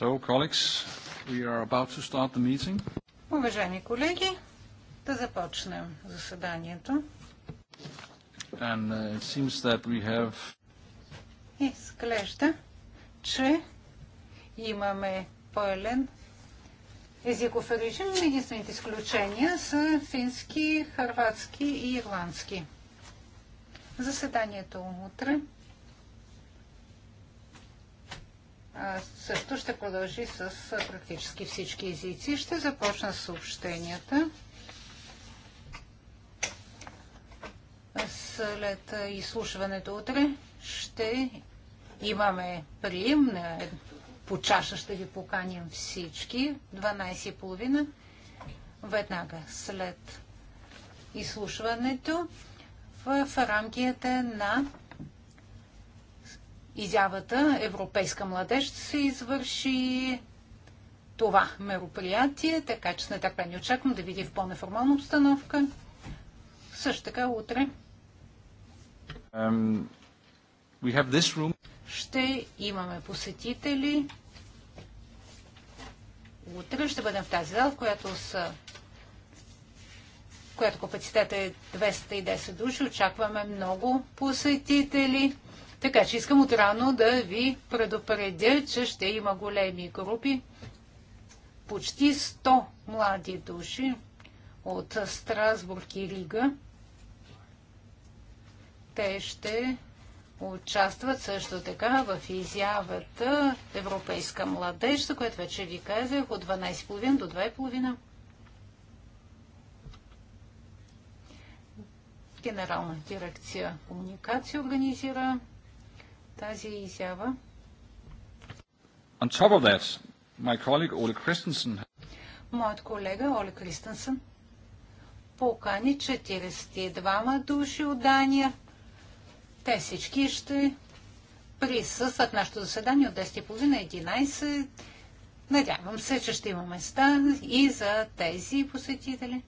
So, colleagues, we are about to start the meeting. Уважаеми колеги, да започнем заседанието. And uh, it seems that we have... Изглежда, че имаме пълен езиков режим. Единствените изключения са фински, харватски и ирландски. Заседанието утре също ще продължи с практически всички езици. Ще започна с съобщенията. След изслушването утре ще имаме прием на по чаша ще ви поканим всички. 12.30 веднага след изслушването в рамките на изявата Европейска младеж се извърши това мероприятие, така че с нетърпение очаквам да видя в по-неформална обстановка. Също така утре um, ще имаме посетители. Утре ще бъдем в тази зала, в която са която капацитета е 210 души. Очакваме много посетители. Така че искам отрано да ви предупредя, че ще има големи групи. Почти 100 млади души от Страсбург и Рига. Те ще участват също така в изявата Европейска младеж, за което вече ви казах, от 12.30 до 2.30. Генерална дирекция комуникация организира тази изява. On top of that, my colleague Ole Christensen... Моят колега Оле Кристенсен покани 42 души от Дания. Те всички ще присъстват нашето заседание от 10.30-11. Надявам се, че ще има места и за тези посетители.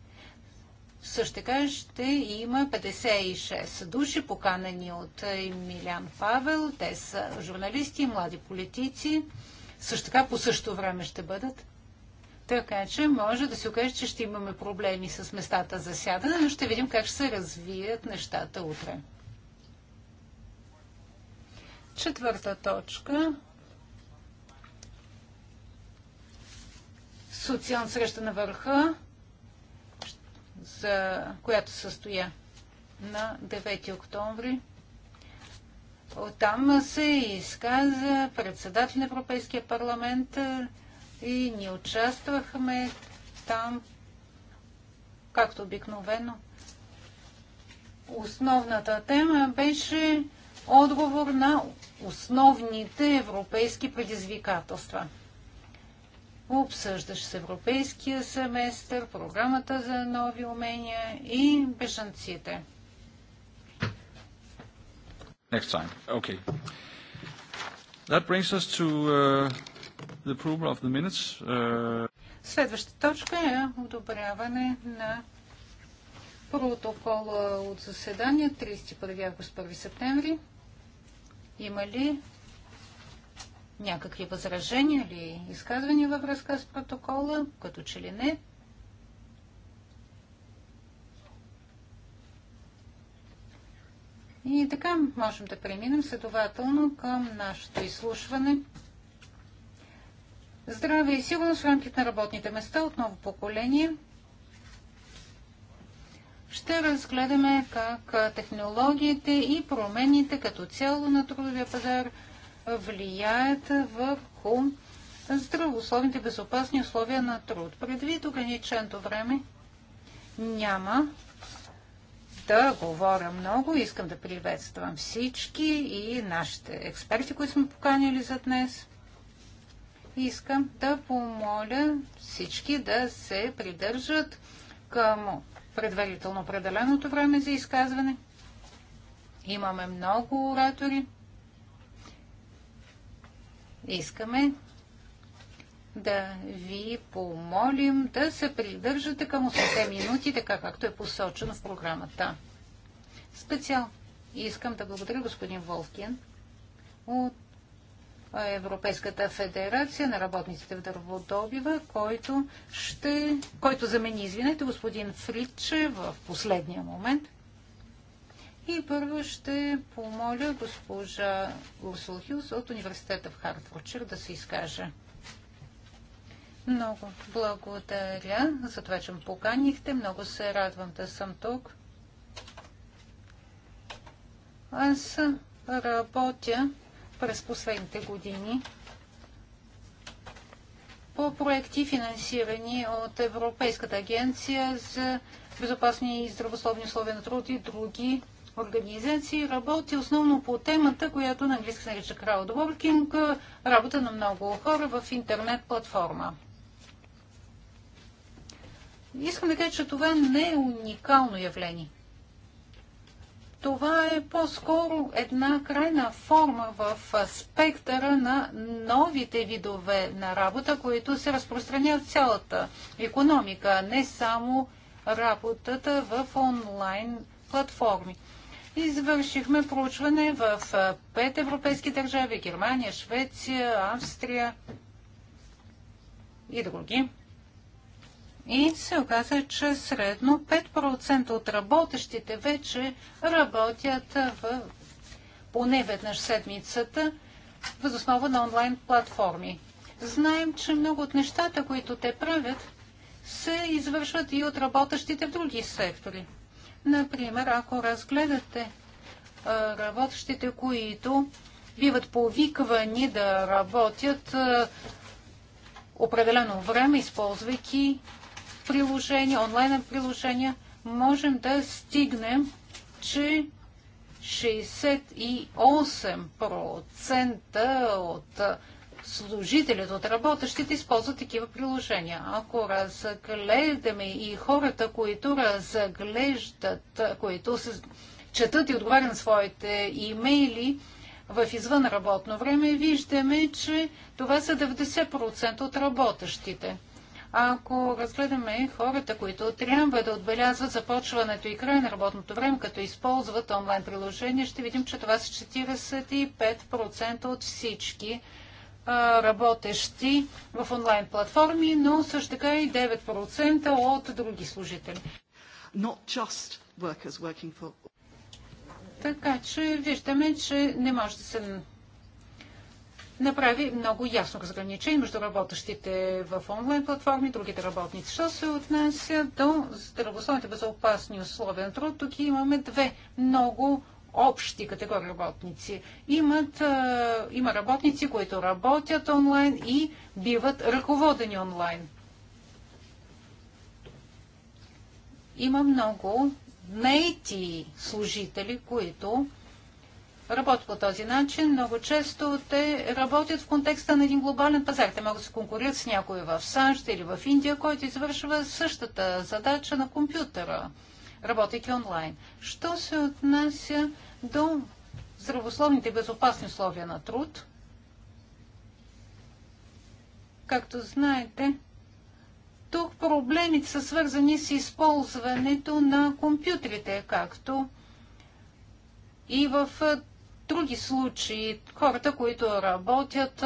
Също така ще има 56 души, поканени от Емилиан Павел. Те са журналисти, млади политици. Също така по същото време ще бъдат. Така че може да се окаже, че ще имаме проблеми с местата за сядане, но ще видим как ще се развият нещата утре. Четвърта точка. Социална среща на върха за която състоя на 9 октомври. Оттам се изказа председател на Европейския парламент и ни участвахме там, както обикновено. Основната тема беше отговор на основните европейски предизвикателства – обсъждаше с европейския семестър, програмата за нови умения и бежанците. Next time. Okay. That brings us to uh, the approval of the minutes. Uh... Следващата точка е одобряване на протокола от заседание 31 август 1 септември. Има ли някакви възражения или изказвания във връзка с протокола, като че ли не. И така можем да преминем следователно към нашето изслушване. Здраве и сигурност в рамките на работните места от ново поколение. Ще разгледаме как технологиите и промените като цяло на трудовия пазар – влияят върху здравословните безопасни условия на труд. Предвид ограниченото време няма да говоря много. Искам да приветствам всички и нашите експерти, които сме поканили за днес. Искам да помоля всички да се придържат към предварително определеното време за изказване. Имаме много оратори искаме да ви помолим да се придържате към 8 минути, така както е посочено в програмата. Специал искам да благодаря господин Волкин от Европейската федерация на работниците в дърводобива, който, ще, който замени, извинете, господин Фридче в последния момент – и първо ще помоля госпожа Урсул Хилс от университета в Хартфордшир да се изкаже. Много благодаря за това, че ме поканихте. Много се радвам да съм тук. Аз работя през последните години по проекти, финансирани от Европейската агенция за безопасни и здравословни условия на труд и други организации работи основно по темата, която на английски се нарича краудворкинг, работа на много хора в интернет платформа. Искам да кажа, че това не е уникално явление. Това е по-скоро една крайна форма в спектъра на новите видове на работа, които се разпространяват в цялата економика, не само работата в онлайн платформи. Извършихме проучване в пет европейски държави – Германия, Швеция, Австрия и други. И се оказа, че средно 5% от работещите вече работят в поне веднъж седмицата основа на онлайн платформи. Знаем, че много от нещата, които те правят, се извършват и от работещите в други сектори. Например, ако разгледате работещите, които биват повиквани да работят определено време, използвайки приложения, онлайн приложения, можем да стигнем, че 68% от служителите, от работещите използват такива приложения. Ако разгледаме и хората, които разглеждат, които се четат и отговарят на своите имейли в извън работно време, виждаме, че това са 90% от работещите. Ако разгледаме хората, които трябва да отбелязват започването и край на работното време, като използват онлайн приложение, ще видим, че това са 45% от всички работещи в онлайн платформи, но също така и 9% от други служители. For... Така че виждаме, че не може да се направи много ясно разграничение между работещите в онлайн платформи и другите работници. Що се отнася до здравословните безопасни условия на труд, тук имаме две много общи категории работници. Имат, а, има работници, които работят онлайн и биват ръководени онлайн. Има много наети служители, които работят по този начин. Много често те работят в контекста на един глобален пазар. Те могат да се конкурират с някой в САЩ или в Индия, който извършва същата задача на компютъра работейки онлайн. Що се отнася до здравословните и безопасни условия на труд, както знаете, тук проблемите са свързани с използването на компютрите, както и в други случаи. Хората, които работят,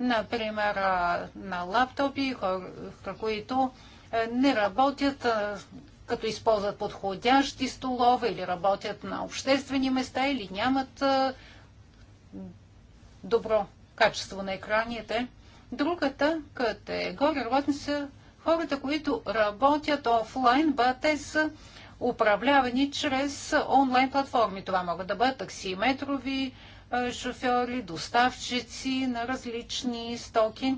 например, на лаптопи, хора, които не работят като използват подходящи столове или работят на обществени места или нямат добро качество на екраните. Другата категория работни са хората, които работят офлайн, ба те са управлявани чрез онлайн платформи. Това могат да бъдат таксиметрови шофьори, доставчици на различни стоки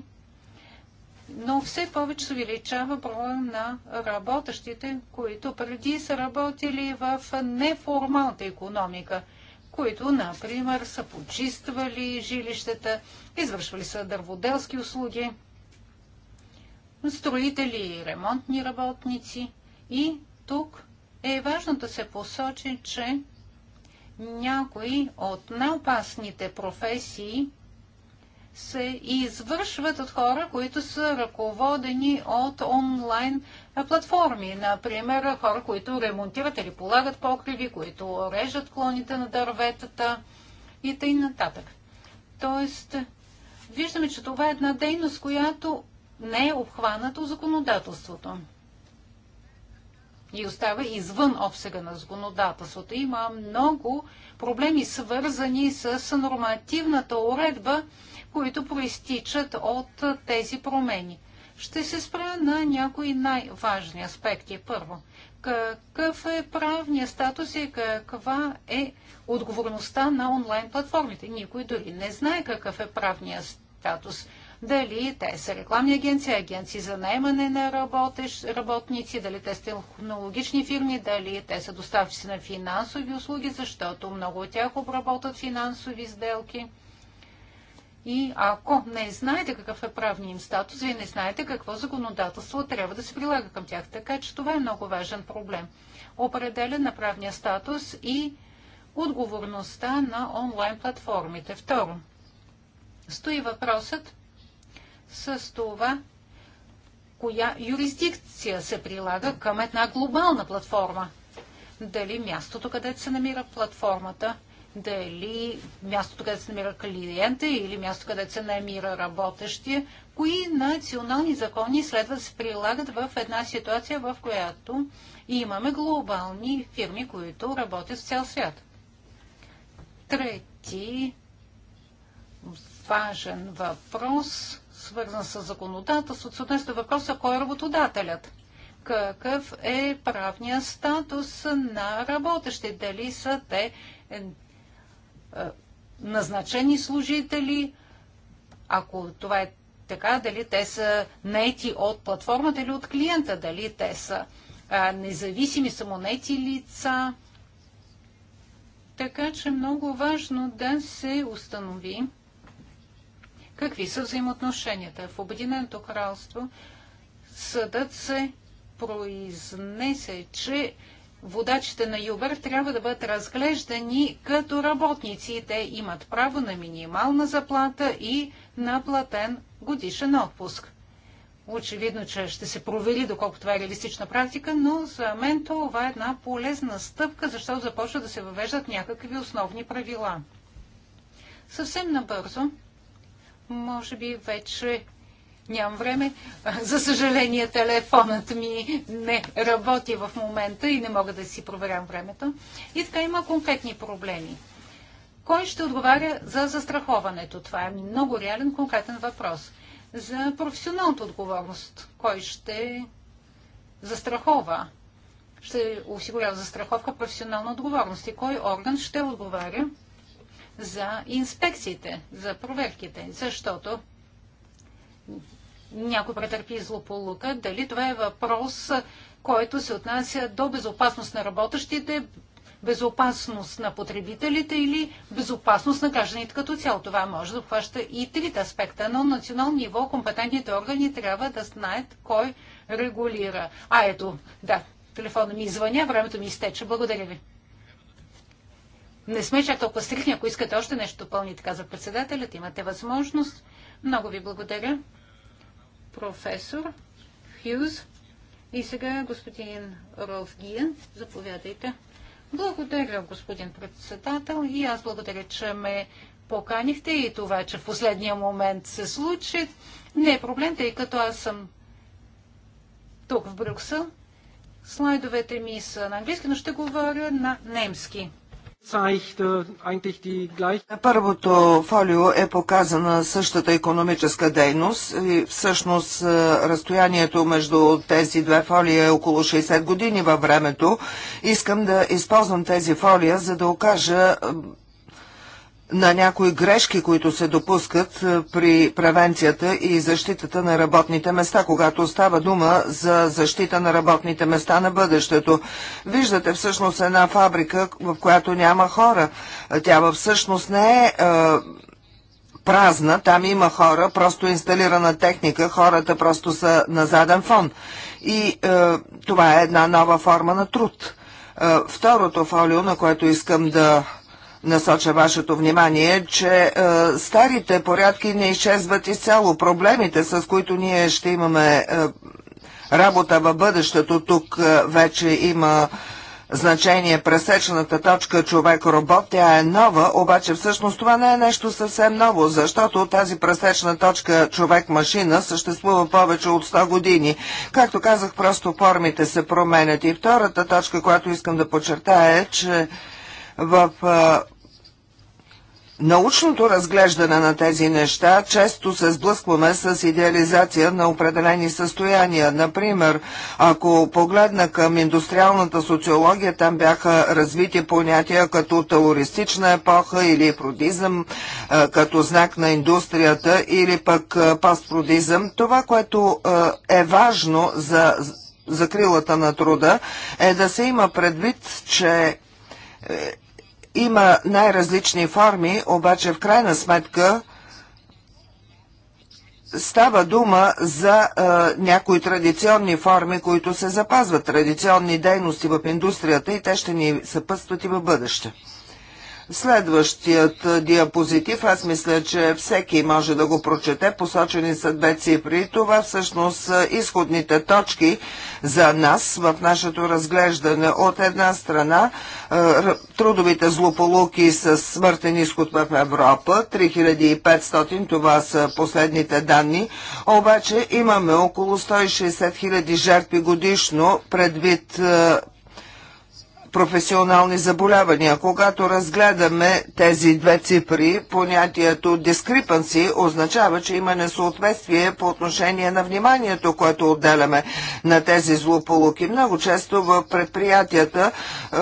но все повече се увеличава броя на работещите, които преди са работили в неформалната економика, които, например, са почиствали жилищата, извършвали са дърводелски услуги, строители и ремонтни работници. И тук е важно да се посочи, че някои от най-опасните професии се извършват от хора, които са ръководени от онлайн платформи. Например, хора, които ремонтират или полагат покриви, които режат клоните на дърветата и тъй нататък. Тоест, виждаме, че това е една дейност, която не е обхваната законодателството и остава извън обсега на законодателството. Има много проблеми, свързани с нормативната уредба които проистичат от тези промени. Ще се спра на някои най-важни аспекти. Първо, какъв е правният статус и каква е отговорността на онлайн платформите? Никой дори не знае какъв е правният статус. Дали те са рекламни агенции, агенции за наемане на работеш, работници, дали те са технологични фирми, дали те са доставчици на финансови услуги, защото много от тях обработват финансови сделки – и ако не знаете какъв е правния им статус, вие не знаете какво законодателство трябва да се прилага към тях. Така че това е много важен проблем. Определя на правния статус и отговорността на онлайн платформите. Второ, стои въпросът с това, коя юрисдикция се прилага към една глобална платформа. Дали мястото, където се намира платформата, дали мястото, където се намира клиента или мястото където се намира работещия, кои национални закони следва да се прилагат в една ситуация, в която имаме глобални фирми, които работят в цял свят. Трети важен въпрос, свързан с законодателството, с отнесето въпроса кой е работодателят какъв е правният статус на работещите, дали са те е, назначени служители, ако това е така, дали те са нети от платформата или от клиента, дали те са независими самонети лица. Така че много важно да се установи какви са взаимоотношенията. В Обединеното кралство съдът се произнесе, че водачите на Юбер трябва да бъдат разглеждани като работници. Те имат право на минимална заплата и на платен годишен отпуск. Очевидно, че ще се провери доколко това е реалистична практика, но за мен това е една полезна стъпка, защото започва да се въвеждат някакви основни правила. Съвсем набързо, може би вече нямам време. За съжаление, телефонът ми не работи в момента и не мога да си проверям времето. И така има конкретни проблеми. Кой ще отговаря за застраховането? Това е много реален, конкретен въпрос. За професионалната отговорност. Кой ще застрахова? Ще осигурява застраховка професионална отговорност. И кой орган ще отговаря за инспекциите, за проверките? Защото някой претърпи злополука, дали това е въпрос, който се отнася до безопасност на работещите, безопасност на потребителите или безопасност на гражданите като цяло. Това може да обхваща и трите аспекта, но на национално ниво компетентните органи трябва да знаят кой регулира. А ето, да, телефона ми звъня, времето ми изтече. Благодаря ви. Не сме чак толкова стрихни. Ако искате още нещо допълнително, каза председателят, имате възможност. Много ви благодаря професор Хюз. И сега господин Ролф Гиен, заповядайте. Благодаря, господин председател. И аз благодаря, че ме поканихте и това, че в последния момент се случи. Не е проблем, тъй като аз съм тук в Брюксел. Слайдовете ми са на английски, но ще говоря на немски. Първото фолио е показана същата економическа дейност и всъщност е, разстоянието между тези две фолия е около 60 години във времето. Искам да използвам тези фолия, за да окажа на някои грешки, които се допускат е, при превенцията и защитата на работните места, когато става дума за защита на работните места на бъдещето. Виждате всъщност една фабрика, в която няма хора. Тя всъщност не е, е празна, там има хора, просто инсталирана техника, хората просто са на заден фон. И е, това е една нова форма на труд. Е, второто фолио, на което искам да насоча вашето внимание, че е, старите порядки не изчезват изцяло. Проблемите, с които ние ще имаме е, работа в бъдещето, тук е, вече има значение пресечената точка човек-робот. Тя е нова, обаче всъщност това не е нещо съвсем ново, защото тази пресечна точка човек-машина съществува повече от 100 години. Както казах, просто формите се променят. И втората точка, която искам да подчертая е, че в научното разглеждане на тези неща често се сблъскваме с идеализация на определени състояния. Например, ако погледна към индустриалната социология, там бяха развити понятия като терористична епоха или продизъм като знак на индустрията или пък пастпродизъм. Това, което е важно за закрилата на труда е да се има предвид, че е, има най-различни форми, обаче в крайна сметка става дума за е, някои традиционни форми, които се запазват, традиционни дейности в индустрията и те ще ни съпътстват и в бъдеще. Следващият диапозитив, аз мисля, че всеки може да го прочете, посочени са две цифри. Това всъщност са изходните точки за нас в нашето разглеждане. От една страна трудовите злополуки с смъртен изход в Европа, 3500, това са последните данни, обаче имаме около 160 000 жертви годишно предвид професионални заболявания. Когато разгледаме тези две цифри, понятието дискрипанси означава, че има несъответствие по отношение на вниманието, което отделяме на тези злополуки. Много често в предприятията е,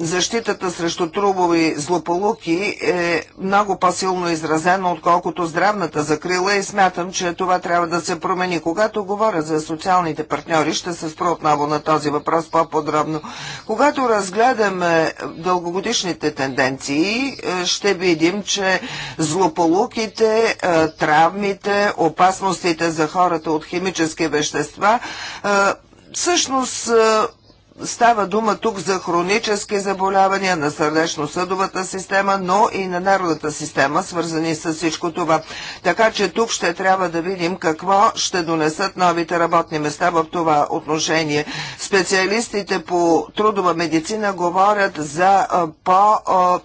защитата срещу трубови злополуки е много по-силно изразена, отколкото здравната закрила и смятам, че това трябва да се промени. Когато говоря за социалните партньори, ще се спра отново на този въпрос по-подробно. Когато разгледаме дългогодишните тенденции, е, ще видим, че злополуките, е, травмите, опасностите за хората от химически вещества е, всъщност Става дума тук за хронически заболявания на сърдечно-съдовата система, но и на нервната система, свързани с всичко това. Така че тук ще трябва да видим какво ще донесат новите работни места в това отношение. Специалистите по трудова медицина говорят за по-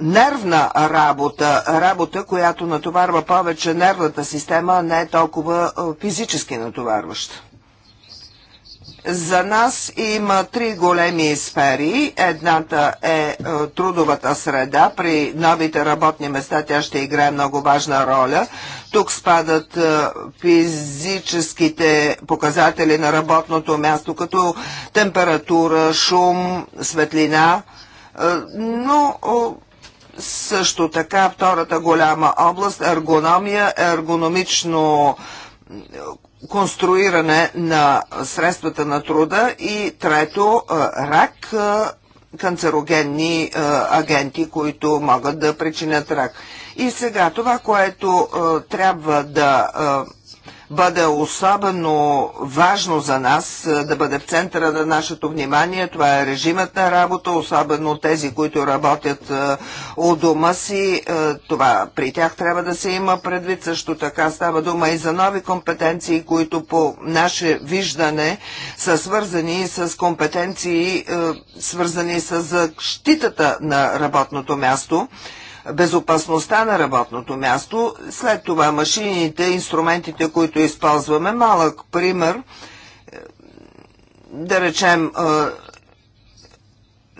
нервна работа, работа, която натоварва повече нервната система, а не е толкова физически натоварваща. За нас има три големи сфери. Едната е, е трудовата среда. При новите работни места тя ще играе много важна роля. Тук спадат е, физическите показатели на работното място, като температура, шум, светлина. Е, но също така втората голяма област – ергономия, ергономично конструиране на средствата на труда и трето е, рак, е, канцерогенни е, агенти, които могат да причинят рак. И сега това, което трябва да бъде особено важно за нас е, да бъде в центъра на нашето внимание. Това е режимът на работа, особено тези, които работят е, у дома си. Е, това при тях трябва да се има предвид. Също така става дума и за нови компетенции, които по наше виждане са свързани с компетенции, свързани с защитата на работното място безопасността на работното място. След това машините, инструментите, които използваме, малък пример, е, да речем е,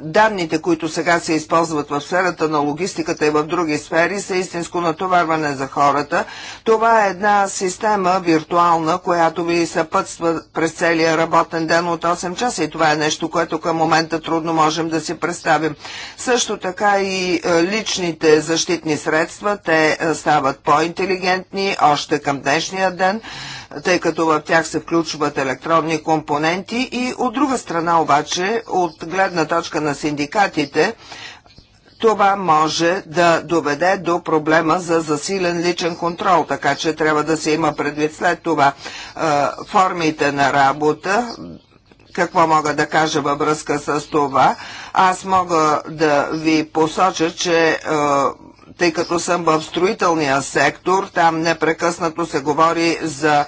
данните, които сега се използват в сферата на логистиката и в други сфери, са истинско натоварване за хората. Това е една система виртуална, която ви съпътства през целия работен ден от 8 часа и това е нещо, което към момента трудно можем да си представим. Също така и е, личните защитни средства, те е, стават по-интелигентни още към днешния ден тъй като в тях се включват електронни компоненти и от друга страна обаче, от гледна точка на синдикатите, това може да доведе до проблема за засилен личен контрол, така че трябва да се има предвид след това формите на работа, какво мога да кажа във връзка с това. Аз мога да ви посоча, че тъй като съм в строителния сектор, там непрекъснато се говори за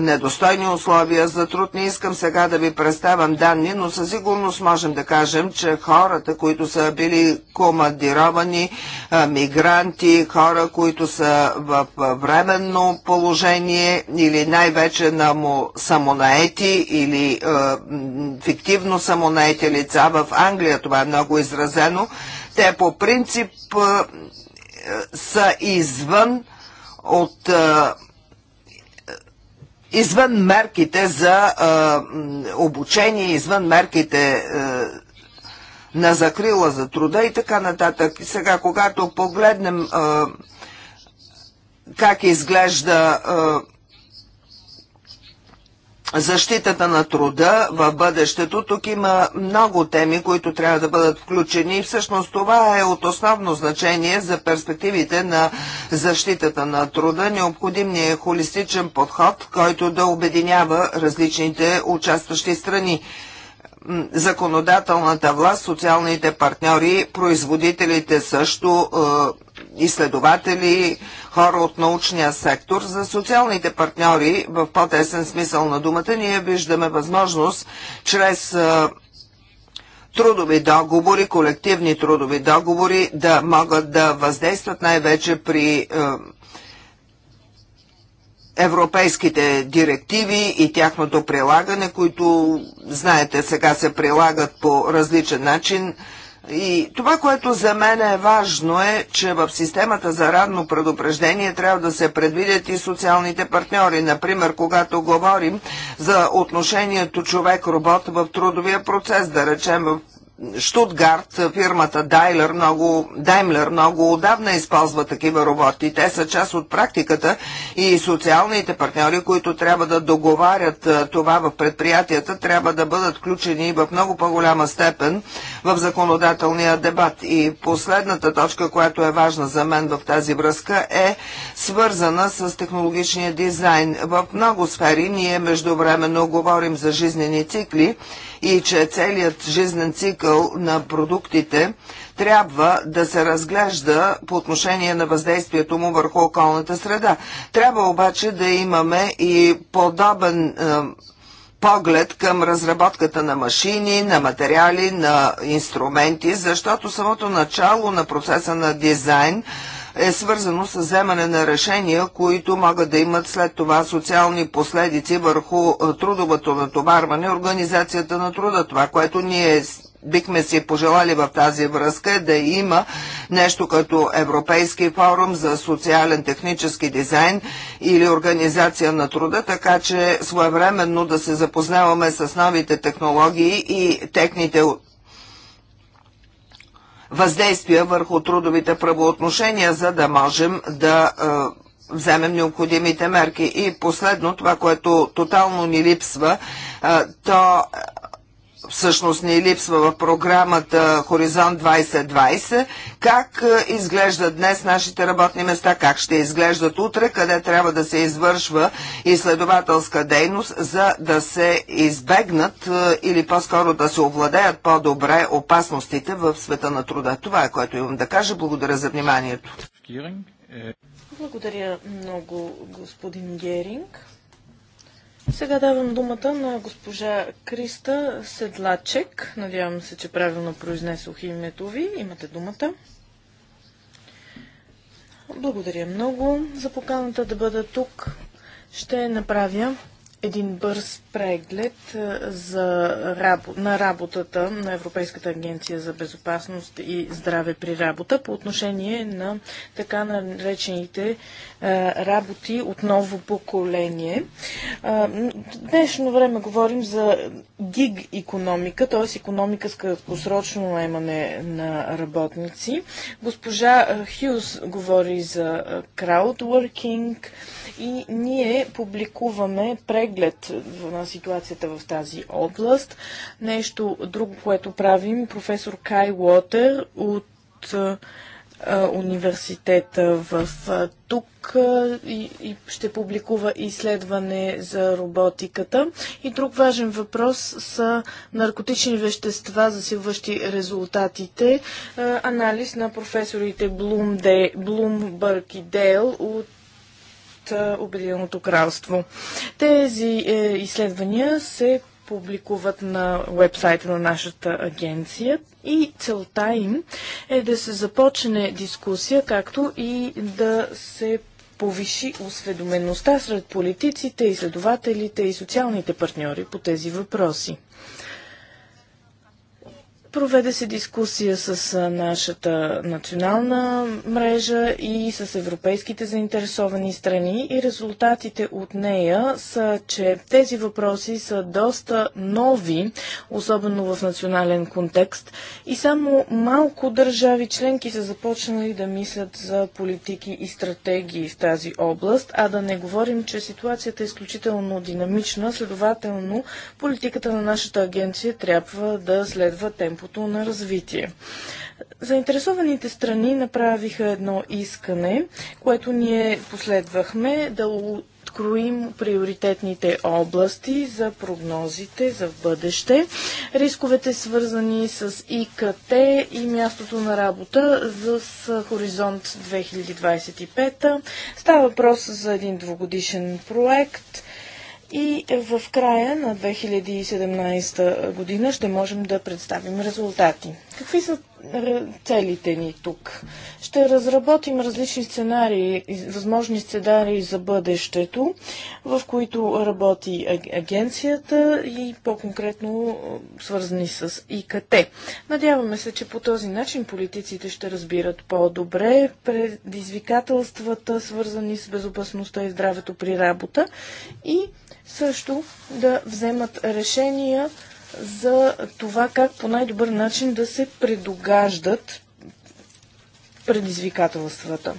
недостойни условия за труд. Не искам сега да ви представям данни, но със сигурност можем да кажем, че хората, които са били командировани, мигранти, хора, които са в временно положение или най-вече на самонаети или е, фиктивно самонаети лица в Англия, това е много изразено, те по принцип са извън от извън мерките за обучение, извън мерките на закрила за труда и така нататък. Сега, когато погледнем как изглежда защитата на труда в бъдещето. Тук има много теми, които трябва да бъдат включени и всъщност това е от основно значение за перспективите на защитата на труда. Необходим ни е холистичен подход, който да обединява различните участващи страни законодателната власт, социалните партньори, производителите също, е, изследователи, хора от научния сектор. За социалните партньори, в по-тесен смисъл на думата, ние виждаме възможност чрез трудови договори, колективни трудови договори да могат да въздействат най-вече при европейските директиви и тяхното прилагане, които, знаете, сега се прилагат по различен начин. И това, което за мен е важно е, че в системата за радно предупреждение трябва да се предвидят и социалните партньори. Например, когато говорим за отношението човек-робот в трудовия процес, да речем в Штутгарт, фирмата Дайлер много, Даймлер много отдавна използва такива роботи. Те са част от практиката и социалните партньори, които трябва да договарят това в предприятията, трябва да бъдат включени в много по-голяма степен в законодателния дебат. И последната точка, която е важна за мен в тази връзка е свързана с технологичния дизайн. В много сфери ние междувременно говорим за жизнени цикли и че целият жизнен цикъл на продуктите трябва да се разглежда по отношение на въздействието му върху околната среда. Трябва обаче да имаме и подобен е, поглед към разработката на машини, на материали, на инструменти, защото самото начало на процеса на дизайн е свързано с вземане на решения, които могат да имат след това социални последици върху трудовото натоварване, организацията на труда, това, което ние бихме си пожелали в тази връзка е да има нещо като Европейски форум за социален технически дизайн или организация на труда, така че своевременно да се запознаваме с новите технологии и техните въздействия върху трудовите правоотношения, за да можем да е, вземем необходимите мерки. И последно, това, което тотално ни липсва, е, то всъщност ни липсва в програмата Хоризонт 2020, как е, изглеждат днес нашите работни места, как ще изглеждат утре, къде трябва да се извършва изследователска дейност, за да се избегнат е, или по-скоро да се овладеят по-добре опасностите в света на труда. Това е което имам да кажа. Благодаря за вниманието. Е- Благодаря много, господин Геринг. Сега давам думата на госпожа Криста Седлачек. Надявам се, че правилно произнесох името ви. Имате думата. Благодаря много за поканата да бъда тук. Ще направя един бърз преглед за рабо, на работата на Европейската агенция за безопасност и здраве при работа по отношение на така наречените работи от ново поколение. днешно време говорим за гиг економика, т.е. економика с краткосрочно наемане на работници. Госпожа Хюз говори за краудворкинг и ние публикуваме преглед преглед на ситуацията в тази област. Нещо друго, което правим, професор Кай Уотер от университета в тук и, и ще публикува изследване за роботиката. И друг важен въпрос са наркотични вещества, засилващи резултатите. Анализ на професорите Блум, Де, Блумбърг и Дейл от от Обединеното кралство. Тези е, изследвания се публикуват на вебсайта на нашата агенция и целта им е да се започне дискусия, както и да се повиши осведомеността сред политиците, изследователите и социалните партньори по тези въпроси. Проведе се дискусия с нашата национална мрежа и с европейските заинтересовани страни и резултатите от нея са, че тези въпроси са доста нови, особено в национален контекст и само малко държави членки са започнали да мислят за политики и стратегии в тази област, а да не говорим, че ситуацията е изключително динамична, следователно политиката на нашата агенция трябва да следва темпо темпото на развитие. Заинтересованите страни направиха едно искане, което ние последвахме да откроим приоритетните области за прогнозите за в бъдеще, рисковете свързани с ИКТ и мястото на работа за Хоризонт 2025. Става въпрос за един двугодишен проект и в края на 2017 година ще можем да представим резултати. Какви са целите ни тук? Ще разработим различни сценарии, възможни сценарии за бъдещето, в които работи агенцията и по-конкретно свързани с ИКТ. Надяваме се, че по този начин политиците ще разбират по-добре предизвикателствата, свързани с безопасността и здравето при работа и също да вземат решения за това как по най-добър начин да се предогаждат предизвикателствата.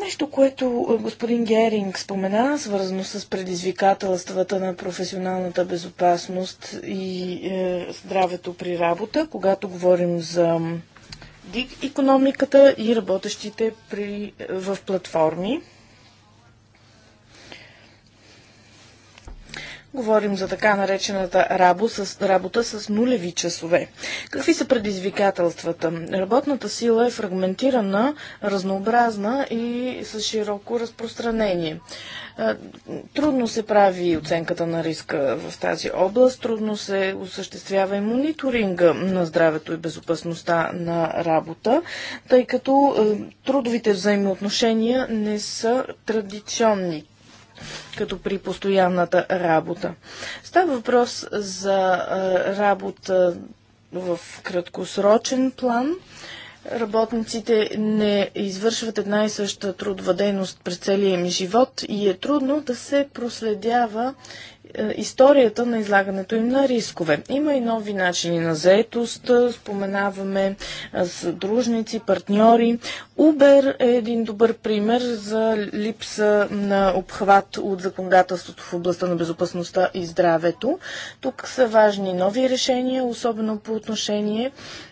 Нещо, което е, господин Геринг спомена, свързано с предизвикателствата на професионалната безопасност и е, здравето при работа, когато говорим за ДИК економиката и работещите при, в платформи. Говорим за така наречената работа с, работа с нулеви часове. Какви са предизвикателствата? Работната сила е фрагментирана, разнообразна и с широко разпространение. Трудно се прави оценката на риска в тази област, трудно се осъществява и мониторинга на здравето и безопасността на работа, тъй като трудовите взаимоотношения не са традиционни като при постоянната работа. Става въпрос за работа в краткосрочен план. Работниците не извършват една и съща трудова дейност през целия им живот и е трудно да се проследява е, историята на излагането им на рискове. Има и нови начини на заетост, е, споменаваме е, съдружници, партньори. Uber е един добър пример за липса на обхват от законодателството в областта на безопасността и здравето. Тук са важни нови решения, особено по отношение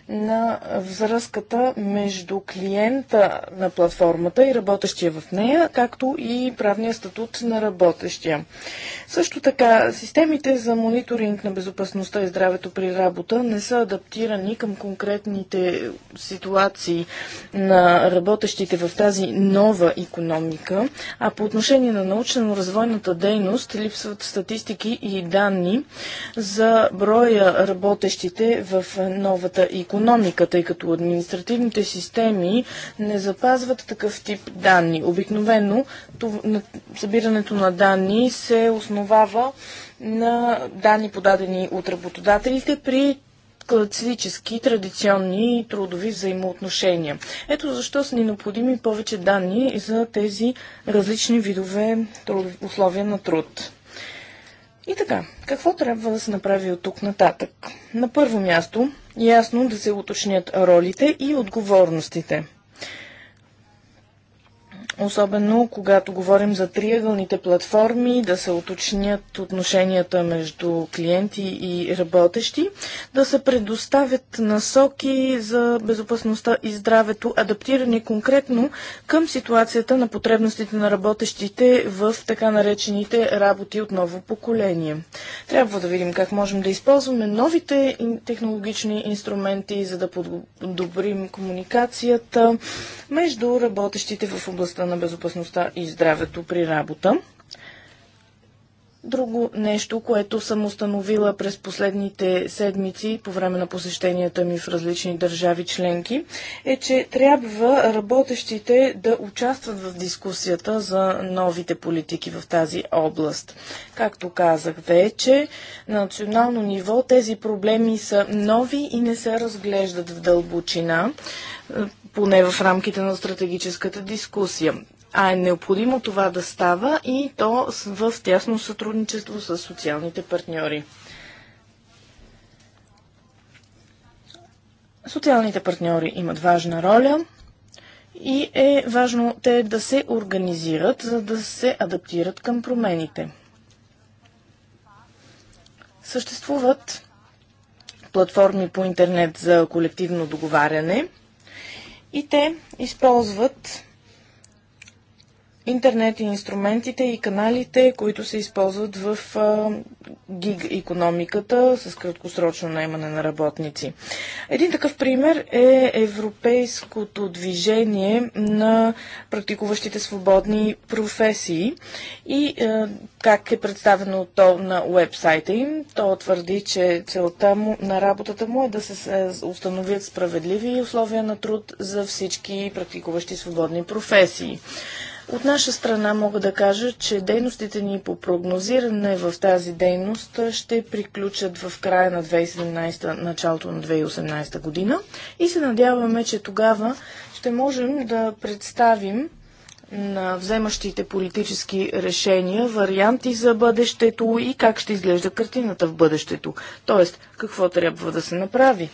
на връзката между клиента на платформата и работещия в нея, както и правния статут на работещия. Също така системите за мониторинг на безопасността и здравето при работа не са адаптирани към конкретните ситуации на работещите в тази нова економика, а по отношение на научно-развойната дейност липсват статистики и данни за броя работещите в новата економика, тъй като административните системи не запазват такъв тип данни. Обикновено събирането на данни се основава на данни подадени от работодателите при класически, традиционни и трудови взаимоотношения. Ето защо са ни необходими повече данни за тези различни видове условия на труд. И така, какво трябва да се направи от тук нататък? На първо място, ясно да се уточнят ролите и отговорностите особено когато говорим за триъгълните платформи, да се уточнят отношенията между клиенти и работещи, да се предоставят насоки за безопасността и здравето, адаптирани конкретно към ситуацията на потребностите на работещите в така наречените работи от ново поколение. Трябва да видим как можем да използваме новите технологични инструменти, за да подобрим комуникацията между работещите в областта на на безопасността и здравето при работа. Друго нещо, което съм установила през последните седмици по време на посещенията ми в различни държави членки, е, че трябва работещите да участват в дискусията за новите политики в тази област. Както казах вече, на национално ниво тези проблеми са нови и не се разглеждат в дълбочина поне в рамките на стратегическата дискусия. А е необходимо това да става и то в тясно сътрудничество с социалните партньори. Социалните партньори имат важна роля и е важно те да се организират, за да се адаптират към промените. Съществуват платформи по интернет за колективно договаряне – и те използват интернет и инструментите и каналите, които се използват в гиг економиката с краткосрочно наемане на работници. Един такъв пример е европейското движение на практикуващите свободни професии и как е представено то на уебсайта им. То твърди, че целта му, на работата му е да се е, установят справедливи условия на труд за всички практикуващи свободни професии. От наша страна мога да кажа, че дейностите ни по прогнозиране в тази дейност ще приключат в края на 2017, началото на 2018 година и се надяваме, че тогава ще можем да представим на вземащите политически решения, варианти за бъдещето и как ще изглежда картината в бъдещето. Тоест, какво трябва да се направи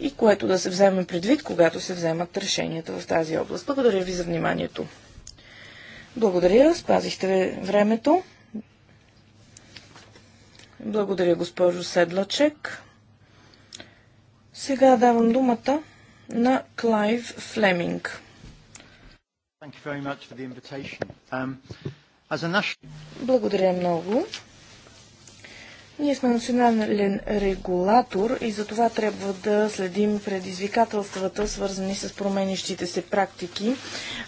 и което да се вземе предвид, когато се вземат решенията в тази област. Благодаря ви за вниманието. Благодаря, спазихте времето. Благодаря, госпожо Седлачек. Сега давам думата на Клайв Флеминг. Um, Благодаря много. Ние сме национален регулатор и за това трябва да следим предизвикателствата, свързани с променящите се практики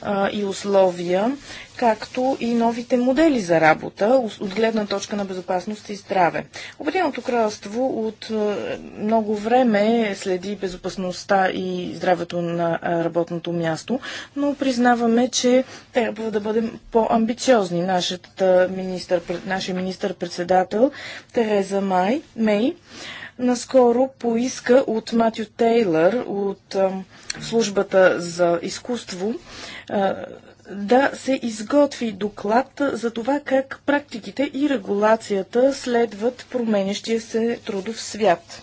а, и условия както и новите модели за работа от гледна точка на безопасност и здраве. Обединеното кралство от е, много време следи безопасността и здравето на е, работното място, но признаваме, че трябва да бъдем по-амбициозни. Министър, нашия министър-председател Тереза Май, Мей наскоро поиска от Матю Тейлър от службата за изкуство е, да се изготви доклад за това как практиките и регулацията следват променящия се трудов свят.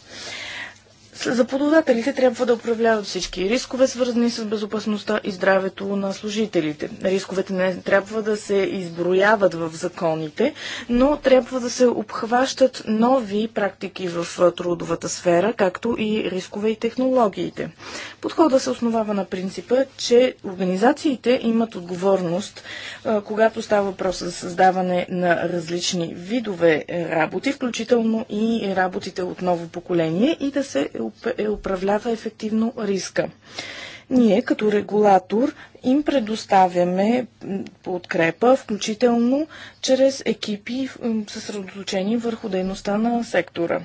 Запододателите трябва да управляват всички рискове, свързани с безопасността и здравето на служителите. Рисковете не трябва да се изброяват в законите, но трябва да се обхващат нови практики в трудовата сфера, както и рискове и технологиите. Подхода се основава на принципа, че организациите имат отговорност, когато става въпрос за създаване на различни видове работи, включително и работите от ново поколение и да се е, управлява ефективно риска. Ние като регулатор им предоставяме подкрепа, включително чрез екипи, съсредоточени върху дейността на сектора.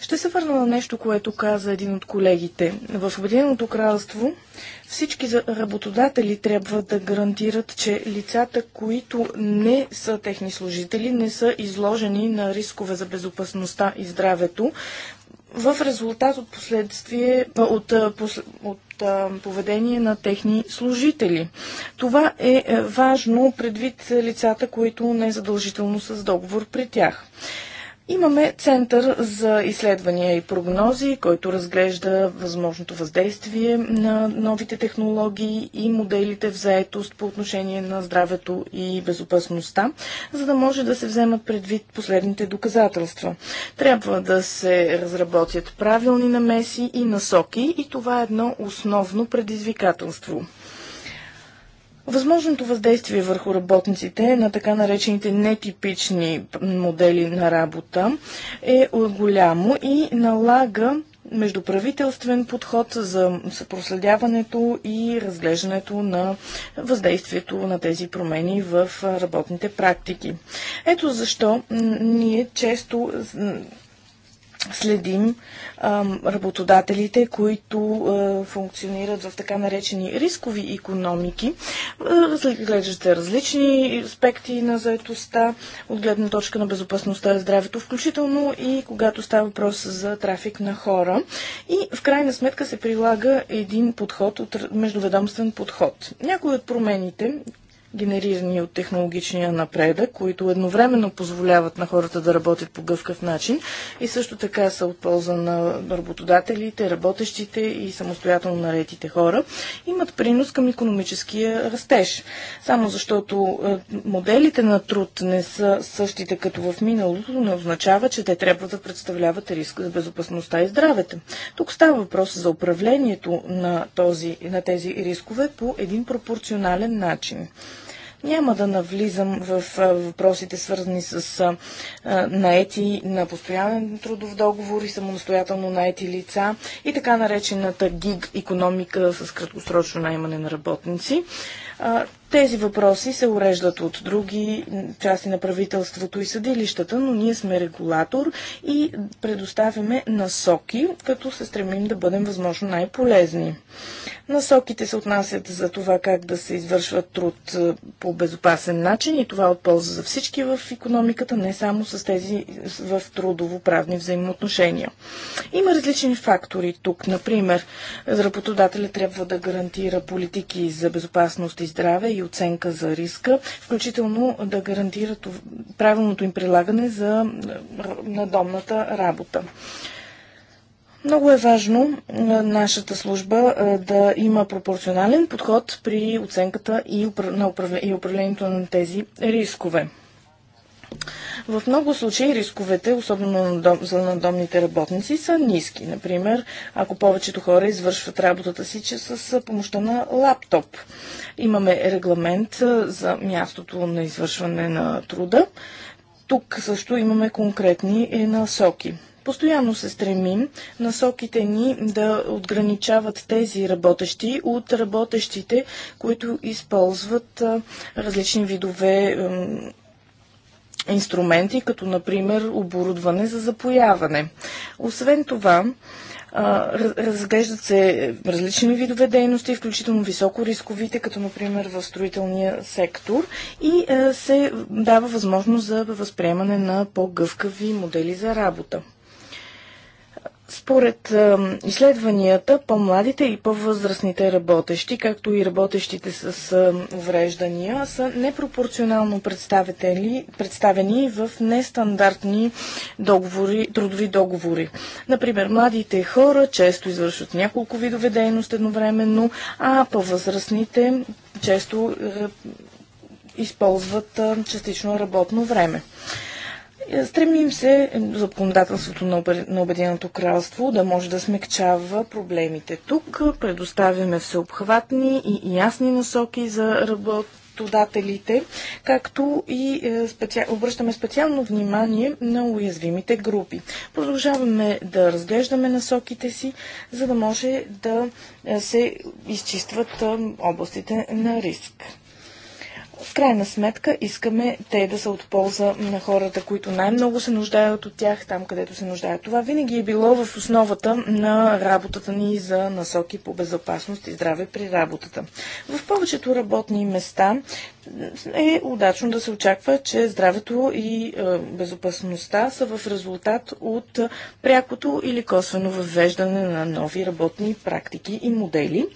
Ще се върна на нещо, което каза един от колегите. В Обединеното кралство всички работодатели трябва да гарантират, че лицата, които не са техни служители, не са изложени на рискове за безопасността и здравето, в резултат от последствие, от, от, от поведение на техни служители. Това е, е важно предвид лицата, които не е с договор при тях. Имаме Център за изследвания и прогнози, който разглежда възможното въздействие на новите технологии и моделите в заетост по отношение на здравето и безопасността, за да може да се вземат предвид последните доказателства. Трябва да се разработят правилни намеси и насоки и това е едно основно предизвикателство. Възможното въздействие върху работниците на така наречените нетипични модели на работа е голямо и налага междуправителствен подход за проследяването и разглеждането на въздействието на тези промени в работните практики. Ето защо ние често следим а, работодателите, които а, е, функционират в така наречени рискови економики, е, гледат различни аспекти на заетостта от гледна точка на безопасността и здравето, включително и когато става въпрос за трафик на хора. И в крайна сметка се прилага един подход от междуведомствен подход. Някои от промените, генерирани от технологичния напредък, които едновременно позволяват на хората да работят по гъвкав начин и също така са от полза на работодателите, работещите и самостоятелно наретите хора, имат принос към економическия растеж. Само защото е, моделите на труд не са същите като в миналото, не означава, че те трябва да представляват риск за безопасността и здравето. Тук става въпрос за управлението на, този, на тези рискове по един пропорционален начин. Няма да навлизам в въпросите свързани с наети на постоянен трудов договор и самонастоятелно наети лица и така наречената гиг економика с краткосрочно наймане на работници. Тези въпроси се уреждат от други части на правителството и съдилищата, но ние сме регулатор и предоставяме насоки, като се стремим да бъдем възможно най-полезни. Насоките се отнасят за това как да се извършва труд по безопасен начин и това е от полза за всички в економиката, не само с тези в трудово-правни взаимоотношения. Има различни фактори тук. Например, работодателя трябва да гарантира политики за безопасност и здраве и оценка за риска, включително да гарантират правилното им прилагане за надомната работа. Много е важно нашата служба е, да има пропорционален подход при оценката и управлението на тези рискове. В много случаи рисковете, особено за надомните работници, са ниски. Например, ако повечето хора извършват работата си че с помощта на лаптоп. Имаме регламент за мястото на извършване на труда. Тук също имаме конкретни е, насоки. Постоянно се стремим насоките ни да отграничават тези работещи от работещите, които използват различни видове инструменти, като например оборудване за запояване. Освен това, разглеждат се различни видове дейности, включително високо рисковите, като например в строителния сектор и се дава възможност за възприемане на по-гъвкави модели за работа. Според изследванията, по-младите и по-възрастните работещи, както и работещите с увреждания, са непропорционално представени в нестандартни договори, трудови договори. Например, младите хора често извършват няколко видове дейност едновременно, а по-възрастните често е, използват частично работно време. Стремим се законодателството на Обединеното кралство да може да смекчава проблемите тук. Предоставяме всеобхватни и ясни насоки за работодателите, както и е, обръщаме специално внимание на уязвимите групи. Продължаваме да разглеждаме насоките си, за да може да е, се изчистват е, областите на риск. В крайна сметка искаме те да са от полза на хората, които най-много се нуждаят от тях, там където се нуждаят. Това винаги е било в основата на работата ни за насоки по безопасност и здраве при работата. В повечето работни места е удачно да се очаква, че здравето и е, безопасността са в резултат от прякото или косвено въвеждане на нови работни практики и модели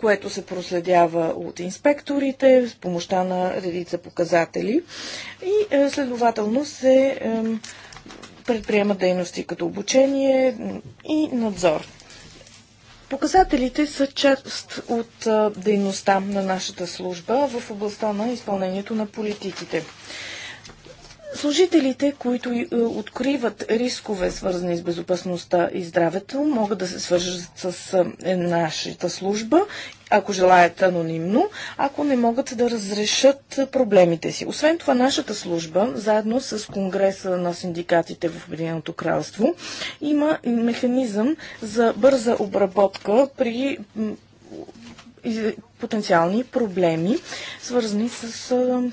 което се проследява от инспекторите с помощта на редица показатели и е, следователно се предприемат дейности като обучение и надзор. Показателите са част от е, дейността на нашата служба в областта на изпълнението на политиките. Служителите, които е, откриват рискове, свързани с безопасността и здравето, могат да се свържат с е, нашата служба, ако желаят анонимно, ако не могат да разрешат проблемите си. Освен това, нашата служба, заедно с Конгреса на синдикатите в Обединеното кралство, има механизъм за бърза обработка при потенциални проблеми, свързани с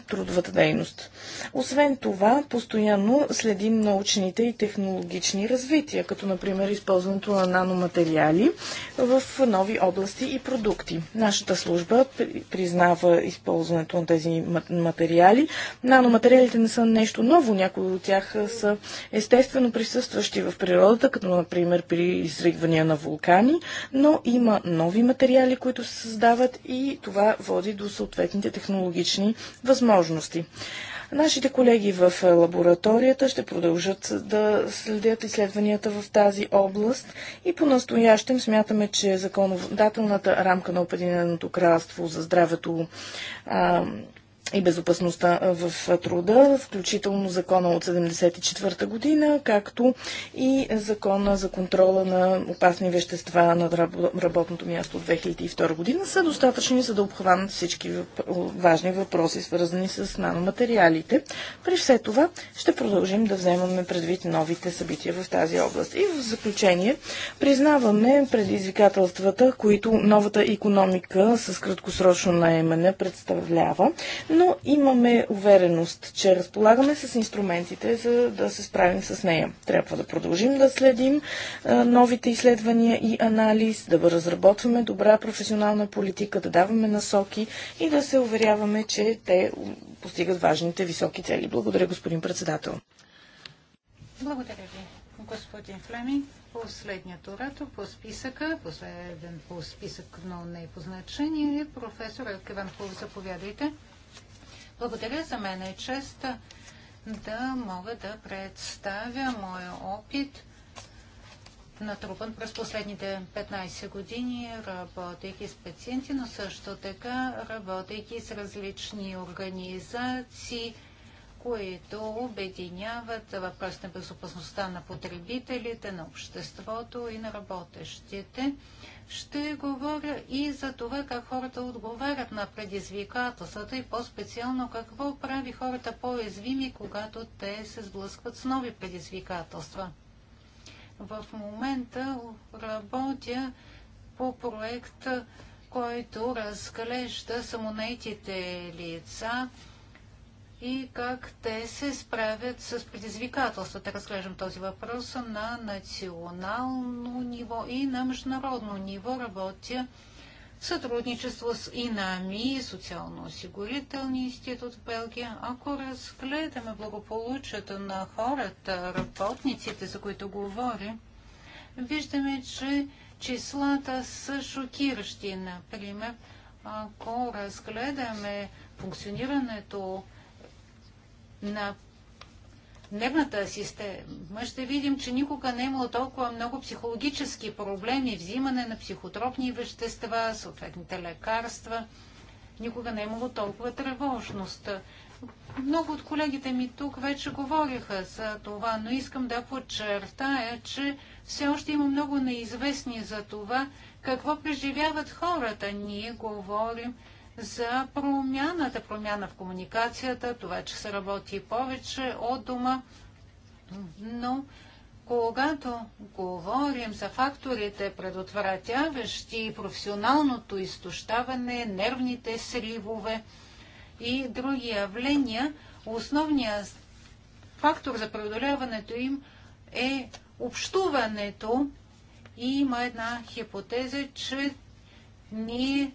трудовата дейност. Освен това, постоянно следим научните и технологични развития, като например използването на наноматериали в нови области и продукти. Нашата служба признава използването на тези материали. Наноматериалите не са нещо ново, някои от тях са естествено присъстващи в природата, като например при изригвания на вулкани, но има нови материали, които се създават и това води до съответните технологични възможности. Нашите колеги в е, лабораторията ще продължат да следят изследванията в тази област и по-настоящем смятаме, че законодателната рамка на Обединеното кралство за здравето а, и безопасността в труда, включително закона от 1974 година, както и закона за контрола на опасни вещества на работното място от 2002 година, са достатъчни за да обхванат всички важни въпроси, свързани с наноматериалите. При все това ще продължим да вземаме предвид новите събития в тази област. И в заключение признаваме предизвикателствата, които новата економика с краткосрочно наемане представлява, но имаме увереност, че разполагаме с инструментите, за да се справим с нея. Трябва да продължим да следим новите изследвания и анализ, да разработваме добра професионална политика, да даваме насоки и да се уверяваме, че те постигат важните високи цели. Благодаря, господин председател. Благодаря ви, господин Флеминг. Последният оратор по списъка, последен по списък, но не е по значение, е професор Елкеван Хул. Заповядайте. Благодаря за мен е чест да мога да представя моя опит, натрупан през последните 15 години, работейки с пациенти, но също така работейки с различни организации, които обединяват въпрос на безопасността на потребителите, на обществото и на работещите ще говоря и за това как хората отговарят на предизвикателствата и по-специално какво прави хората по-уязвими, когато те се сблъскват с нови предизвикателства. В момента работя по проект, който разглежда самонетите лица, и как те се справят с предизвикателствата. Разглеждам този въпрос на национално ниво и на международно ниво. Работя в сътрудничество с ИНАМИ, Социално-осигурителни институт в Белгия. Ако разгледаме благополучието на хората, работниците, за които говорим, виждаме, че числата са шокиращи. Например, ако разгледаме функционирането на нервната система, ще видим, че никога не е имало толкова много психологически проблеми, взимане на психотропни вещества, съответните лекарства. Никога не е имало толкова тревожност. Много от колегите ми тук вече говориха за това, но искам да подчертая, че все още има много неизвестни за това, какво преживяват хората. Ние говорим за промяната, промяна в комуникацията, това, че се работи повече от дома, но когато говорим за факторите, предотвратяващи професионалното изтощаване, нервните сривове и други явления, основният фактор за преодоляването им е общуването. И има една хипотеза, че ние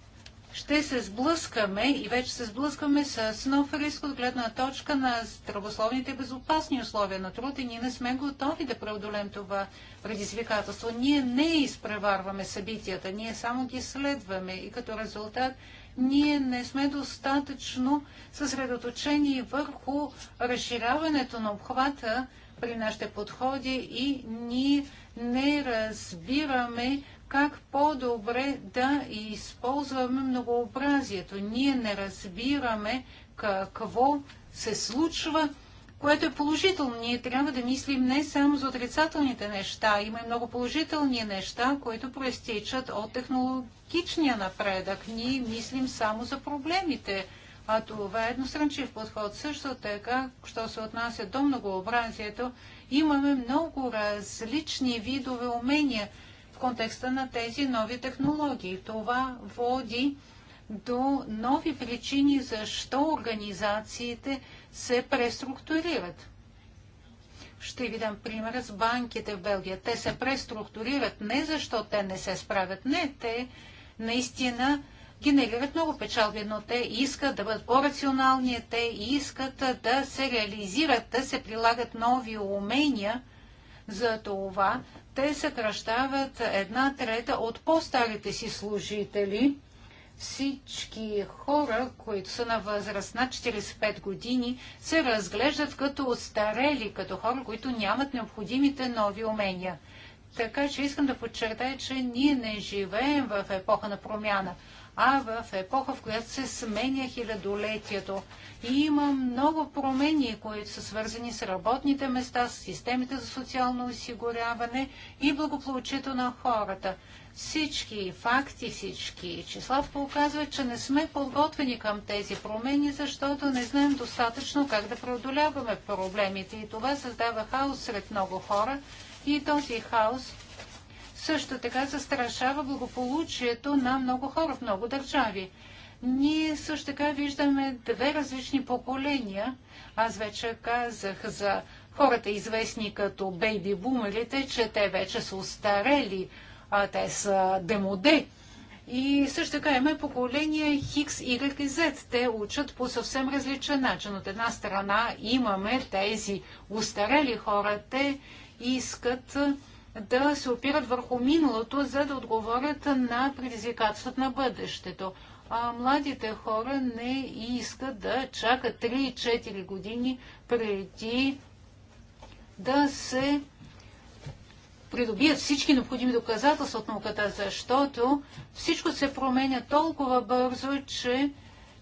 ще се сблъскаме и вече се сблъскваме с нов риск от гледна точка на здравословните безопасни условия на труд и ние не сме готови да преодолем това предизвикателство. Ние не изпреварваме събитията, ние само ги следваме и като резултат ние не сме достатъчно съсредоточени върху разширяването на обхвата при нашите подходи и ние не разбираме как по-добре да използваме многообразието. Ние не разбираме какво се случва, което е положително. Ние трябва да мислим не само за отрицателните неща. Има и много положителни неща, които проистичат от технологичния напредък. Ние мислим само за проблемите. А това е едностранчив подход. Също така, що се отнася до многообразието, имаме много различни видове умения – в контекста на тези нови технологии. Това води до нови причини защо организациите се преструктурират. Ще ви дам пример с банките в Белгия. Те се преструктурират не защо те не се справят. Не, те наистина генерират много печалби, но те искат да бъдат по-рационални, те искат да се реализират, да се прилагат нови умения. За това те съкръщават една трета от по-старите си служители. Всички хора, които са на възраст над 45 години, се разглеждат като остарели, като хора, които нямат необходимите нови умения. Така че искам да подчертая, че ние не живеем в епоха на промяна, а в епоха, в която се сменя хилядолетието. И има много промени, които са свързани с работните места, с системите за социално осигуряване и благополучието на хората. Всички факти, всички числа показват, че не сме подготвени към тези промени, защото не знаем достатъчно как да преодоляваме проблемите. И това създава хаос сред много хора. И този хаос също така застрашава благополучието на много хора в много държави. Ние също така виждаме две различни поколения. Аз вече казах за хората, известни като бейби-бумерите, че те вече са устарели, а те са демоде. И също така имаме поколение Хикс, Y и Z. Те учат по съвсем различен начин. От една страна имаме тези устарели хора, те искат да се опират върху миналото, за да отговорят на предизвикателствата на бъдещето. А младите хора не искат да чакат 3-4 години преди да се придобият всички необходими доказателства от науката, защото всичко се променя толкова бързо, че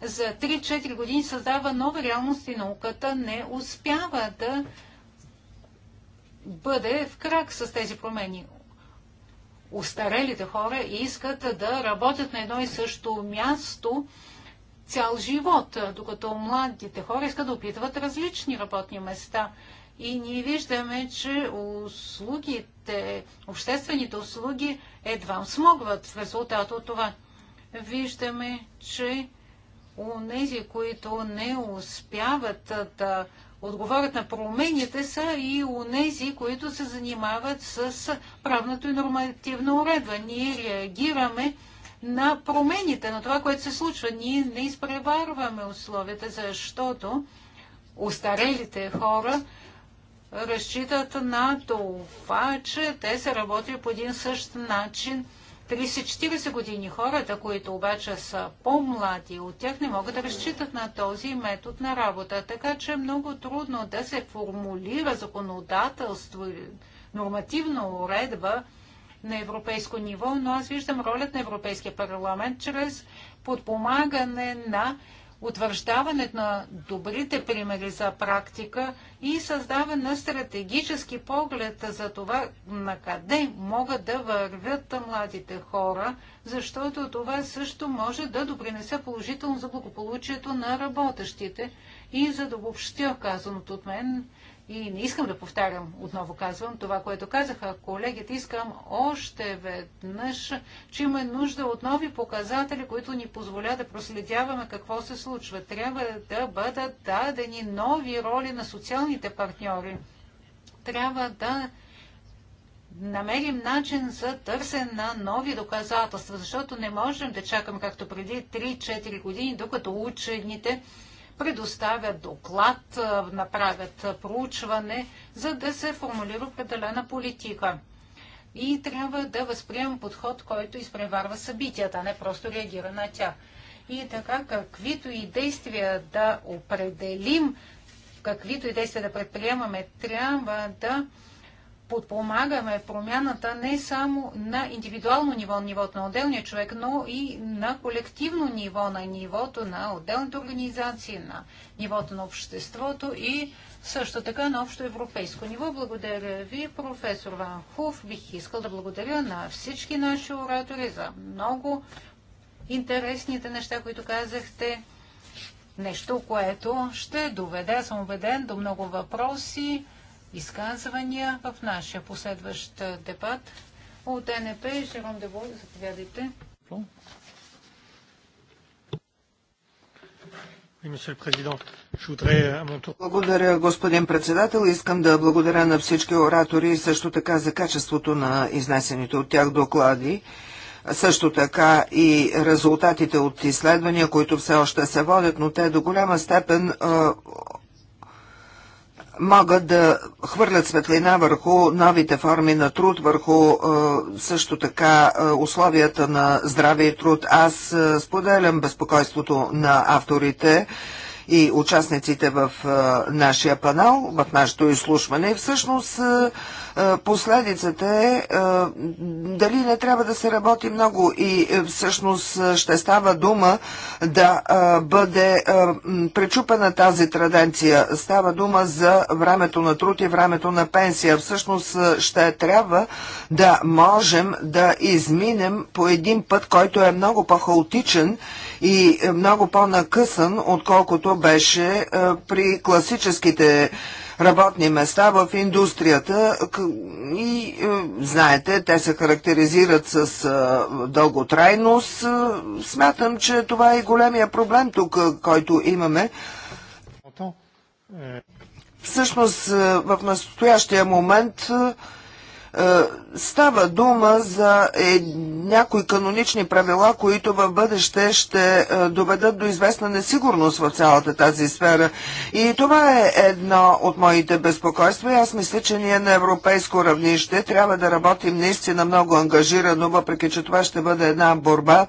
за 3-4 години създава нова реалност и науката не успява да бъде в крак с тези промени. Остарелите хора искат да работят на едно и също място цял живот, докато младите хора искат да опитват различни работни места. И ние виждаме, че услугите, обществените услуги едва смогват в резултат от това. Виждаме, че у нези, които не успяват да отговорят на промените, са и у нези, които се занимават с правното и нормативно уредба. Ние реагираме на промените, на това, което се случва. Ние не изпреварваме условията, защото устарелите хора разчитат на това, че те са работили по един същ начин – 30-40 години хората, които обаче са по-млади от тях, не могат да разчитат на този метод на работа. Така че е много трудно да се формулира законодателство или нормативна уредба на европейско ниво, но аз виждам ролята на Европейския парламент чрез подпомагане на утвърждаването на добрите примери за практика и създаване на стратегически поглед за това на къде могат да вървят младите хора, защото това също може да допринесе положително за благополучието на работещите. И за да обобщя казаното от мен, и не искам да повтарям, отново казвам, това, което казаха колегите. Искам още веднъж, че има нужда от нови показатели, които ни позволят да проследяваме какво се случва. Трябва да бъдат дадени нови роли на социалните партньори. Трябва да намерим начин за търсене на нови доказателства, защото не можем да чакаме както преди 3-4 години, докато учените предоставят доклад, направят проучване, за да се формулира определена политика. И трябва да възприемем подход, който изпреварва събитията, а не просто реагира на тях. И така, каквито и действия да определим, каквито и действия да предприемаме, трябва да подпомагаме промяната не само на индивидуално ниво, на нивото на отделния човек, но и на колективно ниво, на нивото на отделните организации, на нивото на обществото и също така на общо европейско ниво. Благодаря ви, професор Ван Хуф. Бих искал да благодаря на всички наши оратори за много интересните неща, които казахте. Нещо, което ще доведе, съм убеден, до много въпроси изказвания в нашия последващ дебат. От ДНП, Жером Дебой, заповядайте. Благодаря, господин председател. Искам да благодаря на всички оратори и също така за качеството на изнесените от тях доклади също така и резултатите от изследвания, които все още се водят, но те до голяма степен могат да хвърлят светлина върху новите форми на труд, върху е, също така е, условията на здраве и труд. Аз е, споделям безпокойството на авторите и участниците в нашия панел, в нашето изслушване. Всъщност последицата е дали не трябва да се работи много и всъщност ще става дума да бъде пречупена тази траденция. Става дума за времето на труд и времето на пенсия. Всъщност ще трябва да можем да изминем по един път, който е много по-хаотичен и много по-накъсан, отколкото беше е, при класическите работни места в индустрията и е, знаете, те се характеризират с е, дълготрайност. Смятам, че това е големия проблем тук, който имаме. Всъщност, в настоящия момент е, става дума за е, някои канонични правила, които в бъдеще ще е, доведат до известна несигурност в цялата тази сфера. И това е едно от моите безпокойства. И аз мисля, че ние на европейско равнище трябва да работим наистина много ангажирано, въпреки че това ще бъде една борба,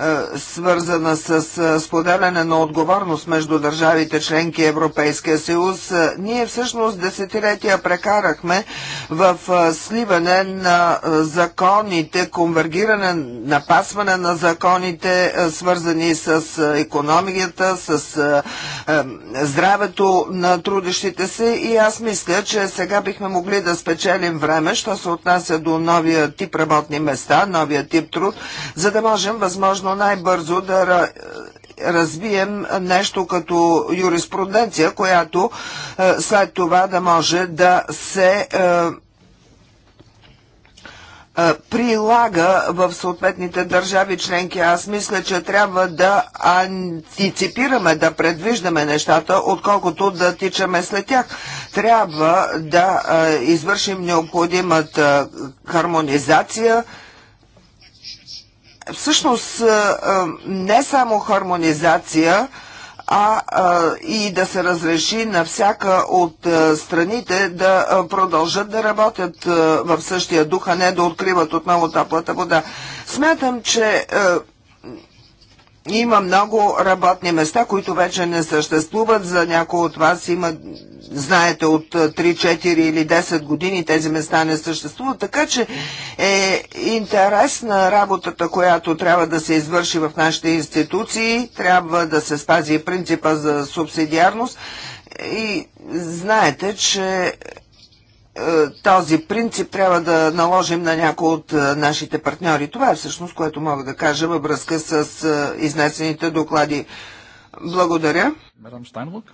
е, свързана с е, споделяне на отговорност между държавите членки Европейския съюз, е, ние всъщност десетилетия прекарахме в сливане на законите, конвергиране, напасване на законите, свързани с економията, с здравето на трудещите се и аз мисля, че сега бихме могли да спечелим време, що се отнася до новия тип работни места, новия тип труд, за да можем възможно възможно най-бързо да развием нещо като юриспруденция, която е, след това да може да се е, е, прилага в съответните държави членки. Аз мисля, че трябва да антиципираме, да предвиждаме нещата, отколкото да тичаме след тях. Трябва да извършим необходимата хармонизация, всъщност е, е, не само хармонизация, а, е, и да се разреши на всяка от страните да продължат да работят в същия дух, а не да откриват отново таплата вода. Смятам, че има много работни места, които вече не съществуват. За някои от вас има, знаете, от 3, 4 или 10 години тези места не съществуват. Така че е интересна работата, която трябва да се извърши в нашите институции. Трябва да се спази принципа за субсидиарност. И знаете, че е, този принцип трябва да наложим на някои от е, нашите партньори. Това е всъщност, което мога да кажа във връзка с е, изнесените доклади. Благодаря. Мадам Стайнрук.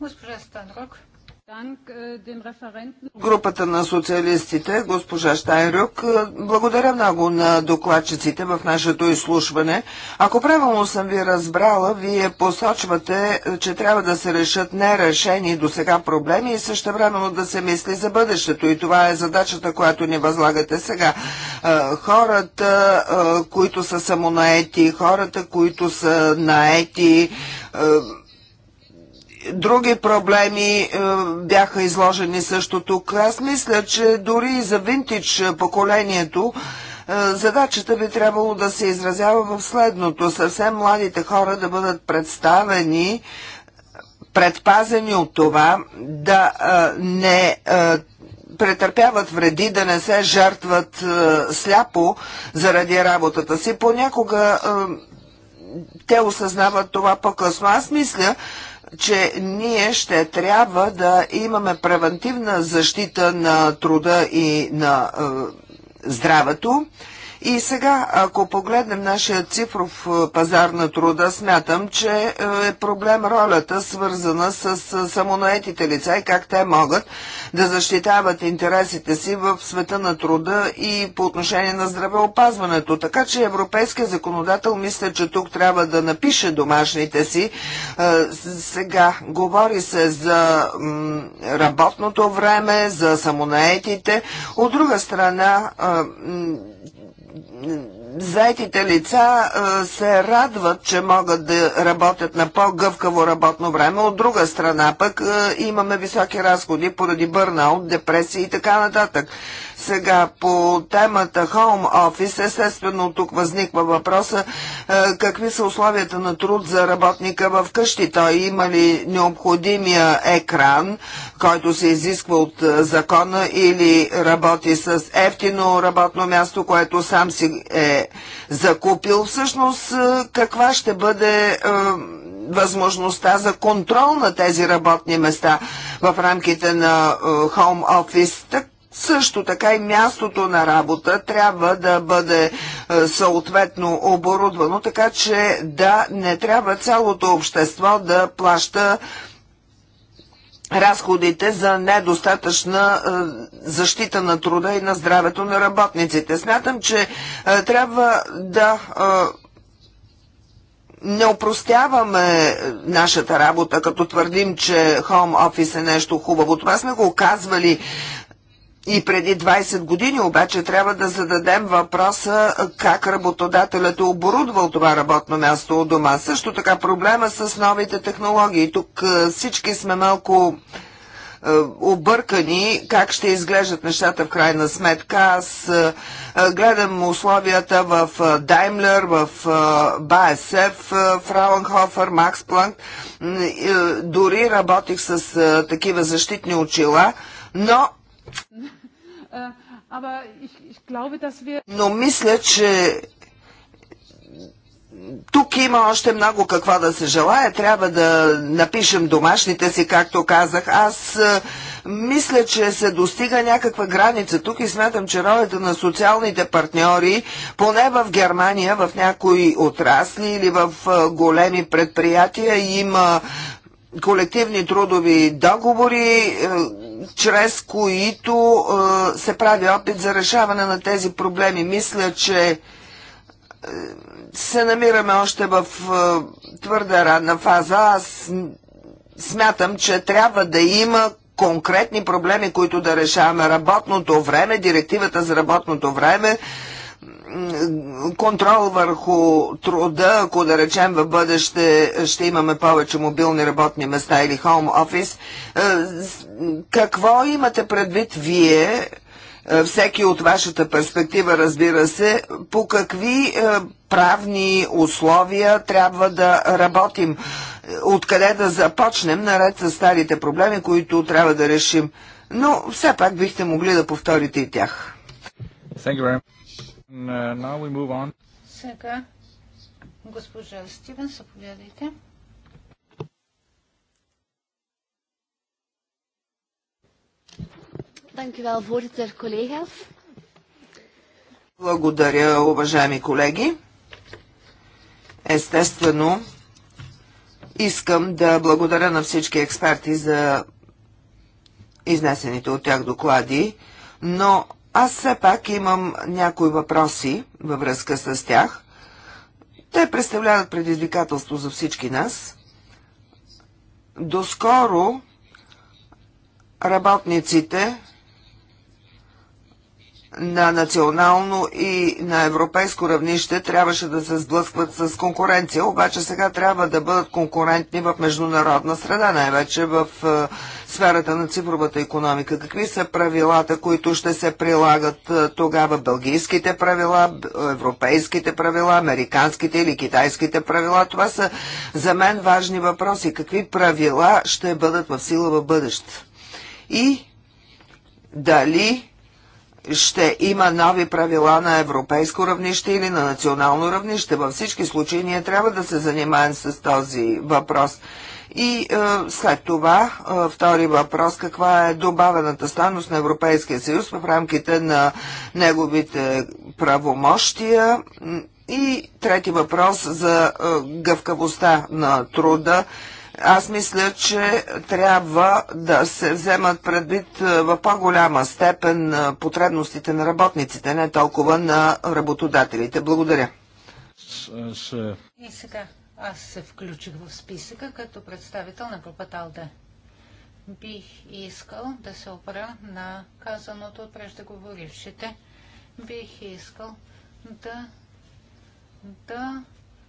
Госпожа Стайнрук. Äh, Групата на социалистите, госпожа Штайрюк, е, благодаря много на докладчиците в нашето изслушване. Ако правилно съм ви разбрала, вие посочвате, е, че трябва да се решат нерешени до сега проблеми и също времено да се мисли за бъдещето. И това е задачата, която ни възлагате сега. Е, хората, които са самонаети, хората, които са наети, други проблеми е, бяха изложени също тук. Аз мисля, че дори и за винтич поколението е, задачата би трябвало да се изразява в следното. Съвсем младите хора да бъдат представени, предпазени от това да е, не е, претърпяват вреди, да не се жертват е, сляпо заради работата си. Понякога е, те осъзнават това по-късно. Аз мисля, че ние ще трябва да имаме превентивна защита на труда и на е, здравето и сега, ако погледнем нашия цифров е, пазар на труда, смятам, че е, е проблем ролята свързана с самонаетите лица и как те могат да защитават интересите си в света на труда и по отношение на здравеопазването. Така че европейският законодател мисля, че тук трябва да напише домашните си. Е, сега говори се за работното време, за самонаетите. От друга страна, заетите лица се радват, че могат да работят на по-гъвкаво работно време. От друга страна пък имаме високи разходи поради бърнаут, депресия и така нататък. Сега по темата Home Office, естествено тук възниква въпроса е, какви са условията на труд за работника в къщи. Той има ли необходимия екран, който се изисква от е, закона или работи с ефтино работно място, което сам си е закупил. Всъщност е, каква ще бъде възможността за контрол на тези работни места в рамките на Home Office. Так, също така и мястото на работа трябва да бъде е, съответно оборудвано, така че да не трябва цялото общество да плаща разходите за недостатъчна е, защита на труда и на здравето на работниците. Смятам, че е, трябва да не опростяваме нашата работа, като твърдим, че хоум офис е нещо хубаво. Това сме го казвали и преди 20 години, обаче трябва да зададем въпроса как работодателят е оборудвал това работно място у дома. Също така проблема с новите технологии. Тук всички сме малко объркани как ще изглеждат нещата в крайна сметка. Аз гледам условията в Даймлер, в БАСФ, Фрауенхофер, Макс Планк. Дори работих с такива защитни очила, но Äh, Но мисля, че тук има още много каква да се желая. Трябва да напишем домашните си, както казах. Аз е, мисля, че се достига някаква граница тук и смятам, че ролята на социалните партньори, поне в Германия, в някои отрасли или в е, големи предприятия, има колективни трудови договори, е, чрез които е, се прави опит за решаване на тези проблеми. Мисля, че е, се намираме още в твърда ранна фаза. Аз смятам, че трябва да има конкретни проблеми, които да решаваме. Работното време, директивата за работното време, контрол върху труда, ако да речем в бъдеще ще имаме повече мобилни работни места или хоум офис, е, какво имате предвид вие, е, всеки от вашата перспектива, разбира се, по какви е, правни условия трябва да работим, откъде да започнем, наред с старите проблеми, които трябва да решим. Но все пак бихте могли да повторите и тях. Uh, Сега госпожа Стивен, заповядайте. Благодаря, уважаеми колеги. Естествено, искам да благодаря на всички експерти за изнесените от тях доклади, но аз все пак имам някои въпроси във връзка с тях. Те представляват предизвикателство за всички нас. Доскоро работниците на национално и на европейско равнище трябваше да се сблъскват с конкуренция, обаче сега трябва да бъдат конкурентни в международна среда, най-вече в е, сферата на цифровата економика. Какви са правилата, които ще се прилагат е, тогава? Белгийските правила, европейските правила, американските или китайските правила? Това са за мен важни въпроси. Какви правила ще бъдат в сила в бъдеще? И дали ще има нови правила на европейско равнище или на национално равнище. Във всички случаи ние трябва да се занимаем с този въпрос. И е, след това, е, втори въпрос, каква е добавената стойност на Европейския съюз в рамките на неговите правомощия? И трети въпрос за е, гъвкавостта на труда. Е, аз мисля, че трябва да се вземат предвид е, в по-голяма степен е, потребностите на работниците, не толкова на работодателите. Благодаря. И сега аз се включих в списъка като представител на групата АЛДЕ. Бих искал да се опра на казаното от преждеговорившите. Бих искал да, да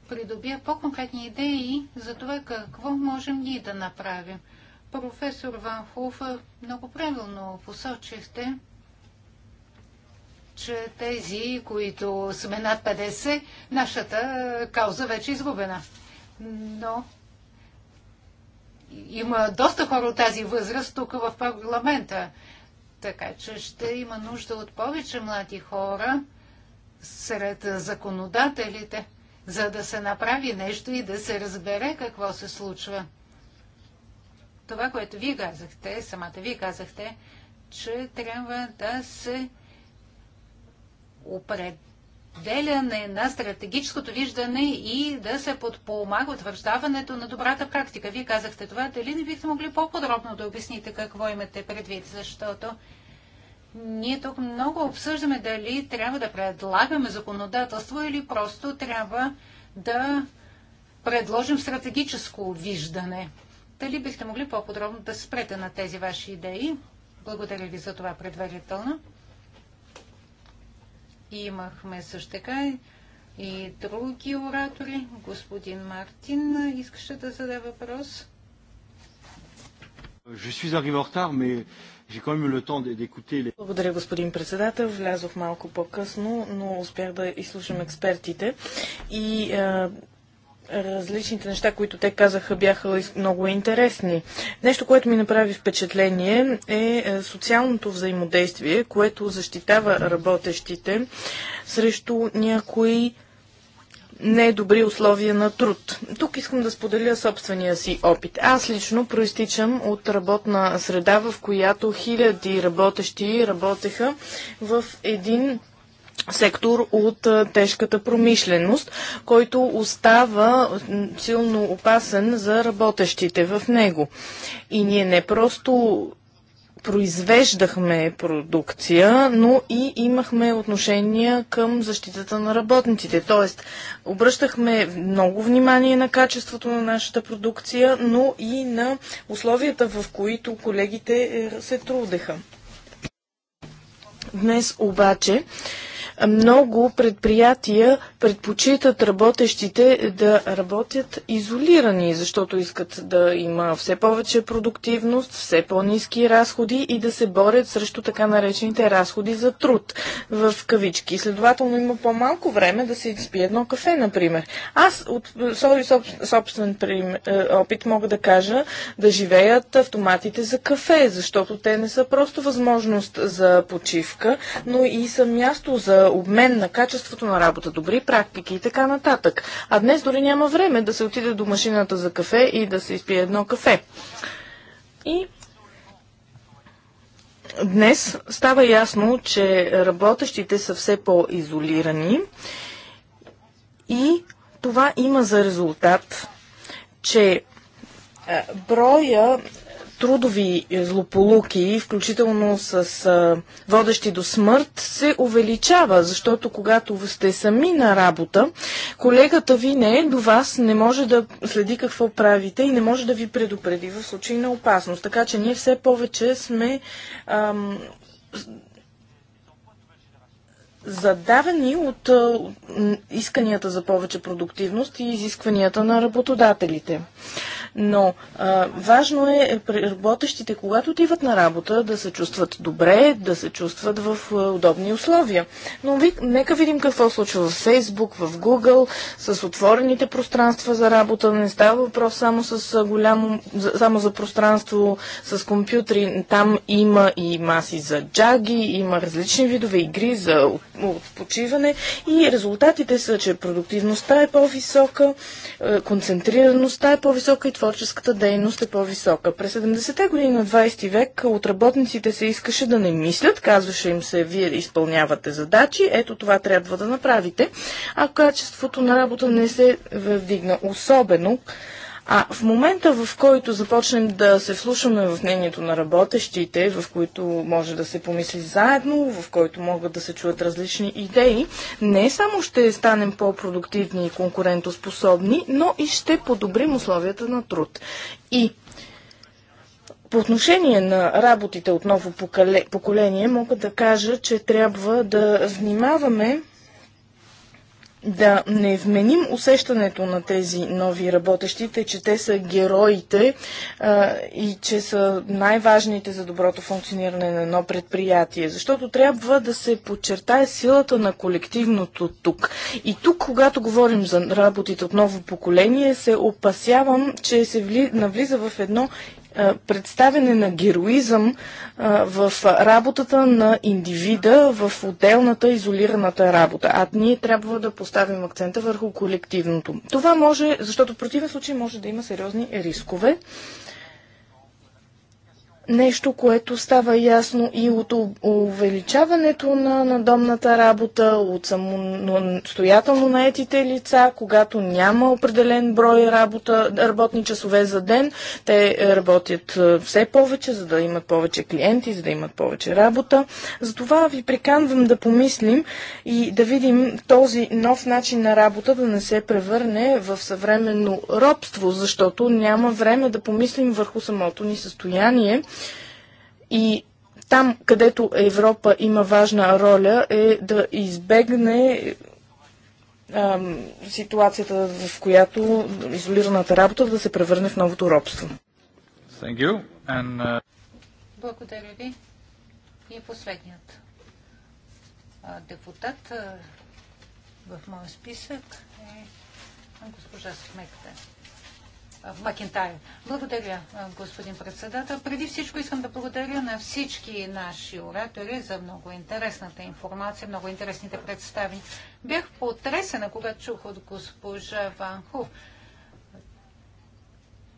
придобия по-конкретни идеи за това какво можем ние да направим. Професор Ван Хуфер, много правилно посочихте, че тези, които сме над 50, нашата кауза вече е изгубена. Но има доста хора от тази възраст тук в парламента, така че ще има нужда от повече млади хора сред законодателите за да се направи нещо и да се разбере какво се случва. Това, което вие казахте, самата вие казахте, че трябва да се определяне на стратегическото виждане и да се подпомага утвърждаването на добрата практика. Вие казахте това. Дали не бихте могли по-подробно да обясните какво имате предвид? Защото ние тук много обсъждаме дали трябва да предлагаме законодателство или просто трябва да предложим стратегическо виждане. Дали бихте могли по-подробно да спрете на тези ваши идеи? Благодаря ви за това предварително. И имахме също така и други оратори. Господин Мартин искаше да зададе въпрос. Je suis arrivé en retard, mais благодаря, господин председател. Влязох малко по-късно, но успях да изслушам експертите. И а, различните неща, които те казаха, бяха много интересни. Нещо, което ми направи впечатление е, е социалното взаимодействие, което защитава работещите срещу някои недобри условия на труд. Тук искам да споделя собствения си опит. Аз лично проистичам от работна среда, в която хиляди работещи работеха в един сектор от тежката промишленост, който остава силно опасен за работещите в него. И ние не просто произвеждахме продукция, но и имахме отношения към защитата на работниците. Тоест, обръщахме много внимание на качеството на нашата продукция, но и на условията, в които колегите е, се трудеха. Днес обаче много предприятия предпочитат работещите да работят изолирани, защото искат да има все повече продуктивност, все по-низки разходи и да се борят срещу така наречените разходи за труд в кавички. Следователно има по-малко време да се изпие едно кафе, например. Аз от свой собствен е, опит мога да кажа да живеят автоматите за кафе, защото те не са просто възможност за почивка, но и са място за обмен на качеството на работа, добри практики и така нататък. А днес дори няма време да се отиде до машината за кафе и да се изпие едно кафе. И днес става ясно, че работещите са все по-изолирани и това има за резултат, че броя трудови е, злополуки, включително с водещи до смърт, се увеличава, защото когато сте сами на работа, колегата ви не е до вас, не може да следи какво правите и не може да ви предупреди в случай на опасност. Така че ние все повече сме ам, задавани от исканията за повече продуктивност и изискванията на работодателите. Но а, важно е работещите, когато отиват на работа, да се чувстват добре, да се чувстват в а, удобни условия. Но ви, нека видим какво случва в Facebook, в Google, с отворените пространства за работа. Не става въпрос само, с голямо, само за пространство с компютри. Там има и маси за джаги, има различни видове игри за почиване и резултатите са, че продуктивността е по-висока, е, концентрираността е по-висока и творческата дейност е по-висока. През 70-те години на 20 век от работниците се искаше да не мислят, казваше им се, вие изпълнявате задачи, ето това трябва да направите, а качеството на работа не се вдигна особено. А в момента, в който започнем да се вслушаме в мнението на работещите, в които може да се помисли заедно, в който могат да се чуят различни идеи, не само ще станем по-продуктивни и конкурентоспособни, но и ще подобрим условията на труд. И по отношение на работите от ново поколение, мога да кажа, че трябва да внимаваме да не вменим усещането на тези нови работещите, че те са героите а, и че са най-важните за доброто функциониране на едно предприятие. Защото трябва да се подчертае силата на колективното тук. И тук, когато говорим за работите от ново поколение, се опасявам, че се навлиза в едно е, представене на героизъм е, в работата на индивида в отделната изолираната работа. А ние трябва да поставим акцента върху колективното. Това може, защото в противен случай може да има сериозни рискове. Нещо, което става ясно и от увеличаването на надомната работа, от самостоятелно наетите лица, когато няма определен брой работа, работни часове за ден, те работят е, все повече, за да имат повече клиенти, за да имат повече работа. Затова ви приканвам да помислим и да видим този нов начин на работа да не се превърне в съвременно робство, защото няма време да помислим върху самото ни състояние и там, където Европа има важна роля, е да избегне ам, ситуацията, в която изолираната работа да се превърне в новото робство. Thank you. And, uh... Благодаря ви. И последният депутат в моя списък е госпожа Смекта. Макентайр. Благодаря, господин председател. Преди всичко искам да благодаря на всички наши оратори за много интересната информация, много интересните представи. Бях потресена, когато чух от госпожа Ван Хуф.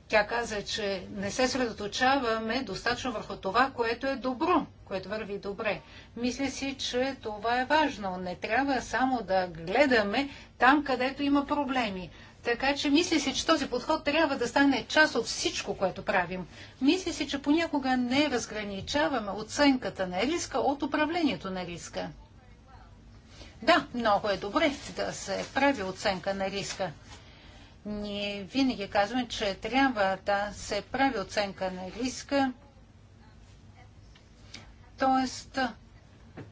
Тя каза, че не се средоточаваме достатъчно върху това, което е добро, което върви добре. Мисля си, че това е важно. Не трябва само да гледаме там, където има проблеми така че мисля си, че този подход трябва да стане част от всичко, което правим. Мисля си, че понякога не разграничаваме оценката на риска от управлението на риска. Да, много е добре да се прави оценка на риска. Ние винаги казваме, че трябва да се прави оценка на риска. Тоест,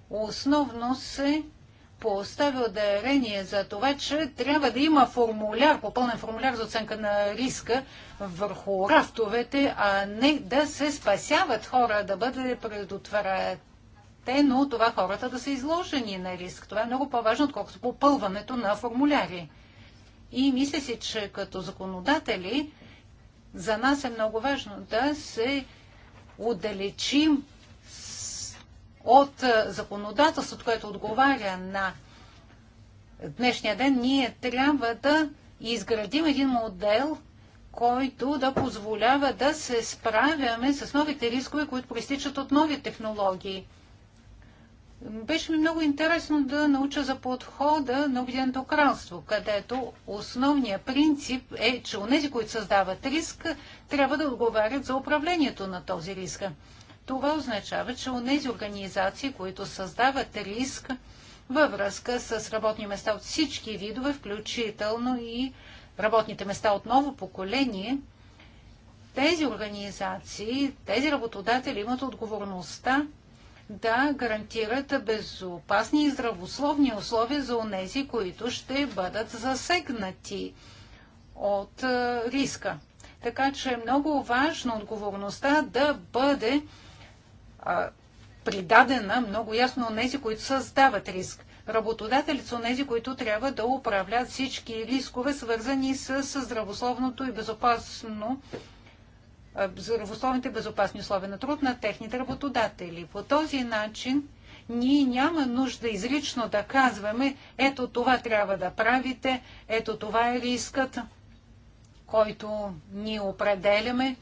основно се поставил дарение за това, че трябва да има формуляр, попълнен формуляр за оценка на риска върху рафтовете, а не да се спасяват хора, да бъде предотвратено това хората да са изложени на риск. Това е много по-важно, отколкото попълването на формуляри. И мисля си, че като законодатели за нас е много важно да се отдалечим от е, законодателството, което отговаря на днешния ден, ние трябва да изградим един модел, който да позволява да се справяме с новите рискове, които проистичат от нови технологии. Беше ми много интересно да науча за подхода на Обединеното кралство, където основният принцип е, че нези, които създават риск, трябва да отговарят за управлението на този риск. Това означава, че у тези организации, които създават риск във връзка с работни места от всички видове, включително и работните места от ново поколение, тези организации, тези работодатели имат отговорността да гарантират безопасни и здравословни условия за онези, които ще бъдат засегнати от риска. Така че е много важно отговорността да бъде придадена много ясно на тези, които създават риск. Работодателите са тези, които трябва да управляват всички рискове, свързани с здравословното и безопасно здравословните безопасни условия на труд на техните работодатели. По този начин ние няма нужда изрично да казваме, ето това трябва да правите, ето това е рискът, който ние определяме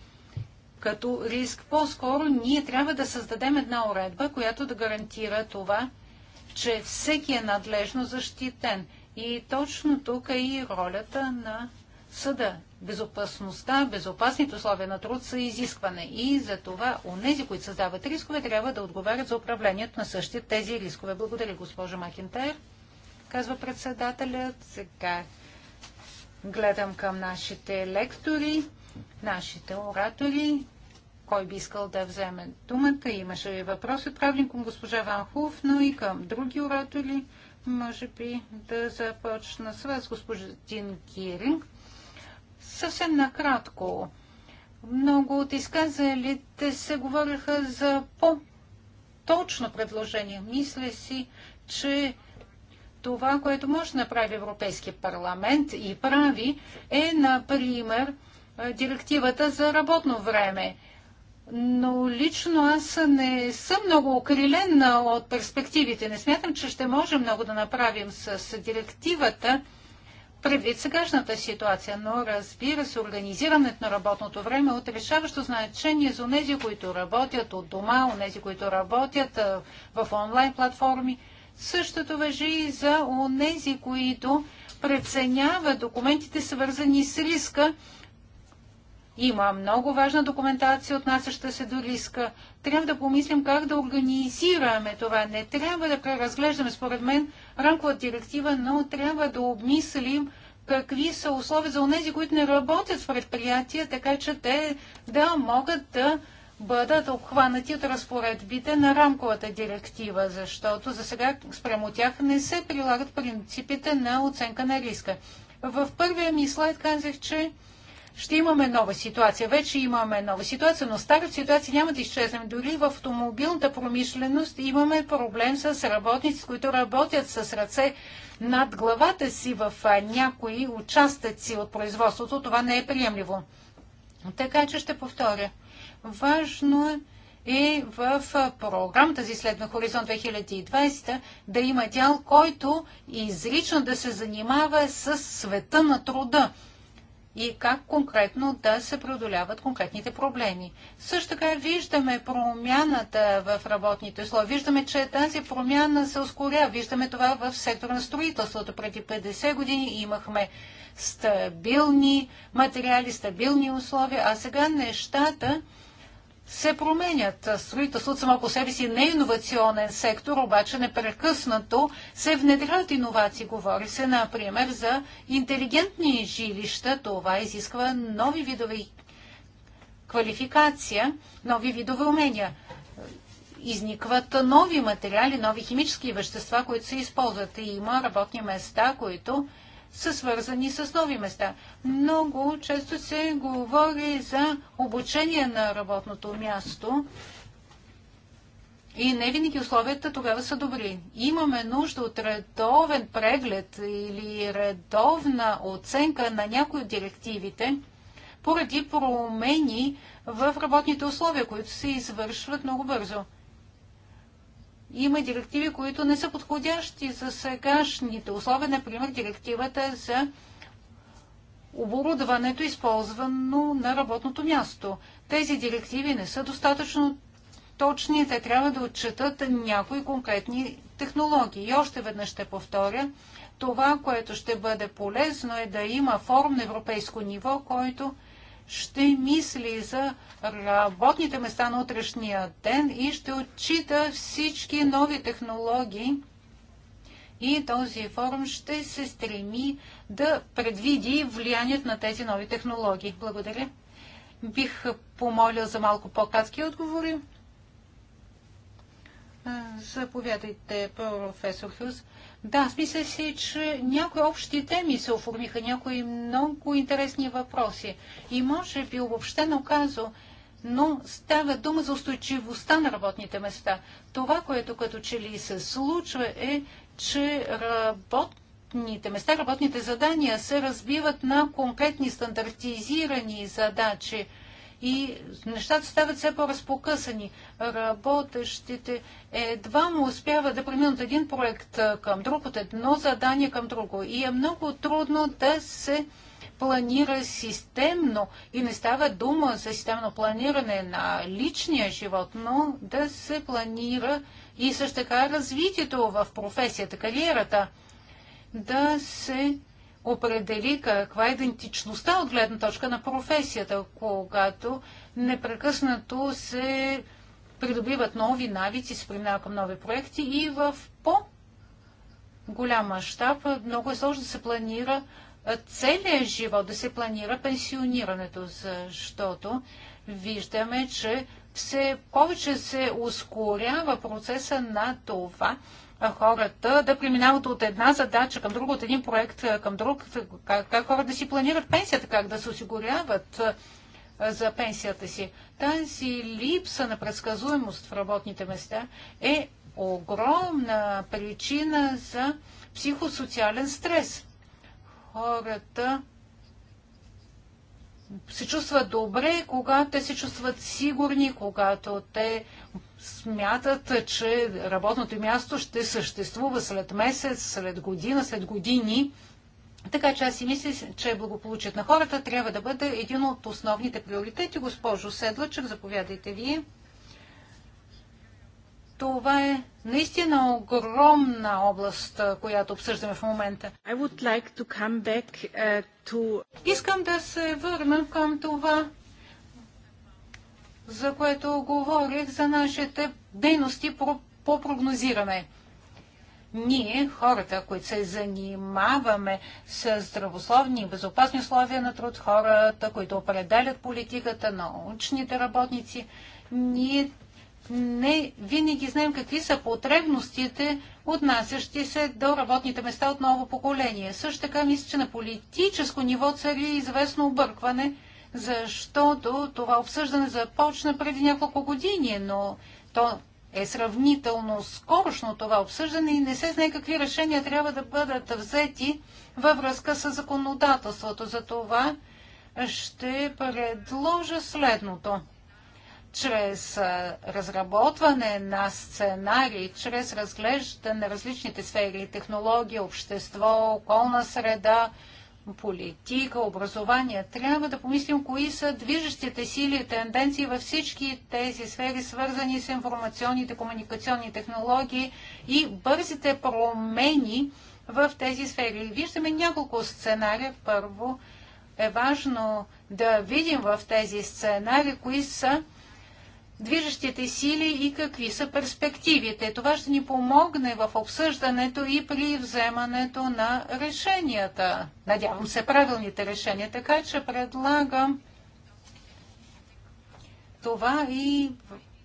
като риск. По-скоро ние трябва да създадем една уредба, която да гарантира това, че всеки е надлежно защитен. И точно тук е и ролята на съда. Безопасността, безопасните условия на труд са изискване. И за това онези, които създават рискове, трябва да отговарят за управлението на същите тези рискове. Благодаря, госпожа Макентайр, казва председателят. Сега гледам към нашите лектори, нашите оратори кой би искал да вземе думата. Имаше въпрос отправен към госпожа Ванхуф, но и към други оратори. Може би да започна с вас, господин Киринг. Съвсем накратко. Много от изказалите се говориха за по-точно предложение. Мисля си, че това, което може да направи Европейския парламент и прави, е, например, директивата за работно време но лично аз не съм много окрилена от перспективите. Не смятам, че ще можем много да направим с директивата предвид сегашната ситуация, но разбира се, организирането на работното време е от решаващо значение за тези, които работят от дома, от тези, които работят в онлайн платформи. Същото въжи и за онези, които преценяват документите, свързани с риска има много важна документация, отнасяща се до риска. Трябва да помислим как да организираме това. Не трябва да преразглеждаме, според мен, рамковата директива, но трябва да обмислим какви са условия за тези, които не работят в предприятия, така че те да могат да бъдат обхванати от разпоредбите на рамковата директива, защото за сега спрямо тях не се прилагат принципите на оценка на риска. В първия ми слайд казах, че ще имаме нова ситуация. Вече имаме нова ситуация, но старата ситуация няма да изчезнем. Дори в автомобилната промишленост имаме проблем с работници, които работят с ръце над главата си в някои участъци от производството. Това не е приемливо. Така че ще повторя. Важно е и в програмата за изследване Хоризонт 2020 да има дял, който изрично да се занимава с света на труда и как конкретно да се преодоляват конкретните проблеми. Също така виждаме промяната в работните условия. Виждаме, че тази промяна се ускоря. Виждаме това в сектора на строителството. Преди 50 години имахме стабилни материали, стабилни условия, а сега нещата се променят. Строителството само по себе си не е иновационен сектор, обаче непрекъснато се внедряват иновации. Говори се, например, за интелигентни жилища. Това изисква нови видове квалификация, нови видове умения. Изникват нови материали, нови химически вещества, които се използват. И има работни места, които са свързани с нови места. Много често се говори за обучение на работното място и не винаги условията тогава са добри. Имаме нужда от редовен преглед или редовна оценка на някои от директивите, поради промени в работните условия, които се извършват много бързо има директиви, които не са подходящи за сегашните условия, например директивата за оборудването, използвано на работното място. Тези директиви не са достатъчно точни, те трябва да отчитат някои конкретни технологии. И още веднъж ще повторя, това, което ще бъде полезно е да има форум на европейско ниво, който ще мисли за работните места на утрешния ден и ще отчита всички нови технологии. И този форум ще се стреми да предвиди влиянието на тези нови технологии. Благодаря. Бих помолил за малко по-кратки отговори. Заповядайте, професор Хюс. Да, аз мисля си, че някои общи теми се оформиха, някои много интересни въпроси. И може би обобщено казо, но става дума за устойчивостта на работните места. Това, което като че ли се случва е, че работните места, работните задания се разбиват на конкретни стандартизирани задачи – и нещата стават все по-разпокъсани. Работещите едва му успяват да преминат един проект към друг, от едно задание към друго. И е много трудно да се планира системно и не става дума за системно планиране на личния живот, но да се планира и също така развитието в професията, кариерата, да се определи каква е идентичността от гледна точка на професията, когато непрекъснато се придобиват нови навици, се преминава към нови проекти и в по голям мащаб много е сложно да се планира целият живот, да се планира пенсионирането, защото виждаме, че все повече се ускорява процеса на това хората да преминават от една задача към друга, от един проект към друг, как, как хората да си планират пенсията, как да се осигуряват за пенсията си. Тази липса на предсказуемост в работните места е огромна причина за психосоциален стрес. Хората се чувстват добре, когато те се чувстват сигурни, когато те смятат, че работното място ще съществува след месец, след година, след години. Така че аз си мисля, че благополучието на хората трябва да бъде един от основните приоритети. Госпожо Седлачев, заповядайте вие. Това е наистина огромна област, която обсъждаме в момента. I would like to come back, uh, to... Искам да се върна към това, за което говорих за нашите дейности по, прогнозиране. Ние, хората, които се занимаваме с здравословни и безопасни условия на труд, хората, които определят политиката, научните работници, ние не винаги знаем какви са потребностите, отнасящи се до работните места от ново поколение. Също така мисля, че на политическо ниво цари известно объркване – защото това обсъждане започна преди няколко години, но то е сравнително скорошно това обсъждане и не се знае какви решения трябва да бъдат взети във връзка с законодателството. За това ще предложа следното. Чрез разработване на сценарии, чрез разглеждане на различните сфери, технология, общество, околна среда, политика, образование, трябва да помислим кои са движещите сили и тенденции във всички тези сфери, свързани с информационните, комуникационни технологии и бързите промени в тези сфери. Виждаме няколко сценария. Първо е важно да видим в тези сценарии, кои са движещите сили и какви са перспективите. Това ще ни помогне в обсъждането и при вземането на решенията. Надявам се правилните решения, така че предлагам това и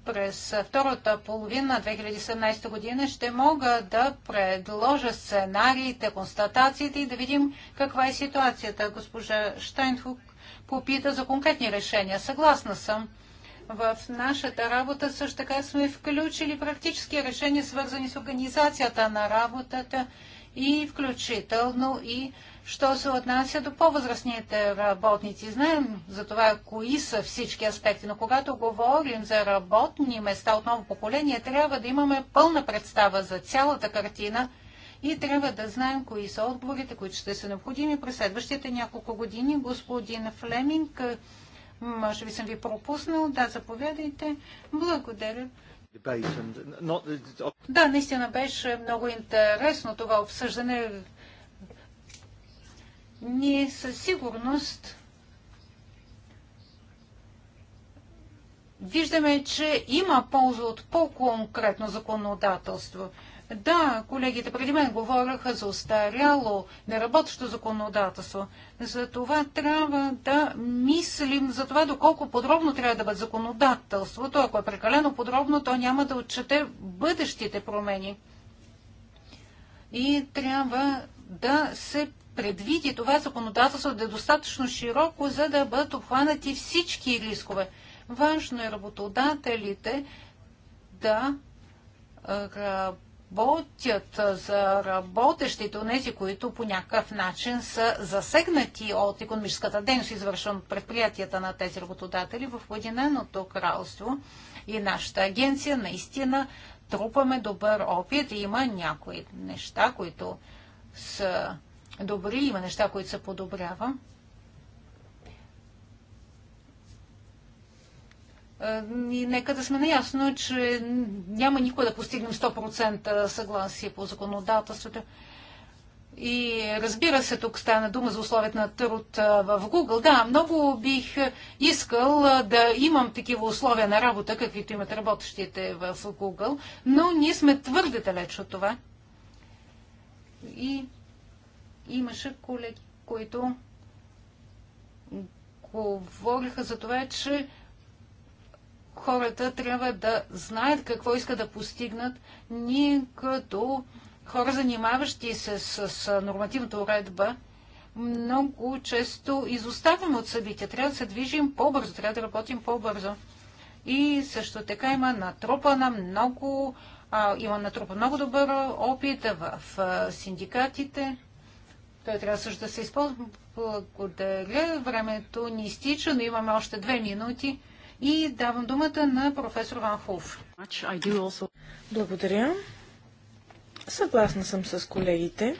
през втората половина на 2017 година ще мога да предложа сценариите, констатациите и да видим каква е ситуацията. Госпожа Штайнфук попита за конкретни решения. Съгласна съм. В нашата работа също така сме включили практически решения, свързани с организацията на работата и включително и що се отнася до по-възрастните работници. Знаем за това кои са всички аспекти, но когато говорим за работни места от ново поколение, трябва да имаме пълна представа за цялата картина и трябва да знаем кои са отговорите, които ще са необходими през следващите няколко години. Господин Флеминг може би съм ви пропуснал. Да, заповядайте. Благодаря. Да, наистина беше много интересно това обсъждане. Ние със сигурност виждаме, че има полза от по-конкретно законодателство. Да, колегите преди мен говореха за устаряло, неработещо законодателство. За това трябва да мислим за това доколко подробно трябва да бъде законодателството. Ако е прекалено подробно, то няма да отчете бъдещите промени. И трябва да се предвиди това законодателство да е достатъчно широко, за да бъдат обхванати всички рискове. Важно е работодателите да работят за работещите, тези, които по някакъв начин са засегнати от економическата дейност, извършвана от предприятията на тези работодатели в Обединеното кралство. И нашата агенция наистина трупаме добър опит. Има някои неща, които са добри, има неща, които се подобрява. И нека да сме наясно, че няма никога да постигнем 100% съгласие по законодателството. И разбира се, тук стана дума за условията на труд в Google. Да, много бих искал да имам такива условия на работа, каквито имат работещите в Google, но ние сме твърде далеч от това. И имаше колеги, които говориха за това, че хората трябва да знаят какво искат да постигнат. Ние като хора, занимаващи се с, с нормативната уредба, много често изоставяме от събития. Трябва да се движим по-бързо, трябва да работим по-бързо. И също така има натрупана много, а, има натрупа много добър опит в, а, синдикатите. Той трябва също да се използва. Благодаря. Времето ни изтича, но имаме още две минути. И давам думата на професор Ван Хуф. Благодаря. Съгласна съм с колегите.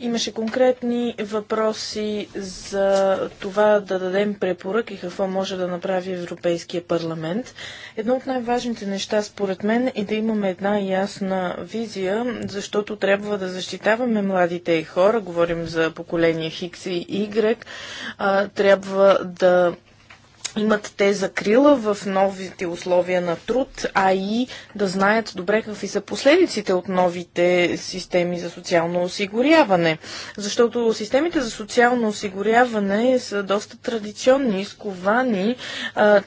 Имаше конкретни въпроси за това да дадем препоръки какво може да направи Европейския парламент. Едно от най-важните неща, според мен, е да имаме една ясна визия, защото трябва да защитаваме младите и хора, говорим за поколение Хикс и Y, трябва да имат те закрила в новите условия на труд, а и да знаят добре какви са последиците от новите системи за социално осигуряване. Защото системите за социално осигуряване са доста традиционни, изковани.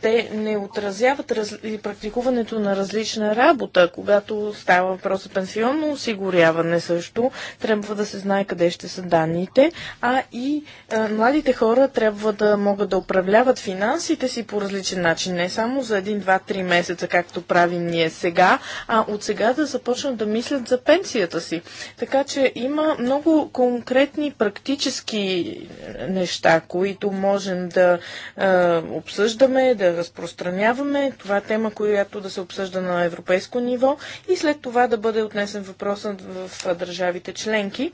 Те не отразяват раз... практикуването на различна работа. Когато става въпрос за пенсионно осигуряване също, трябва да се знае къде ще са данните, а и младите хора трябва да могат да управляват финансите, политиките си по различен начин, не само за един, два, три месеца, както правим ние сега, а от сега да започнат да мислят за пенсията си. Така че има много конкретни практически е, неща, които можем да е, обсъждаме, да разпространяваме. Това е тема, която да се обсъжда на европейско ниво и след това да бъде отнесен въпросът в държавите членки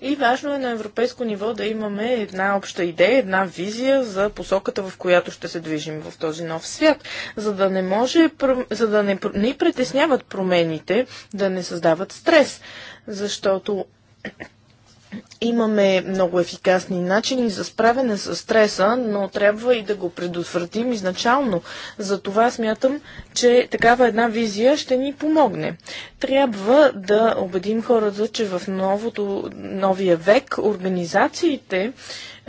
и важно е на европейско ниво да имаме една обща идея, една визия за посоката, в която ще се движим в този нов свят, за да не може, за да не ни притесняват промените, да не създават стрес, защото Имаме много ефикасни начини за справяне с стреса, но трябва и да го предотвратим изначално. За това смятам, че такава една визия ще ни помогне. Трябва да убедим хората, че в новото, новия век организациите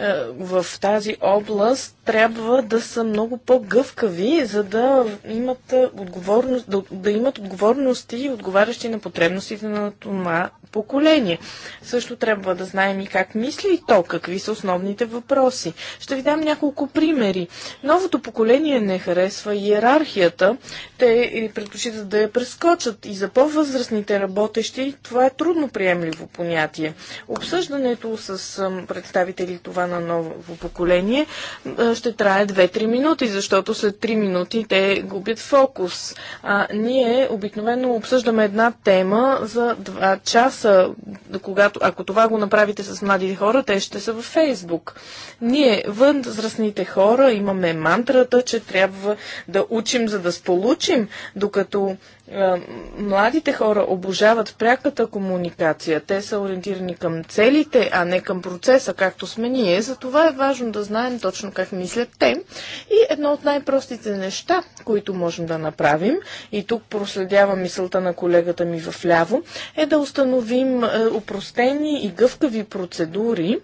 е, в тази област трябва да са много по-гъвкави, за да имат, е, отговорност, да, да имат отговорности, отговарящи на потребностите на това поколение. Също трябва да знаем и как мисли и то, какви са основните въпроси. Ще ви дам няколко примери. Новото поколение не харесва иерархията. Те предпочитат да я прескочат и за по-възрастните работещи това е трудно приемливо понятие. Обсъждането с представители това на ново поколение, ще трае 2-3 минути, защото след 3 минути те губят фокус. А, ние обикновено обсъждаме една тема за 2 часа. Когато, ако това го направите с младите хора, те ще са във Фейсбук. Ние, вън възрастните хора, имаме мантрата, че трябва да учим, за да сполучим, докато Младите хора обожават пряката комуникация. Те са ориентирани към целите, а не към процеса, както сме ние. Затова е важно да знаем точно как мислят те. И едно от най-простите неща, които можем да направим, и тук проследява мисълта на колегата ми в ляво, е да установим упростени и гъвкави процедури,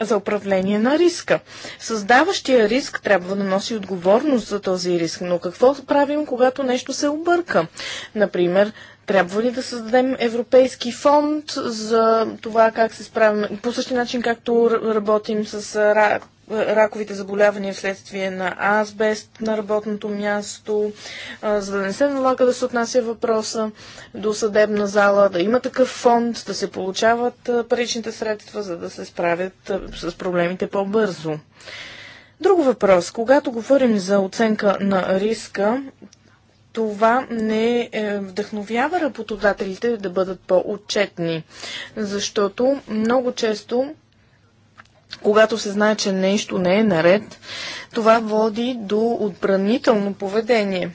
за управление на риска. Създаващия риск трябва да носи отговорност за този риск, но какво правим, когато нещо се обърка? Например, трябва ли да създадем европейски фонд за това как се справим, по същия начин както работим с рак раковите заболявания вследствие на азбест на работното място, за да не се налага да се отнася въпроса до съдебна зала, да има такъв фонд, да се получават паричните средства, за да се справят с проблемите по-бързо. Друг въпрос. Когато говорим за оценка на риска, това не е, вдъхновява работодателите да бъдат по-отчетни, защото много често когато се знае, че нещо не е наред, това води до отбранително поведение.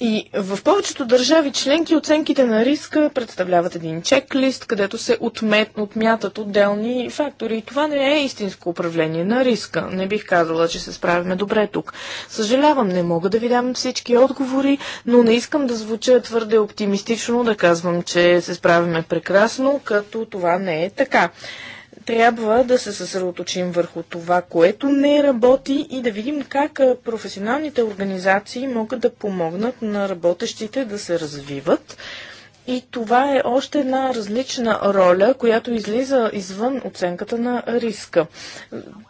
И в повечето държави членки оценките на риска представляват един чеклист, където се отмет, отмятат отделни фактори. И това не е истинско управление на риска. Не бих казала, че се справяме добре тук. Съжалявам, не мога да ви дам всички отговори, но не искам да звуча твърде оптимистично, да казвам, че се справяме прекрасно, като това не е така трябва да се съсредоточим върху това, което не работи и да видим как професионалните организации могат да помогнат на работещите да се развиват. И това е още една различна роля, която излиза извън оценката на риска.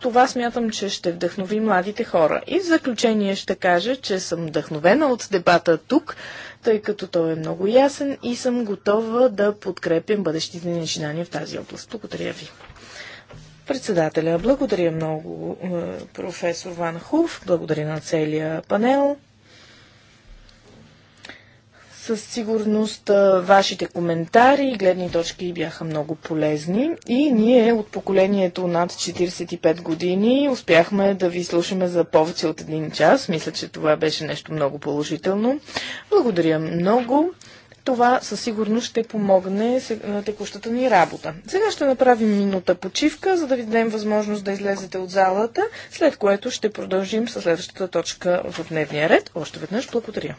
Това смятам, че ще вдъхнови младите хора. И в заключение ще кажа, че съм вдъхновена от дебата тук, тъй като той е много ясен и съм готова да подкрепям бъдещите начинания в тази област. Благодаря ви. Председателя, благодаря много, е, професор Ван Хуф. Благодаря на целия панел. Със сигурност е, вашите коментари и гледни точки бяха много полезни и ние от поколението над 45 години успяхме да ви слушаме за повече от един час. Мисля, че това беше нещо много положително. Благодаря много. Това със сигурност ще помогне на текущата ни работа. Сега ще направим минута почивка, за да ви дадем възможност да излезете от залата, след което ще продължим с следващата точка в дневния ред. Още веднъж благодаря.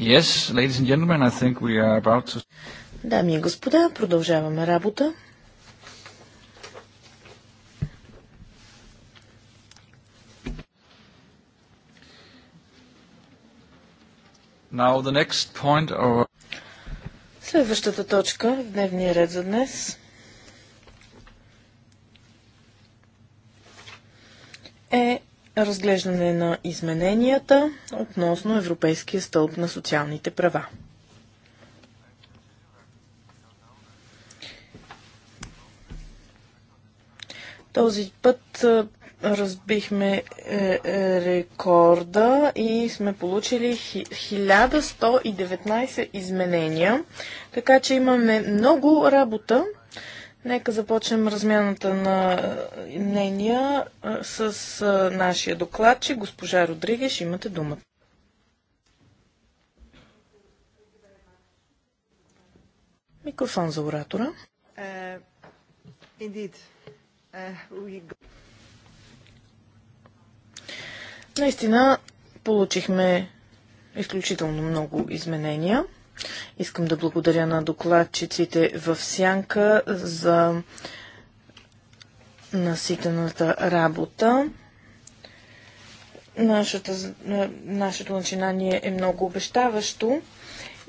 Yes, ladies and gentlemen, I think we are about to... Дами и господа, продължаваме работа. Now the next point of... Следващата точка в дневния ред за днес разглеждане на измененията относно Европейския стълб на социалните права. Този път разбихме е, е, рекорда и сме получили 1119 изменения, така че имаме много работа Нека започнем размяната на е, мнения е, с е, нашия докладчик, госпожа Родригеш. Имате думата. Микрофон за оратора. Наистина получихме изключително много изменения – Искам да благодаря на докладчиците в Сянка за наситената работа. Нашата, нашето начинание е много обещаващо.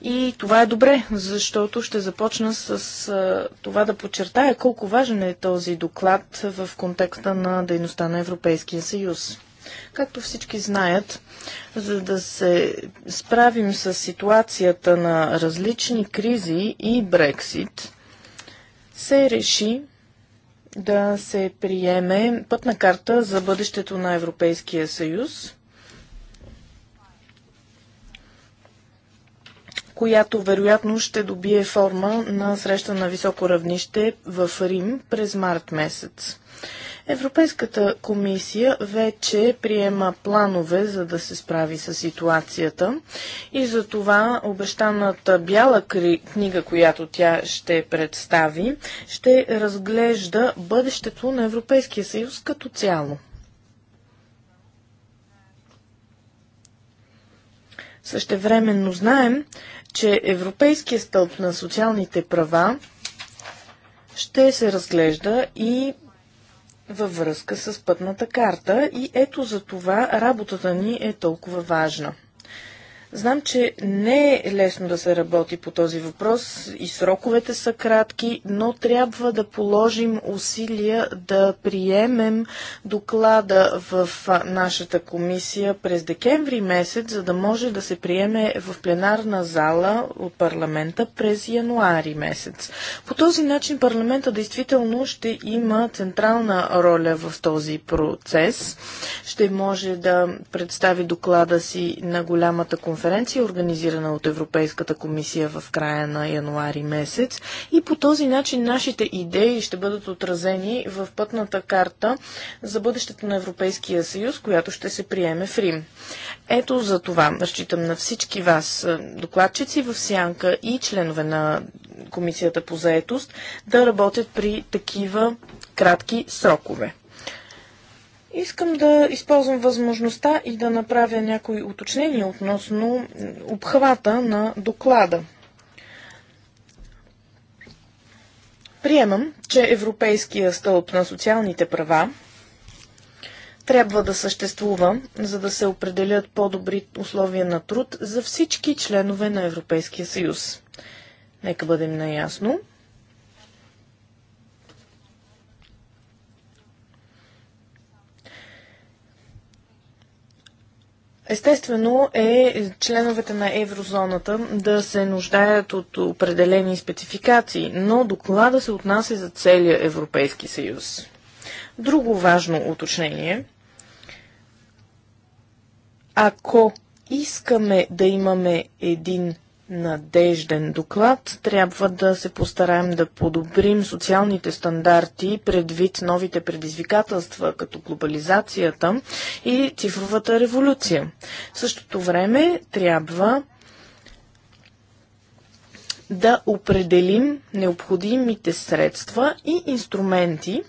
И това е добре, защото ще започна с това да подчертая колко важен е този доклад в контекста на дейността на Европейския съюз. Както всички знаят, за да се справим с ситуацията на различни кризи и Брексит, се реши да се приеме пътна карта за бъдещето на Европейския съюз, която вероятно ще добие форма на среща на високо равнище в Рим през март месец. Европейската комисия вече приема планове за да се справи с ситуацията и за това обещаната бяла книга, която тя ще представи, ще разглежда бъдещето на Европейския съюз като цяло. Същевременно знаем, че Европейския стълб на социалните права ще се разглежда и във връзка с пътната карта и ето за това работата ни е толкова важна. Знам, че не е лесно да се работи по този въпрос и сроковете са кратки, но трябва да положим усилия да приемем доклада в нашата комисия през декември месец, за да може да се приеме в пленарна зала от парламента през януари месец. По този начин парламента действително ще има централна роля в този процес. Ще може да представи доклада си на голямата конференция конференция, организирана от Европейската комисия в края на януари месец. И по този начин нашите идеи ще бъдат отразени в пътната карта за бъдещето на Европейския съюз, която ще се приеме в Рим. Ето за това разчитам на всички вас, е, докладчици в Сянка и членове на Комисията по заетост, да работят при такива кратки срокове. Искам да използвам възможността и да направя някои уточнения относно обхвата на доклада. Приемам, че Европейския стълб на социалните права трябва да съществува, за да се определят по-добри условия на труд за всички членове на Европейския съюз. Нека бъдем наясно, Естествено е членовете на еврозоната да се нуждаят от определени спецификации, но доклада се отнася за целия Европейски съюз. Друго важно уточнение. Ако искаме да имаме един надежден доклад. Трябва да се постараем да подобрим социалните стандарти предвид новите предизвикателства, като глобализацията и цифровата революция. В същото време трябва да определим необходимите средства и инструменти,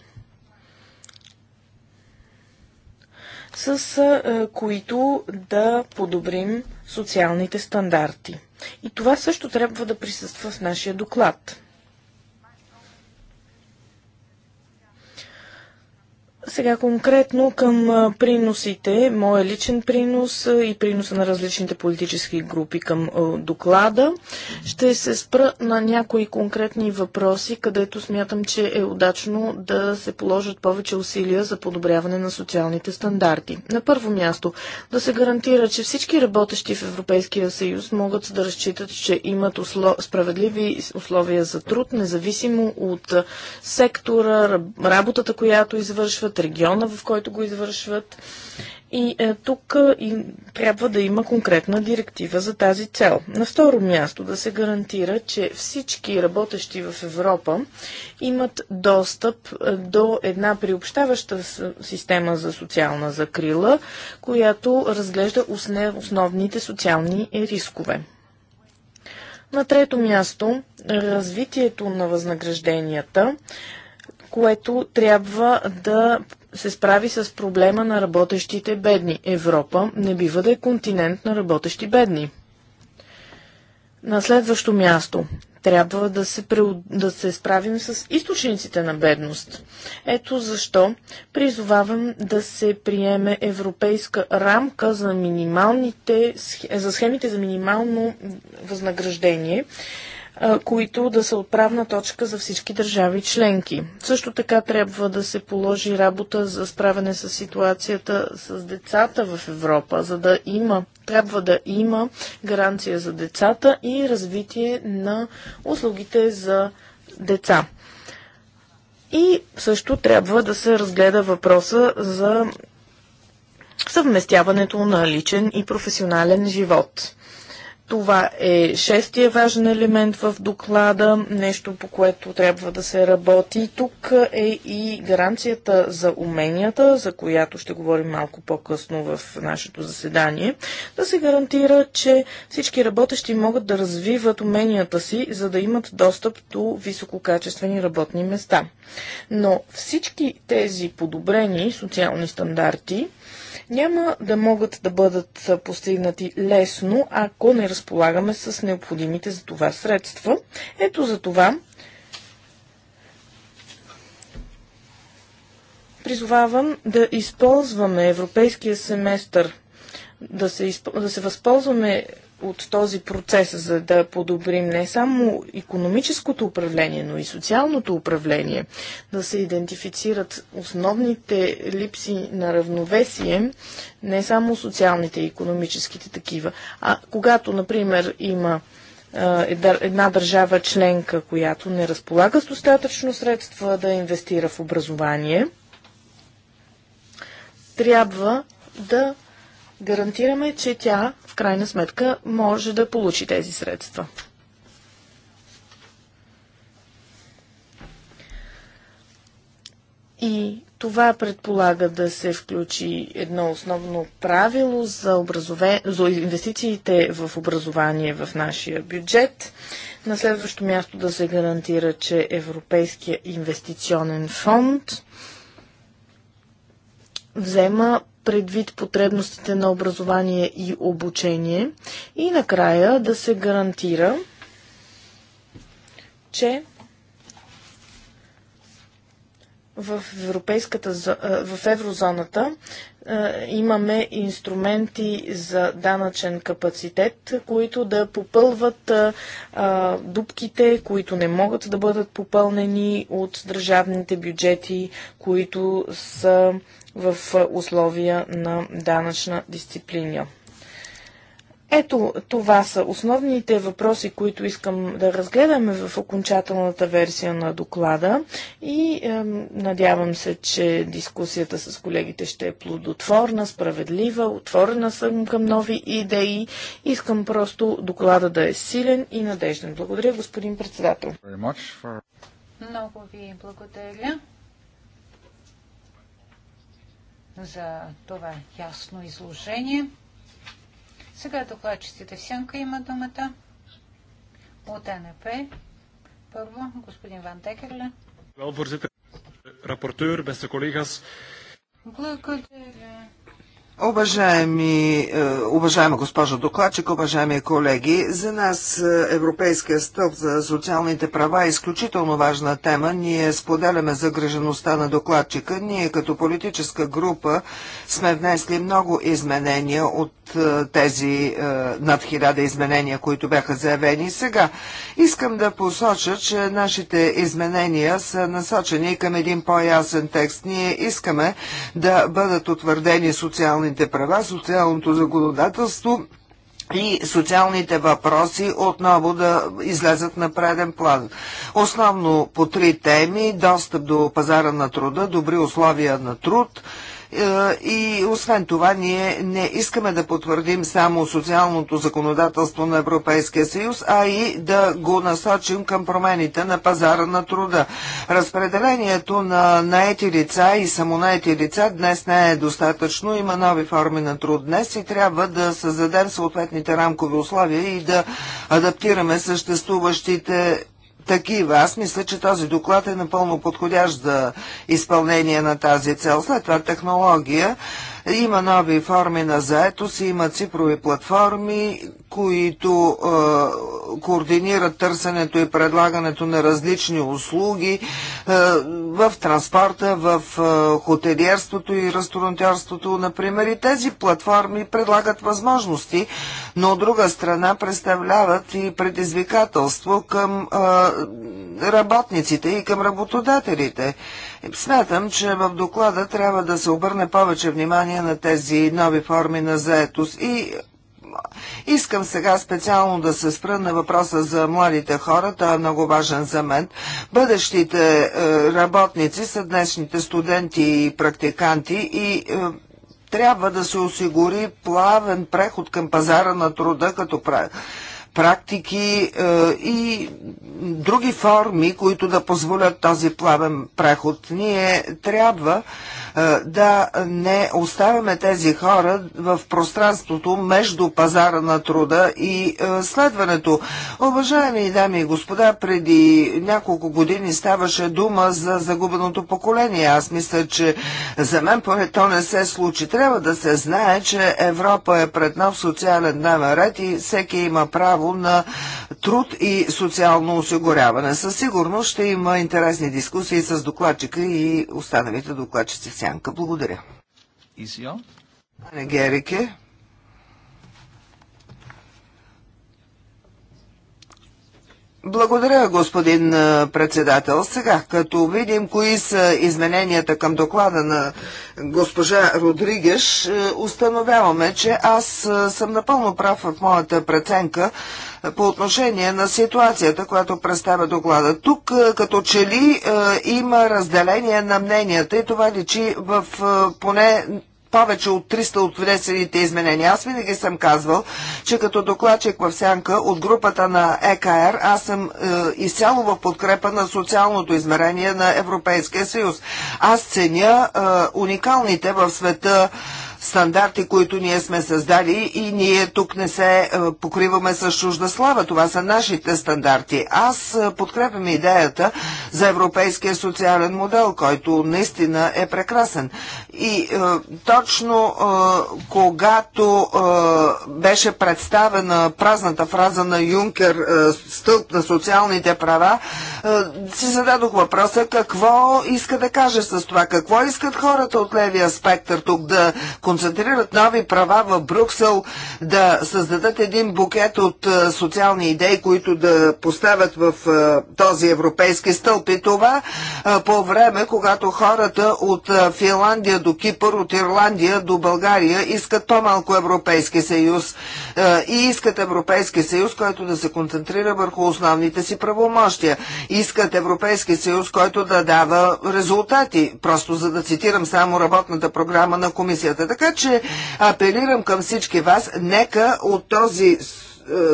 с които да подобрим социалните стандарти. И това също трябва да присъства в нашия доклад. Сега конкретно към приносите, моя личен принос и приноса на различните политически групи към доклада, ще се спра на някои конкретни въпроси, където смятам, че е удачно да се положат повече усилия за подобряване на социалните стандарти. На първо място, да се гарантира, че всички работещи в Европейския съюз могат да разчитат, че имат справедливи условия за труд, независимо от сектора, работата, която извършват, региона, в който го извършват. И е, тук е, и, трябва да има конкретна директива за тази цел. На второ място да се гарантира, че всички работещи в Европа имат достъп е, до една приобщаваща система за социална закрила, която разглежда основните социални е, рискове. На трето място развитието на възнагражденията което трябва да се справи с проблема на работещите бедни. Европа не бива да е континент на работещи бедни. На следващо място трябва да се, да се справим с източниците на бедност. Ето защо призовавам да се приеме европейска рамка за, минималните, за схемите за минимално възнаграждение които да са отправна точка за всички държави членки. Също така трябва да се положи работа за справяне с ситуацията с децата в Европа, за да има, трябва да има гаранция за децата и развитие на услугите за деца. И също трябва да се разгледа въпроса за съвместяването на личен и професионален живот. Това е шестия важен елемент в доклада, нещо по което трябва да се работи. Тук е и гаранцията за уменията, за която ще говорим малко по-късно в нашето заседание, да се гарантира, че всички работещи могат да развиват уменията си, за да имат достъп до висококачествени работни места. Но всички тези подобрени социални стандарти, няма да могат да бъдат постигнати лесно, ако не разполагаме с необходимите за това средства. Ето за това призовавам да използваме европейския семестър, да се, изп... да се възползваме от този процес, за да подобрим не само економическото управление, но и социалното управление, да се идентифицират основните липси на равновесие, не само социалните и економическите такива. А когато, например, има една държава членка, която не разполага с достатъчно средства да инвестира в образование, трябва да гарантираме, че тя в крайна сметка може да получи тези средства. И това предполага да се включи едно основно правило за, образове... за инвестициите в образование в нашия бюджет. На следващо място да се гарантира, че Европейския инвестиционен фонд взема предвид потребностите на образование и обучение и накрая да се гарантира, че в, европейската, в еврозоната имаме инструменти за данъчен капацитет, които да попълват дубките, които не могат да бъдат попълнени от държавните бюджети, които са в условия на данъчна дисциплина. Ето, това са основните въпроси, които искам да разгледаме в окончателната версия на доклада и е, надявам се, че дискусията с колегите ще е плодотворна, справедлива, отворена съм към нови идеи. Искам просто доклада да е силен и надежден. Благодаря, господин председател. Много ви благодаря за това ясно изложение. Сега докладчиците в сянка има думата. От НП. Първо, господин Ван Текерле. Благодаря. господин Благодаря, Уважаеми, е, уважаема госпожо докладчик, уважаеми колеги, за нас е, Европейския стълб за социалните права е изключително важна тема. Ние споделяме загрежеността на докладчика. Ние като политическа група сме внесли много изменения от е, тези е, над хиляда изменения, които бяха заявени сега. Искам да посоча, че нашите изменения са насочени към един по-ясен текст. Ние искаме да бъдат утвърдени социалните права, социалното законодателство и социалните въпроси отново да излезат на преден план. Основно по три теми – достъп до пазара на труда, добри условия на труд – е, и освен това, ние не искаме да потвърдим само социалното законодателство на Европейския съюз, а и да го насочим към промените на пазара на труда. Разпределението на наети лица и самонаети лица днес не е достатъчно. Има нови форми на труд днес и трябва да създадем съответните рамкови условия и да адаптираме съществуващите такива. Аз мисля, че този доклад е напълно подходящ за изпълнение на тази цел. След това технология. Има нови форми на заетост, има цифрови платформи, които е, координират търсенето и предлагането на различни услуги е, в транспорта, в е, хотелиерството и ресторантьорството, например. И тези платформи предлагат възможности, но от друга страна представляват и предизвикателство към е, работниците и към работодателите. Смятам, че в доклада трябва да се обърне повече внимание на тези нови форми на заетост и Искам сега специално да се спра на въпроса за младите хора, той е много важен за мен. Бъдещите е, работници са днешните студенти и практиканти и е, трябва да се осигури плавен преход към пазара на труда, като практики е, и други форми, които да позволят този плавен преход. Ние трябва е, да не оставяме тези хора в пространството между пазара на труда и е, следването. Уважаеми дами и господа, преди няколко години ставаше дума за загубеното поколение. Аз мисля, че за мен поне то не се случи. Трябва да се знае, че Европа е пред нов социален дневен ред и всеки има право право на труд и социално осигуряване. Със сигурност ще има интересни дискусии с докладчика и останалите докладчици в сянка. Благодаря. Ане Герике. Благодаря, господин председател. Сега, като видим кои са измененията към доклада на госпожа Родригеш, установяваме, че аз съм напълно прав в моята преценка по отношение на ситуацията, която представя доклада. Тук като че ли има разделение на мненията и това личи в поне повече от 300 от внесените изменения. Аз винаги съм казвал, че като докладчик в сянка от групата на ЕКР, аз съм е, изцяло в подкрепа на социалното измерение на Европейския съюз. Аз ценя е, уникалните в света стандарти, които ние сме създали и ние тук не се е, покриваме с чужда слава. Това са нашите стандарти. Аз е, подкрепям идеята за европейския социален модел, който наистина е прекрасен. И е, точно е, когато е, беше представена празната фраза на Юнкер е, стълб на социалните права, е, си зададох въпроса какво иска да каже с това, какво искат хората от левия спектър тук да концентрират нови права в Брюксел, да създадат един букет от е, социални идеи, които да поставят в е, този европейски стълб. И това е, по време, когато хората от Финландия до Кипър, от Ирландия до България искат по-малко Европейски съюз и искат Европейски съюз, който да се концентрира върху основните си правомощия. Искат Европейски съюз, който да дава резултати, просто за да цитирам само работната програма на комисията. Така че апелирам към всички вас, нека от този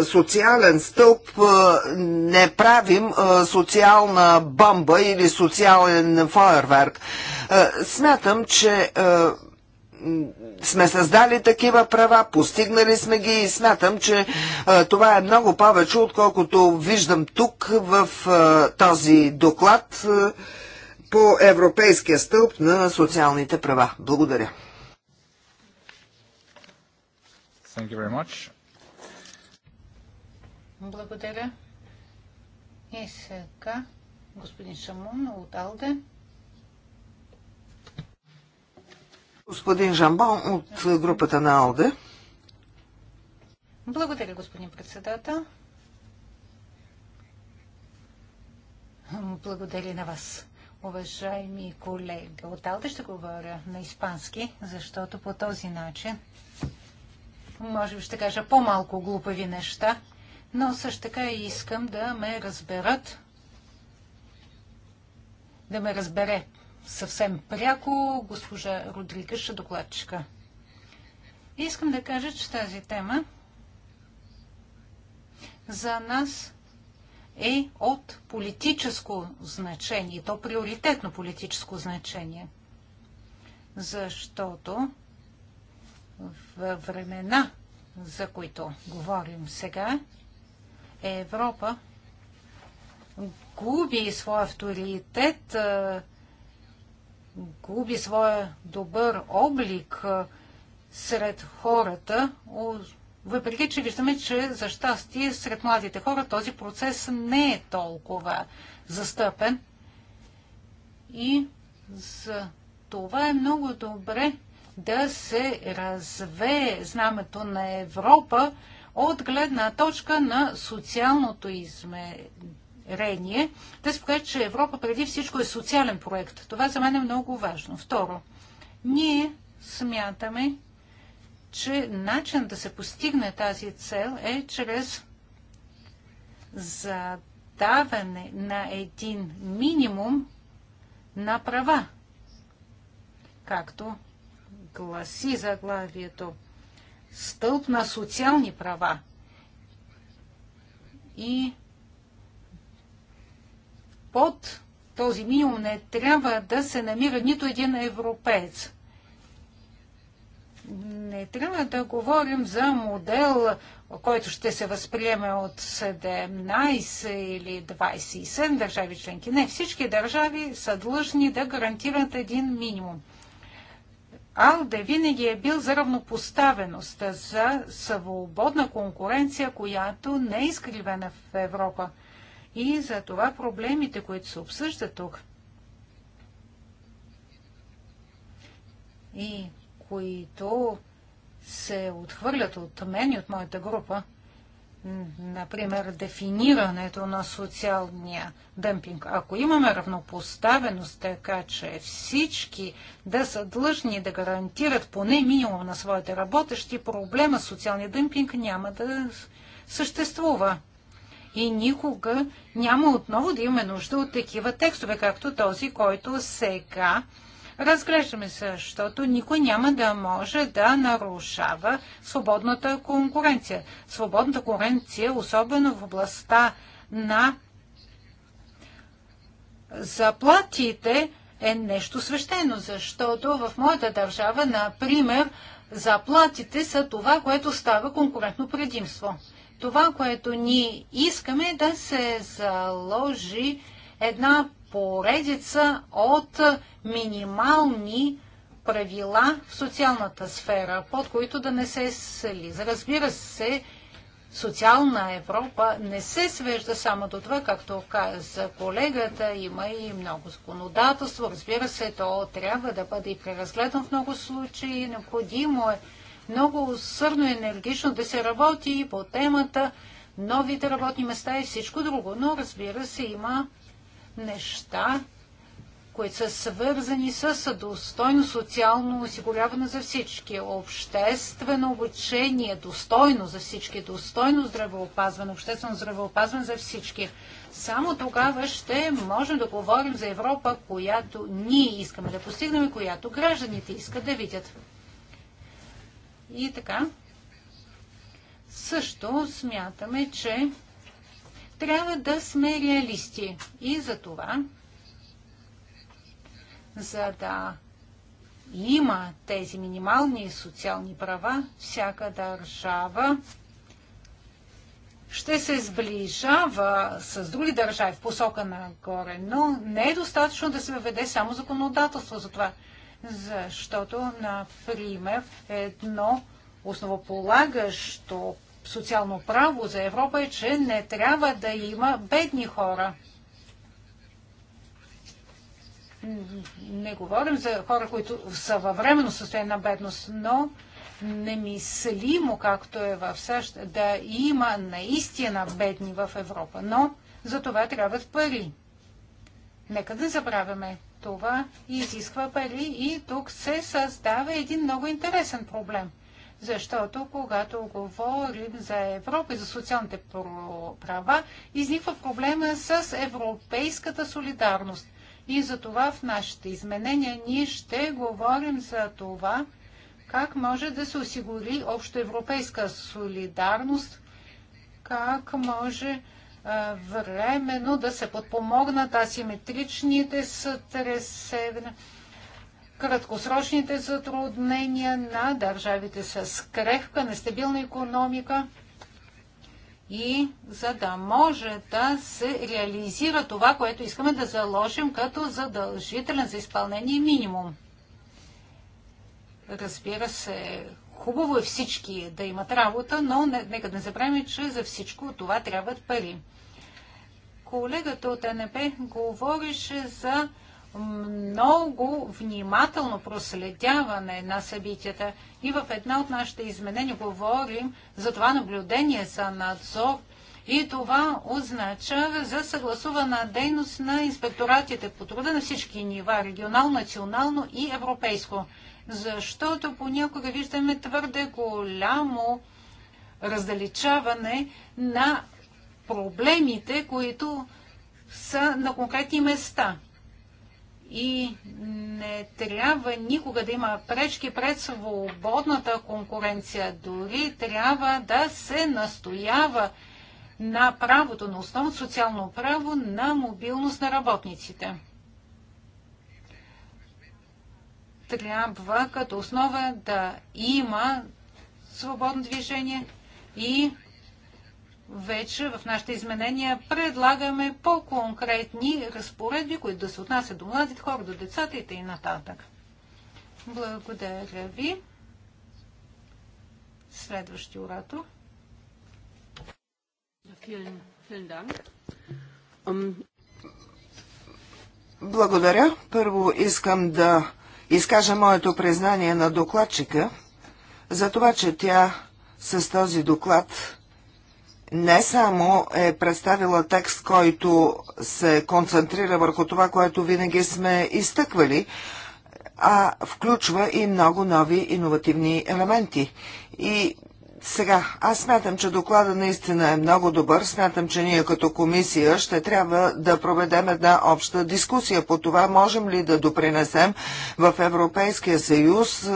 е, социален стълб е, не правим е, социална бомба или социален фойерверк. Смятам, че сме създали такива права, постигнали сме ги и смятам, че това е много повече, отколкото виждам тук в този доклад по Европейския стълб на социалните права. Благодаря. Thank you very much. Благодаря. И сега господин Шамон от Алде. Господин Жамбон от групата на Алде. Благодаря, господин председател. Благодаря на вас, уважаеми колеги. От Алде ще говоря на испански, защото по този начин може би ще кажа по-малко глупави неща, но също така и искам да ме разберат, да ме разбере съвсем пряко госпожа Родригаш, докладчика. Искам да кажа, че тази тема за нас е от политическо значение, то приоритетно политическо значение, защото във времена, за които говорим сега, Европа губи своя авторитет, губи своя добър облик сред хората, въпреки че виждаме, че за щастие сред младите хора този процес не е толкова застъпен. И за това е много добре да се развее знамето на Европа от гледна точка на социалното измерение. Да се покаже, че Европа преди всичко е социален проект. Това за мен е много важно. Второ, ние смятаме, че начин да се постигне тази цел е чрез задаване на един минимум на права, както гласи заглавието Стълб на социални права. И под този минимум не трябва да се намира нито един европеец. Не трябва да говорим за модел, който ще се възприеме от 17 или 27 държави членки. Не, всички държави са длъжни да гарантират един минимум. Алде винаги е бил за равнопоставеност, за свободна конкуренция, която не е изкривена в Европа. И за това проблемите, които се обсъждат тук и които се отхвърлят от мен и от моята група, например, дефинирането на социалния дъмпинг. Ако имаме равнопоставеност, така че всички да са длъжни да гарантират поне минимум на своите работещи, проблема с социалния дъмпинг няма да съществува. И никога няма отново да имаме нужда от такива текстове, както този, който сега Разглеждаме защото никой няма да може да нарушава свободната конкуренция. Свободната конкуренция, особено в областта на заплатите, е нещо свещено, защото в моята държава, например, заплатите са това, което става конкурентно предимство. Това, което ние искаме е да се заложи една поредица от минимални правила в социалната сфера, под които да не се слиза. Разбира се, социална Европа не се свежда само до това, както каза колегата, има и много законодателство. Разбира се, то трябва да бъде и преразгледано в много случаи. Необходимо е много усърдно и енергично да се работи и по темата новите работни места и всичко друго. Но, разбира се, има неща, които са свързани с достойно социално осигуряване за всички, обществено обучение, достойно за всички, достойно здравеопазване, обществено здравеопазване за всички. Само тогава ще можем да говорим за Европа, която ние искаме да постигнем и която гражданите искат да видят. И така, също смятаме, че трябва да сме реалисти. И за това, за да има тези минимални социални права, всяка държава ще се сближава с други държави в посока нагоре, но не е достатъчно да се въведе само законодателство за това, защото, например, едно основополагащо социално право за Европа е, че не трябва да има бедни хора. Не говорим за хора, които са във временно състояние на бедност, но немислимо, както е в САЩ, да има наистина бедни в Европа. Но за това трябват пари. Нека да забравяме. Това изисква пари и тук се създава един много интересен проблем – защото когато говорим за Европа и за социалните права, изниква проблема с европейската солидарност. И за това в нашите изменения ние ще говорим за това, как може да се осигури общоевропейска солидарност, как може временно да се подпомогнат асиметричните стресевна краткосрочните затруднения на държавите с крехка, нестабилна економика и за да може да се реализира това, което искаме да заложим като задължителен за изпълнение минимум. Разбира се, хубаво е всички да имат работа, но нека не забравяме, че за всичко това трябват пари. Колегата от НП говореше за много внимателно проследяване на събитията. И в една от нашите изменения говорим за това наблюдение за надзор. И това означава за съгласувана дейност на инспекторатите по труда на всички нива, регионално, национално и европейско. Защото понякога виждаме твърде голямо раздалечаване на проблемите, които са на конкретни места и не трябва никога да има пречки пред свободната конкуренция. Дори трябва да се настоява на правото, на основно, социално право на мобилност на работниците. Трябва като основа да има свободно движение и вече в нашите изменения предлагаме по-конкретни разпоредби, които да се отнасят до младите хора, до децата и т.н. Благодаря ви. Следващи оратор. Благодаря. Първо искам да изкажа моето признание на докладчика за това, че тя с този доклад не само е представила текст, който се концентрира върху това, което винаги сме изтъквали, а включва и много нови иновативни елементи. И сега, аз смятам, че доклада наистина е много добър. Смятам, че ние като комисия ще трябва да проведем една обща дискусия по това, можем ли да допринесем в Европейския съюз е,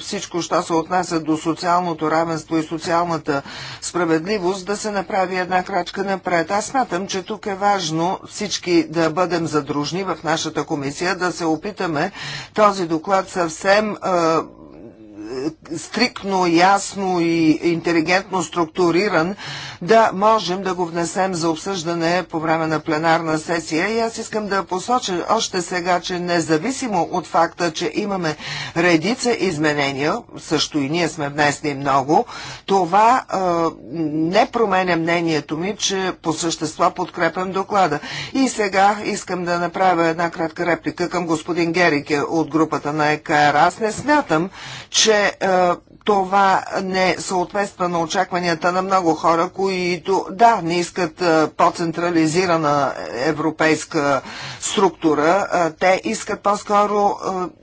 всичко, що се отнася до социалното равенство и социалната справедливост, да се направи една крачка напред. Аз смятам, че тук е важно всички да бъдем задружни в нашата комисия, да се опитаме този доклад съвсем е, стрикно, ясно и интелигентно структуриран, да можем да го внесем за обсъждане по време на пленарна сесия. И аз искам да посоча още сега, че независимо от факта, че имаме редица изменения, също и ние сме внесли много, това е, не променя мнението ми, че по същество подкрепям доклада. И сега искам да направя една кратка реплика към господин Герике от групата на ЕКР. Аз не смятам, че че това не съответства на очакванията на много хора, които, да, не искат по-централизирана европейска структура. Те искат по-скоро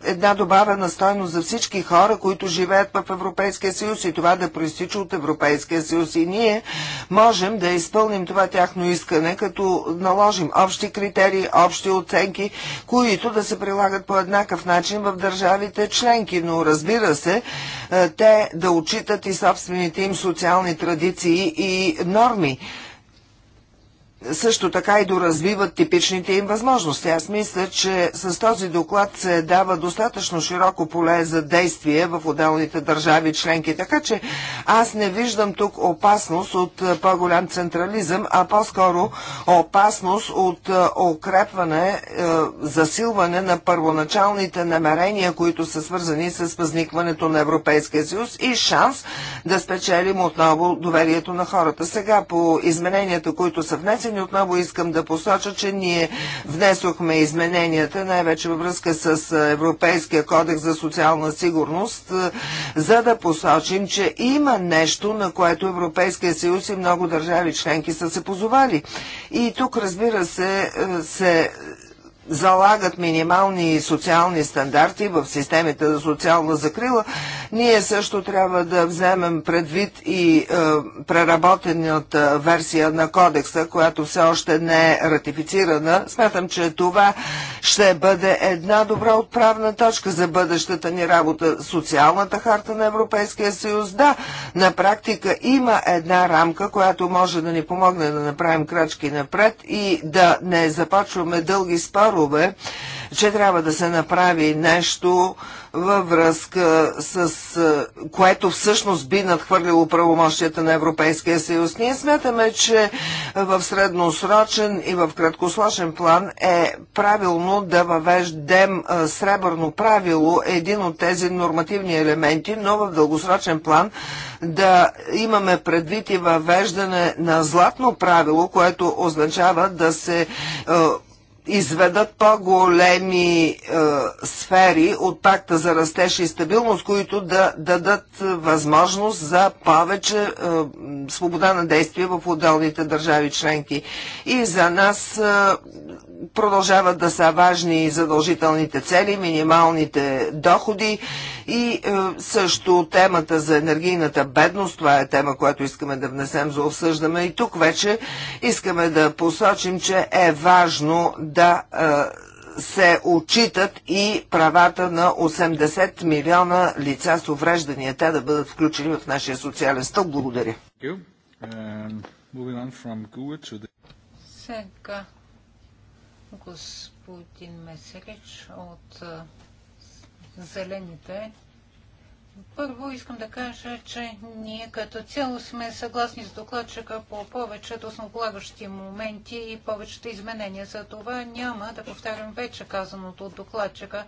една добавена стойност за всички хора, които живеят в Европейския съюз и това да проистича от Европейския съюз. И ние можем да изпълним това тяхно искане, като наложим общи критерии, общи оценки, които да се прилагат по еднакъв начин в държавите членки. Но разбира се, те да отчитат и собствените им социални традиции и норми също така и доразвиват типичните им възможности. Аз мисля, че с този доклад се дава достатъчно широко поле за действие в отделните държави членки, така че аз не виждам тук опасност от е, по-голям централизъм, а по-скоро опасност от е, укрепване, е, засилване на първоначалните намерения, които са свързани с възникването на Европейския съюз и шанс да спечелим отново доверието на хората. Сега по измененията, които са внесени, начин и отново искам да посоча, че ние внесохме измененията, най-вече във връзка с Европейския кодекс за социална сигурност, за да посочим, че има нещо, на което Европейския съюз и много държави членки са се позовали. И тук, разбира се, се залагат минимални социални стандарти в системите за социална закрила, ние също трябва да вземем предвид и е, преработената версия на кодекса, която все още не е ратифицирана. Смятам, че това ще бъде една добра отправна точка за бъдещата ни работа. Социалната харта на Европейския съюз, да, на практика има една рамка, която може да ни помогне да направим крачки напред и да не започваме дълги спорове спорове, че трябва да се направи нещо във връзка с е, което всъщност би надхвърлило правомощията на Европейския съюз. Ние смятаме, че в средносрочен и в краткосрочен план е правилно да въвеждем е, сребърно правило един от тези нормативни елементи, но в дългосрочен план да имаме предвид и въвеждане на златно правило, което означава да се е, изведат по-големи е, сфери от пакта за растеж и стабилност, които да дадат възможност за повече е, свобода на действие в отделните държави членки. И за нас е, продължават да са важни задължителните цели, минималните доходи и е, също темата за енергийната бедност, това е тема, която искаме да внесем за обсъждане и тук вече искаме да посочим, че е важно да е, се отчитат и правата на 80 милиона лица с увреждания, те да бъдат включени в нашия социален стълб. Благодаря. Сега господин Месерич от Зелените. Първо искам да кажа, че ние като цяло сме съгласни с докладчика по повечето основополагащи моменти и повечето изменения. За това няма да повтарям вече казаното от докладчика.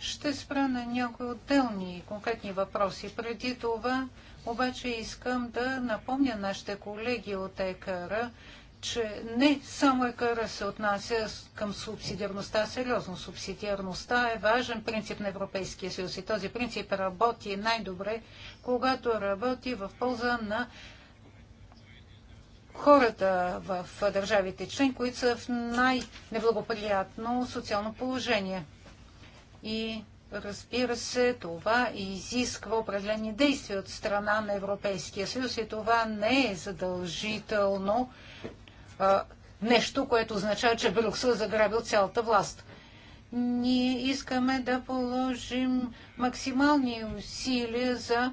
Ще спра на някои отделни конкретни въпроси. Преди това обаче искам да напомня нашите колеги от ЕКР, че не само ЕКР се отнася към субсидиарността сериозно. Субсидиарността е важен принцип на Европейския съюз и този принцип работи най-добре, когато работи в полза на хората в държавите член, които са в най-неблагоприятно социално положение. И разбира се, това изисква определени действия от страна на Европейския съюз и това не е задължително нещо, което означава, че Брюксел е заграбил цялата власт. Ние искаме да положим максимални усилия за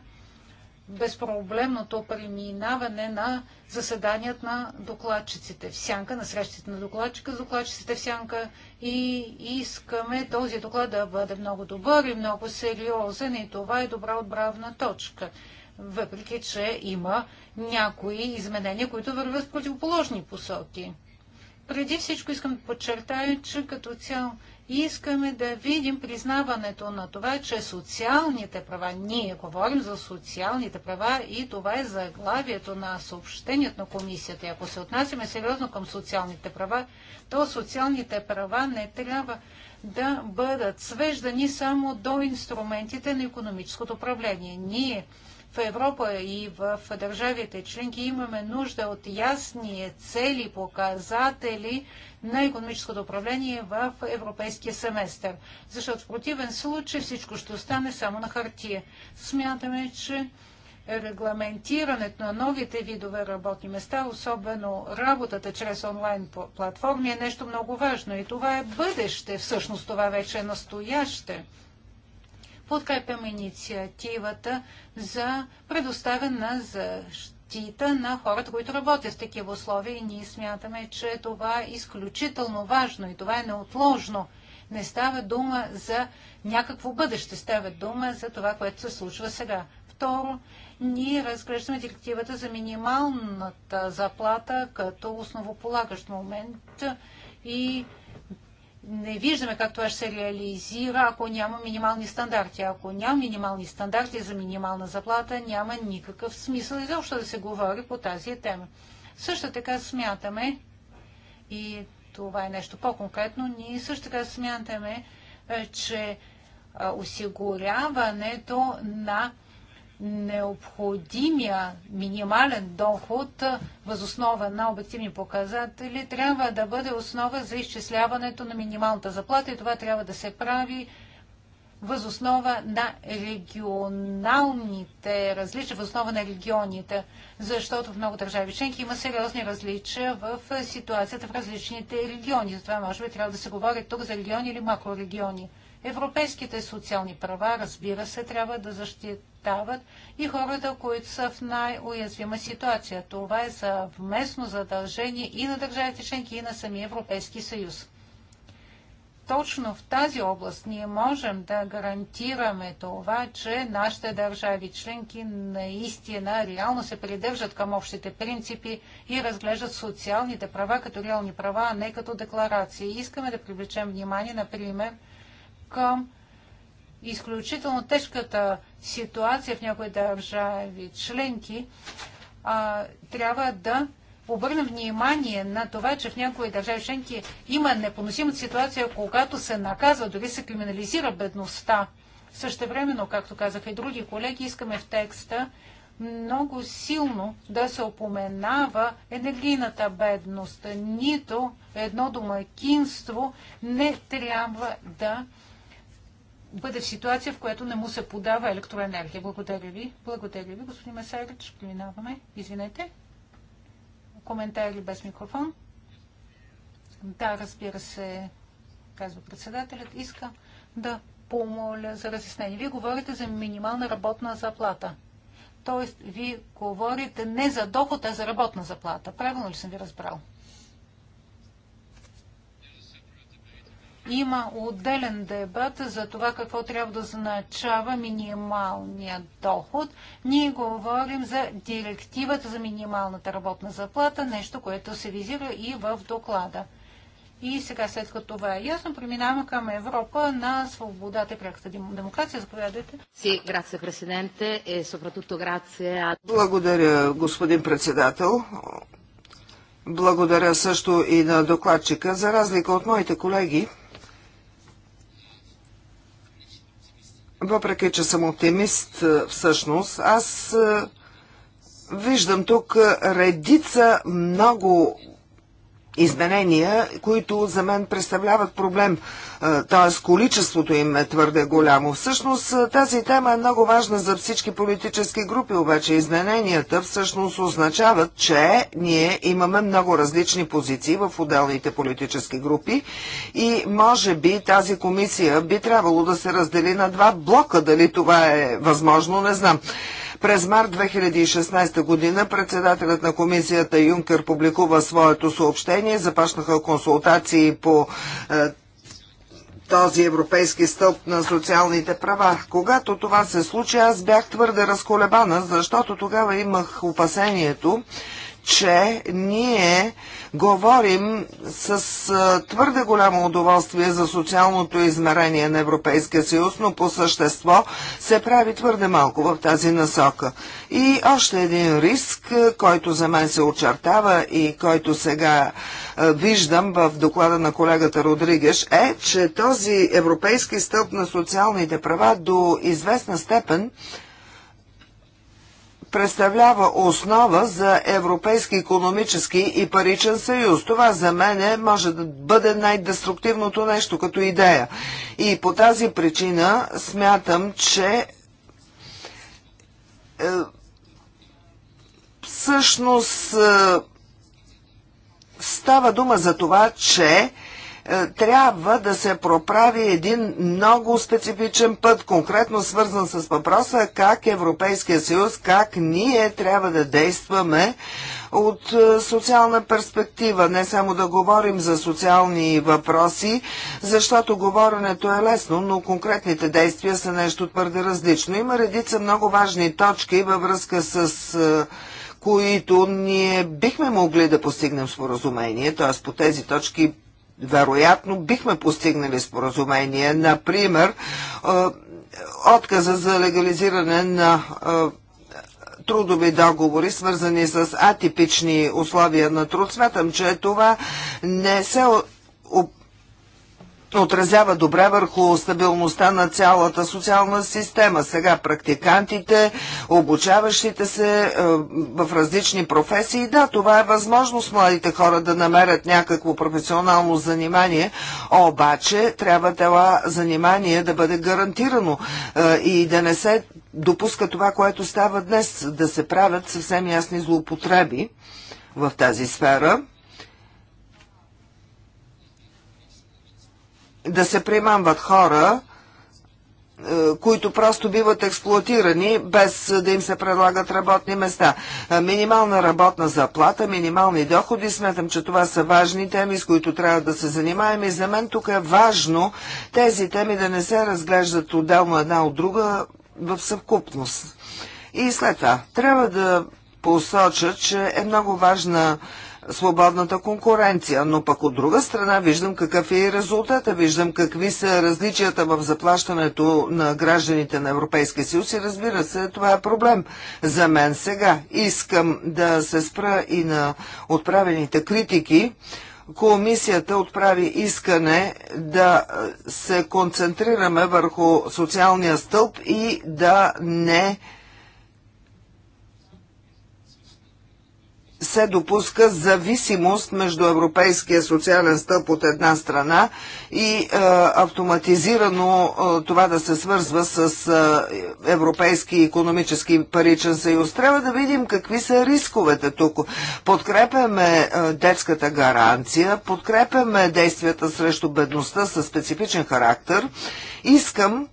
безпроблемното преминаване на заседанията на докладчиците в сянка, на срещите на докладчика с докладчиците в сянка и искаме този доклад да бъде много добър и много сериозен и това е добра отбравна точка въпреки че има някои изменения, които вървят в противоположни посоки. Преди всичко искам да подчертая, че като цяло искаме да видим признаването на това, че социалните права, ние говорим за социалните права и това е заглавието на съобщението на комисията. И ако се отнасяме сериозно към социалните права, то социалните права не трябва да бъдат свеждани само до инструментите на економическото управление. Ние Европа и в държавите членки имаме нужда от ясни цели, показатели на економическото управление в европейския семестър. Защото в противен случай всичко ще остане само на хартия. Смятаме, че регламентирането на новите видове работни места, особено работата чрез онлайн платформи, е нещо много важно. И това е бъдеще, всъщност това вече е настояще подкрепям инициативата за предоставяне на защита на хората, които работят в такива условия и ние смятаме, че това е изключително важно и това е неотложно. Не става дума за някакво бъдеще, става дума за това, което се случва сега. Второ, ние разглеждаме директивата за минималната заплата като основополагащ момент и не виждаме как това ще се реализира, ако няма минимални стандарти. Ако няма минимални стандарти за минимална заплата, няма никакъв смисъл изобщо да се говори по тази тема. Също така смятаме, и това е нещо по-конкретно, ние също така смятаме, е, че осигуряването на необходимия минимален доход възоснова на обективни показатели трябва да бъде основа за изчисляването на минималната заплата и това трябва да се прави възоснова на регионалните различия, възоснова на регионите, защото в много държави членки има сериозни различия в ситуацията в различните региони. Затова може би трябва да се говори тук за региони или макрорегиони. Европейските социални права, разбира се, трябва да защитят защитават и хората, които са в най-уязвима ситуация. Това е съвместно задължение и на държавите членки, и на самия Европейски съюз. Точно в тази област ние можем да гарантираме това, че нашите държави членки наистина реално се придържат към общите принципи и разглеждат социалните права като реални права, а не като декларации. Искаме да привлечем внимание, например, към изключително тежката ситуация в някои държави членки, а, трябва да обърнем внимание на това, че в някои държави членки има непоносима ситуация, когато се наказва, дори се криминализира бедността. Същевременно, както казаха и други колеги, искаме в текста много силно да се опоменава енергийната бедност. Нито едно домакинство не трябва да бъде в ситуация, в която не му се подава електроенергия. Благодаря ви. Благодаря ви, господин Месарич. Преминаваме. Извинете. Коментари без микрофон. Да, разбира се, казва председателят. иска да помоля за разяснение. Вие говорите за минимална работна заплата. Тоест, вие говорите не за доход, а за работна заплата. Правилно ли съм ви разбрал? Има отделен дебат за това какво трябва да означава минималният доход. Ние говорим за директивата за минималната работна заплата, нещо, което се визира и в доклада. И сега, след като това е ясно, преминаваме към Европа на свободата и пряката демокрация. Заповядайте. Си, грация, президенте, и е, съпратуто грация. Благодаря, господин председател. Благодаря също и на докладчика. За разлика от моите колеги, въпреки че съм оптимист е, всъщност, аз е, виждам тук е, редица много изменения, които за мен представляват проблем. Т.е. количеството им е твърде голямо. Всъщност е, тази тема е много важна за всички политически групи, обаче измененията всъщност означават, че ние имаме много различни позиции в отделните политически групи и може би тази комисия би трябвало да се раздели на два блока, дали това е възможно, не знам. През март 2016 година председателят на комисията Юнкер публикува своето съобщение. Започнаха консултации по е, този европейски стълб на социалните права. Когато това се случи, аз бях твърде разколебана, защото тогава имах опасението, че ние говорим с твърде голямо удоволствие за социалното измерение на Европейския съюз, но по същество се прави твърде малко в тази насока. И още един риск, който за мен се очертава и който сега виждам в доклада на колегата Родригеш, е, че този европейски стълб на социалните права до известна степен представлява основа за Европейски економически и паричен съюз. Това за мен е, може да бъде най-деструктивното нещо като идея. И по тази причина смятам, че е, всъщност е, става дума за това, че е, трябва да се проправи един много специфичен път, конкретно свързан с въпроса как Европейския съюз, как ние трябва да действаме от е, социална перспектива, не само да говорим за социални въпроси, защото говоренето е лесно, но конкретните действия са нещо твърде различно. Има редица много важни точки във връзка с е, които ние бихме могли да постигнем споразумение, т.е. по тези точки вероятно бихме постигнали споразумение. Например, отказа за легализиране на трудови договори, свързани с атипични условия на труд. Смятам, че това не се отразява добре върху стабилността на цялата социална система. Сега практикантите, обучаващите се е, в различни професии, да, това е възможност младите хора да намерят някакво професионално занимание, обаче трябва това занимание да бъде гарантирано е, и да не се допуска това, което става днес, да се правят съвсем ясни злоупотреби в тази сфера. да се примамват хора, е, които просто биват експлуатирани без да им се предлагат работни места. Е, минимална работна заплата, минимални доходи, смятам, че това са важни теми, с които трябва да се занимаем и за мен тук е важно тези теми да не се разглеждат отделно една от друга в съвкупност. И след това трябва да посоча, че е много важна свободната конкуренция, но пък от друга страна виждам какъв е и резултата, виждам какви са различията в заплащането на гражданите на Европейския съюз и разбира се, това е проблем за мен сега. Искам да се спра и на отправените критики. Комисията отправи искане да се концентрираме върху социалния стълб и да не се допуска зависимост между Европейския социален стълб от една страна и е, автоматизирано е, това да се свързва с е, Европейски економически паричен съюз. Трябва да видим какви са рисковете тук. Подкрепяме е, детската гаранция, подкрепяме действията срещу бедността със специфичен характер. Искам е,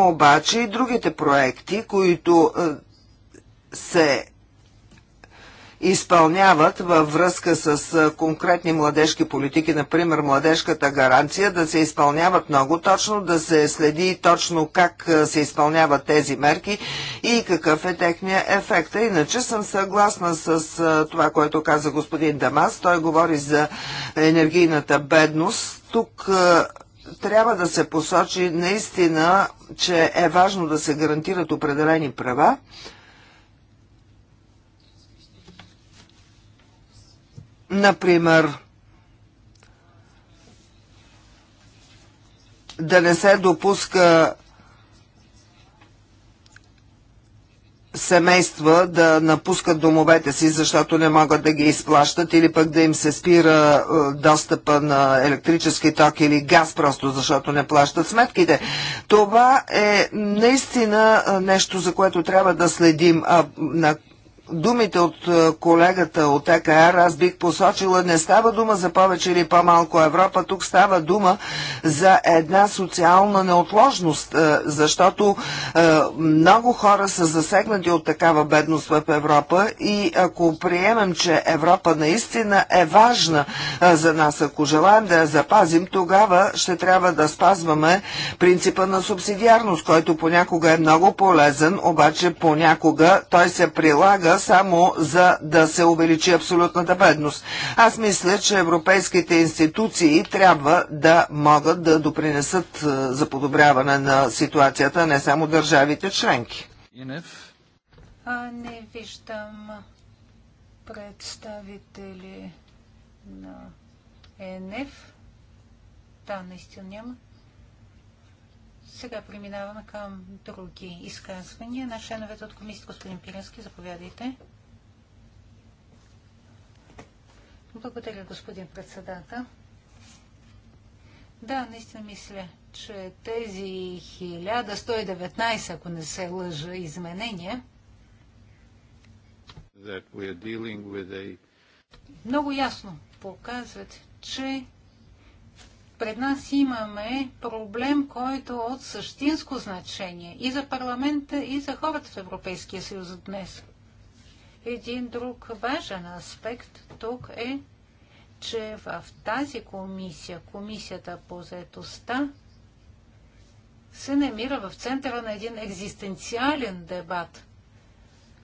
обаче и другите проекти, които е, се изпълняват във връзка с конкретни младежки политики, например младежката гаранция, да се изпълняват много точно, да се следи точно как се изпълняват тези мерки и какъв е техния ефект. Иначе съм съгласна с това, което каза господин Дамас. Той говори за енергийната бедност. Тук трябва да се посочи наистина, че е важно да се гарантират определени права Например, да не се допуска семейства да напускат домовете си, защото не могат да ги изплащат или пък да им се спира е, достъпа на електрически ток или газ, просто защото не плащат сметките. Това е наистина е, нещо, за което трябва да следим. А на думите от е, колегата от ЕКР, аз бих посочила, не става дума за повече или по-малко Европа, тук става дума за една социална неотложност, е, защото е, много хора са засегнати от такава бедност в Европа и ако приемем, че Европа наистина е важна за нас, ако желаем да я запазим, тогава ще трябва да спазваме принципа на субсидиарност, който понякога е много полезен, обаче понякога той се прилага само за да се увеличи абсолютната бедност. Аз мисля, че европейските институции трябва да могат да допринесат е, за подобряване на ситуацията, не само държавите членки. А, не виждам представители на ЕНФ. Да, наистина няма. Сега преминаваме към други изказвания на членовете от комисията. Господин Пирински, заповядайте. Благодаря, господин председател. Да, наистина мисля, че тези 1119, ако не се лъжа, изменения, a... много ясно показват, че пред нас имаме проблем, който е от същинско значение и за парламента, и за хората в Европейския съюз днес. Един друг важен аспект тук е, че в тази комисия, комисията по заедостта, се намира в центъра на един екзистенциален дебат,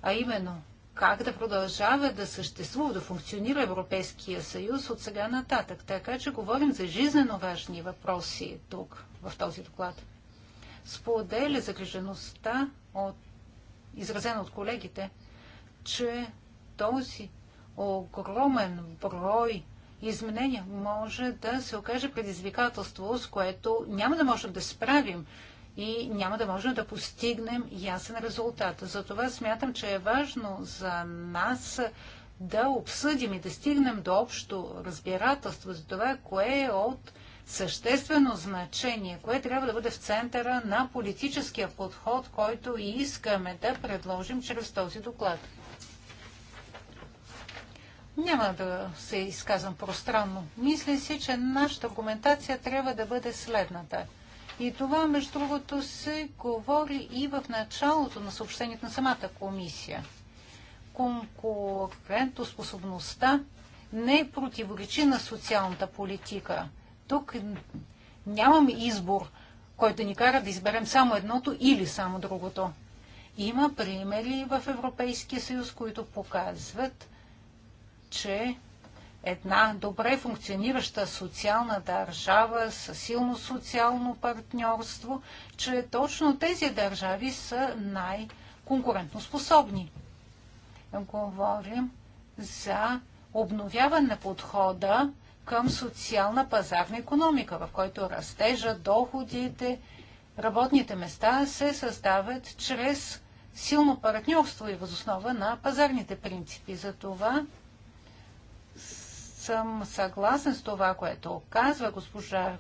а именно – как да продължава да съществува, да функционира Европейския съюз от сега нататък. Така че говорим за жизненно важни въпроси тук, в този доклад. Споделя загрижеността, от, изразена от колегите, че този огромен брой изменения може да се окаже предизвикателство, с което няма да можем да справим, и няма да можем да постигнем ясен резултат. Затова смятам, че е важно за нас да обсъдим и да стигнем до общо разбирателство за това, кое е от съществено значение, кое трябва да бъде в центъра на политическия подход, който и искаме да предложим чрез този доклад. Няма да се изказвам пространно. Мисля си, че нашата аргументация трябва да бъде следната – и това, между другото, се говори и в началото на съобщението на самата комисия. Конкурентоспособността не противоречи на социалната политика. Тук нямаме избор, който ни кара да изберем само едното или само другото. Има примери в Европейския съюз, които показват, че една добре функционираща социална държава с силно социално партньорство, че точно тези държави са най-конкурентоспособни. Говорим за обновяване на подхода към социална пазарна економика, в който растежа, доходите, работните места се създават чрез силно партньорство и възоснова на пазарните принципи. За това съм съгласен с това, което казва госпожа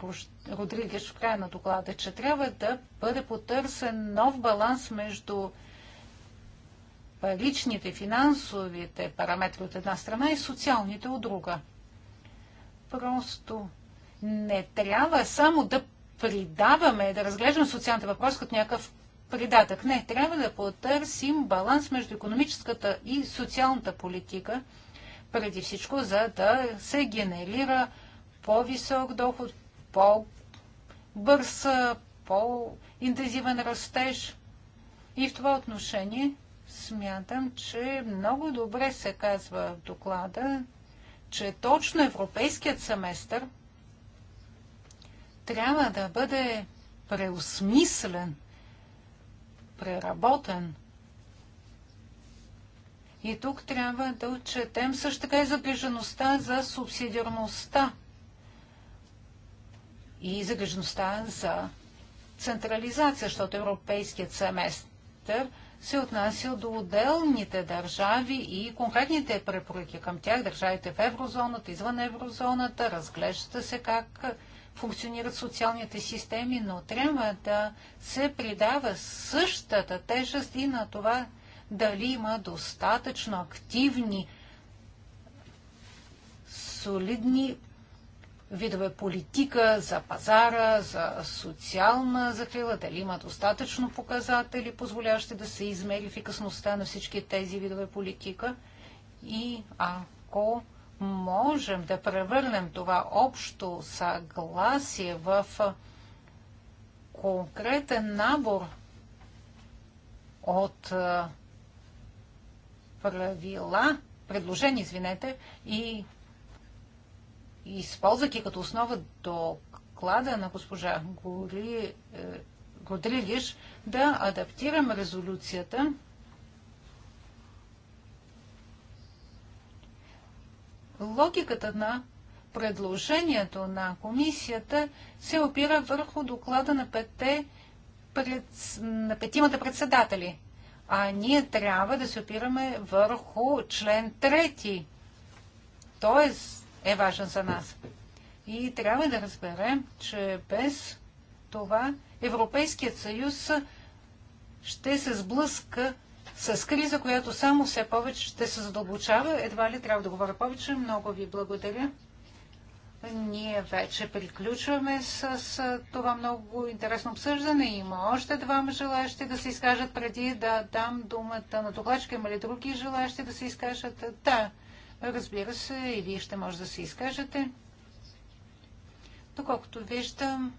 Родригеш в края на доклада, че трябва да бъде потърсен нов баланс между паричните, финансовите параметри от една страна и социалните от друга. Просто не трябва само да придаваме, да разглеждаме социалните въпроси като някакъв придатък. Не, трябва да потърсим баланс между економическата и социалната политика – преди всичко, за да се генерира по-висок доход, по-бърз, по-интензивен растеж. И в това отношение смятам, че много добре се казва в доклада, че точно европейският семестър трябва да бъде преосмислен, преработен – и тук трябва да отчетем също така и загрижеността за субсидиарността и загрижеността за централизация, защото европейският семестър се отнася до отделните държави и конкретните препоръки към тях, държавите в еврозоната, извън еврозоната, разглежда се как функционират социалните системи, но трябва да се придава същата тежест и на това дали има достатъчно активни, солидни видове политика за пазара, за социална закрила, дали има достатъчно показатели, позволяващи да се измери ефикасността на всички тези видове политика. И ако можем да превърнем това общо съгласие в конкретен набор от правила, предложения, извинете, и използвайки като основа доклада на госпожа Гори, е, Годрилиш, да адаптирам резолюцията логиката на предложението на комисията се опира върху доклада на, пете, пред, на петимата председатели а ние трябва да се опираме върху член 3. Той е важен за нас. И трябва да разберем, че без това Европейският съюз ще се сблъска с криза, която само все повече ще се задълбочава. Едва ли трябва да говоря повече. Много ви благодаря. Ние вече приключваме с, с това много интересно обсъждане. Има още двама желаящи да се изкажат преди да дам думата на докладчика. Има ли други желаящи да се изкажат? Да, разбира се, и вие ще може да се изкажете. Доколкото виждам,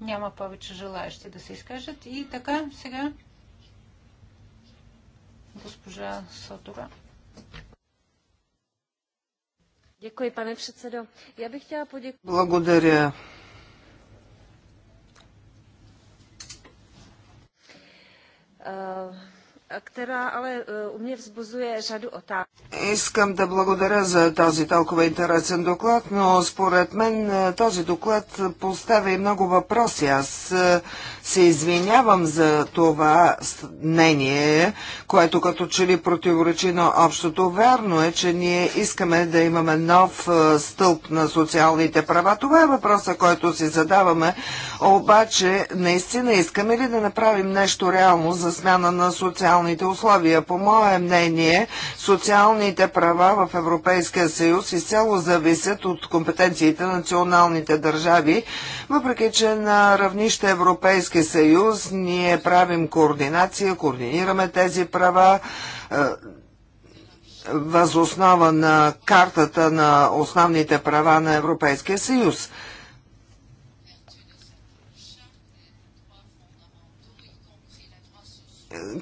няма повече желаящи да се изкажат. И така, сега госпожа Сотора. Děkuji, pane předsedo. Já bych chtěla poděkovat. Благодаря. Uh která ale eh, u mě vzbuzuje řadu otázek. Искам да благодаря за този толкова интересен доклад, но според мен е, този доклад поставя и много въпроси. Аз е, се извинявам за това мнение, което като че ли противоречи на общото. Вярно е, че ние искаме да имаме нов е, стълб на социалните права. Това е въпроса, който си задаваме. Обаче, наистина искаме ли да направим нещо реално за смяна на социалните социалните условия. По мое мнение, социалните права в Европейския съюз изцяло зависят от компетенциите на националните държави, въпреки че на равнище Европейски съюз ние правим координация, координираме тези права е, възоснова на картата на основните права на Европейския съюз.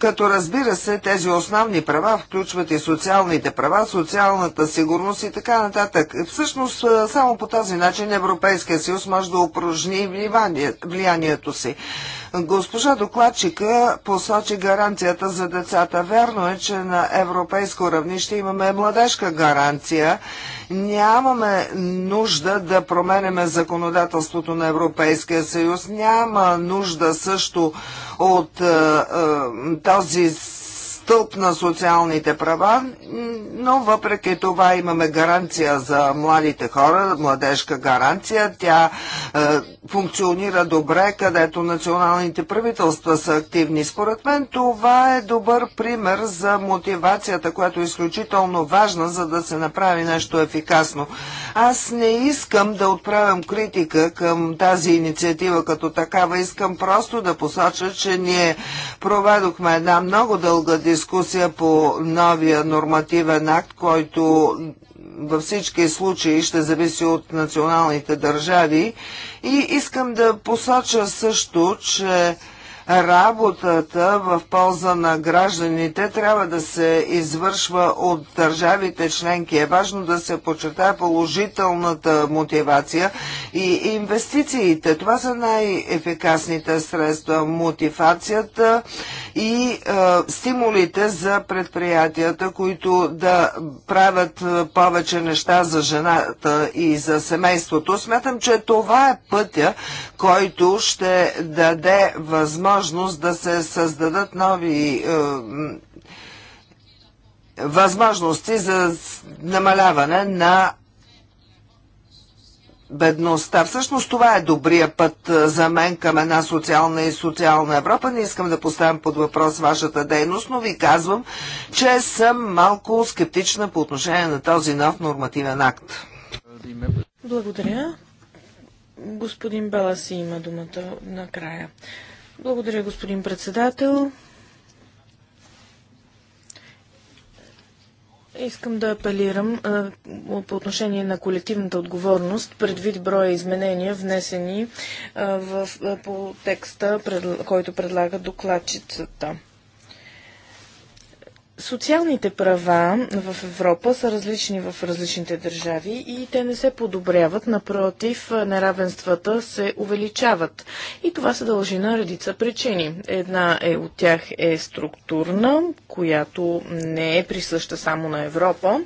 като разбира се, тези основни права включват и социалните права, социалната сигурност и така нататък. Всъщност, само по този начин Европейския съюз може да упражни влиянието си. Госпожа докладчика посочи гаранцията за децата. Верно е, че на европейско равнище имаме младежка гаранция. Нямаме нужда да променяме законодателството на Европейския съюз. Няма нужда също от е, е, този стълб на социалните права, но въпреки това имаме гаранция за младите хора, младежка гаранция. Тя е, функционира добре, където националните правителства са активни. Според мен това е добър пример за мотивацията, която е изключително важна, за да се направи нещо ефикасно. Аз не искам да отправям критика към тази инициатива като такава. Искам просто да посоча, че ние проведохме една много дълга дискусия дискусия по новия нормативен акт, който във всички случаи ще зависи от националните държави. И искам да посоча също, че работата в полза на гражданите трябва да се извършва от държавите членки. Е важно да се почетае положителната мотивация и инвестициите. Това са най-ефикасните средства. Мотивацията и е, стимулите за предприятията, които да правят е, повече неща за жената и за семейството. Смятам, че това е пътя, който ще даде възможност възможност да се създадат нови е, възможности за намаляване на бедността. Всъщност това е добрия път е, за мен към една социална и социална Европа. Не искам да поставям под въпрос вашата дейност, но ви казвам, че съм малко скептична по отношение на този нов нормативен акт. Благодаря. Господин Баласи има думата накрая. Благодаря, господин председател. Искам да апелирам а, по отношение на колективната отговорност, предвид броя изменения, внесени а, в, а, по текста, пред, който предлага докладчицата. Социалните права в Европа са различни в различните държави и те не се подобряват, напротив, неравенствата се увеличават. И това се дължи на редица причини. Една е от тях е структурна, която не е присъща само на Европа.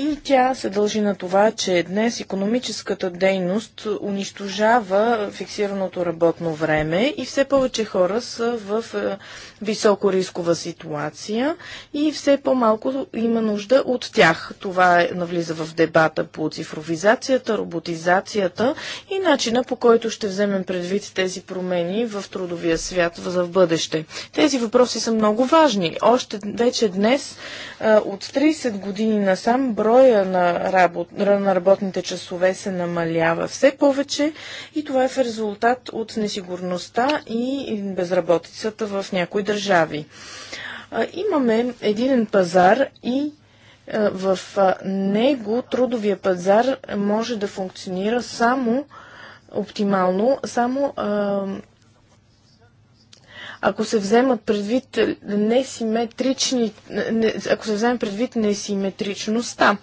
И тя се дължи на това, че днес економическата дейност унищожава фиксираното работно време и все повече хора са в е, високо рискова ситуация и все по-малко има нужда от тях. Това е, навлиза в дебата по цифровизацията, роботизацията и начина по който ще вземем предвид тези промени в трудовия свят за в бъдеще. Тези въпроси са много важни. Още вече днес е, от 30 години насам бро броя на, работ, на работните часове се намалява все повече и това е в резултат от несигурността и безработицата в някои държави. Имаме един пазар и в него трудовия пазар може да функционира само оптимално, само ако се вземат предвид несиметрични, не, ако се вземе предвид несиметричността,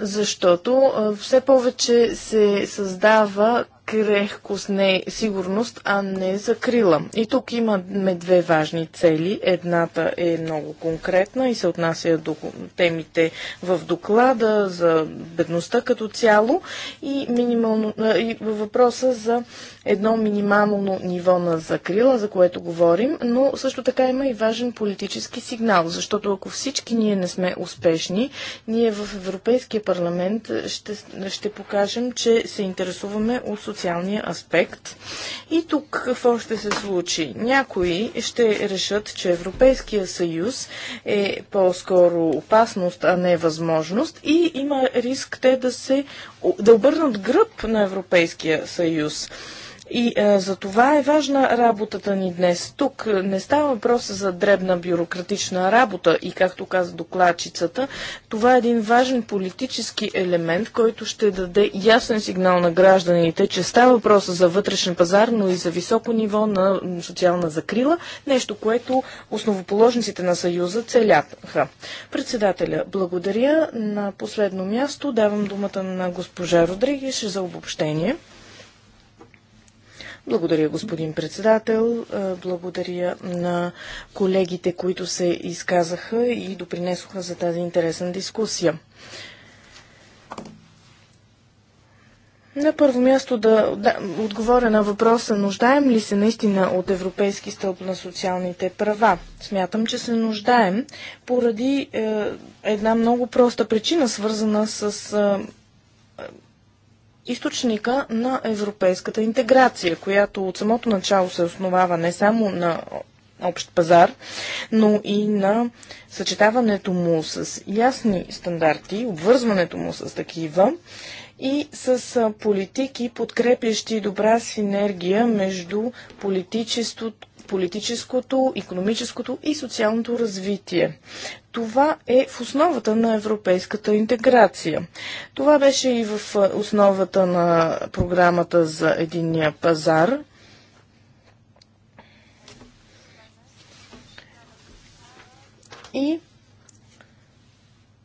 защото все повече се създава крехкост, не сигурност, а не закрила. И тук имаме две важни цели. Едната е много конкретна и се отнася до темите в доклада за бедността като цяло и, минимално, и въпроса за едно минимално ниво на закрила, за което говорим, но също така има и важен политически сигнал, защото ако всички ние не сме успешни, ние в Европейския парламент ще, ще покажем, че се интересуваме от социалния аспект. И тук какво ще се случи? Някои ще решат, че Европейския съюз е по-скоро опасност, а не възможност и има риск те да се да обърнат гръб на Европейския съюз. И а, е, за това е важна работата ни днес. Тук е, не става въпрос за дребна бюрократична работа и, както каза докладчицата, това е един важен политически елемент, който ще даде ясен сигнал на гражданите, че става въпрос за вътрешен пазар, но и за високо ниво на социална закрила, нещо, което основоположниците на Съюза целяха. Председателя, благодаря. На последно място давам думата на госпожа Родригеш за обобщение. Благодаря, господин председател. Е, благодаря на колегите, които се изказаха и допринесоха за тази интересна дискусия. На първо място да, да отговоря на въпроса, нуждаем ли се наистина от Европейски стълб на социалните права? Смятам, че се нуждаем поради е, една много проста причина, свързана с е, източника на европейската интеграция, която от самото начало се основава не само на общ пазар, но и на съчетаването му с ясни стандарти, обвързването му с такива и с политики, подкрепящи добра синергия между политическото политическото, економическото и социалното развитие. Това е в основата на европейската интеграция. Това беше и в основата на програмата за единния пазар. И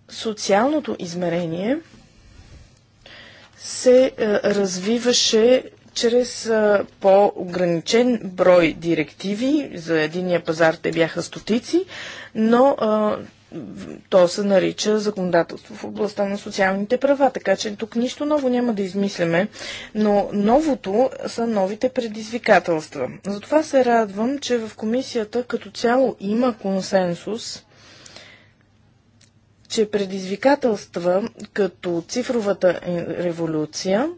социалното измерение се развиваше чрез по-ограничен брой директиви. За единия пазар те бяха стотици, но то се нарича законодателство в областта на социалните права, така че тук нищо ново няма да измисляме, но новото са новите предизвикателства. Затова се радвам, че в комисията като цяло има консенсус, че предизвикателства като цифровата революция –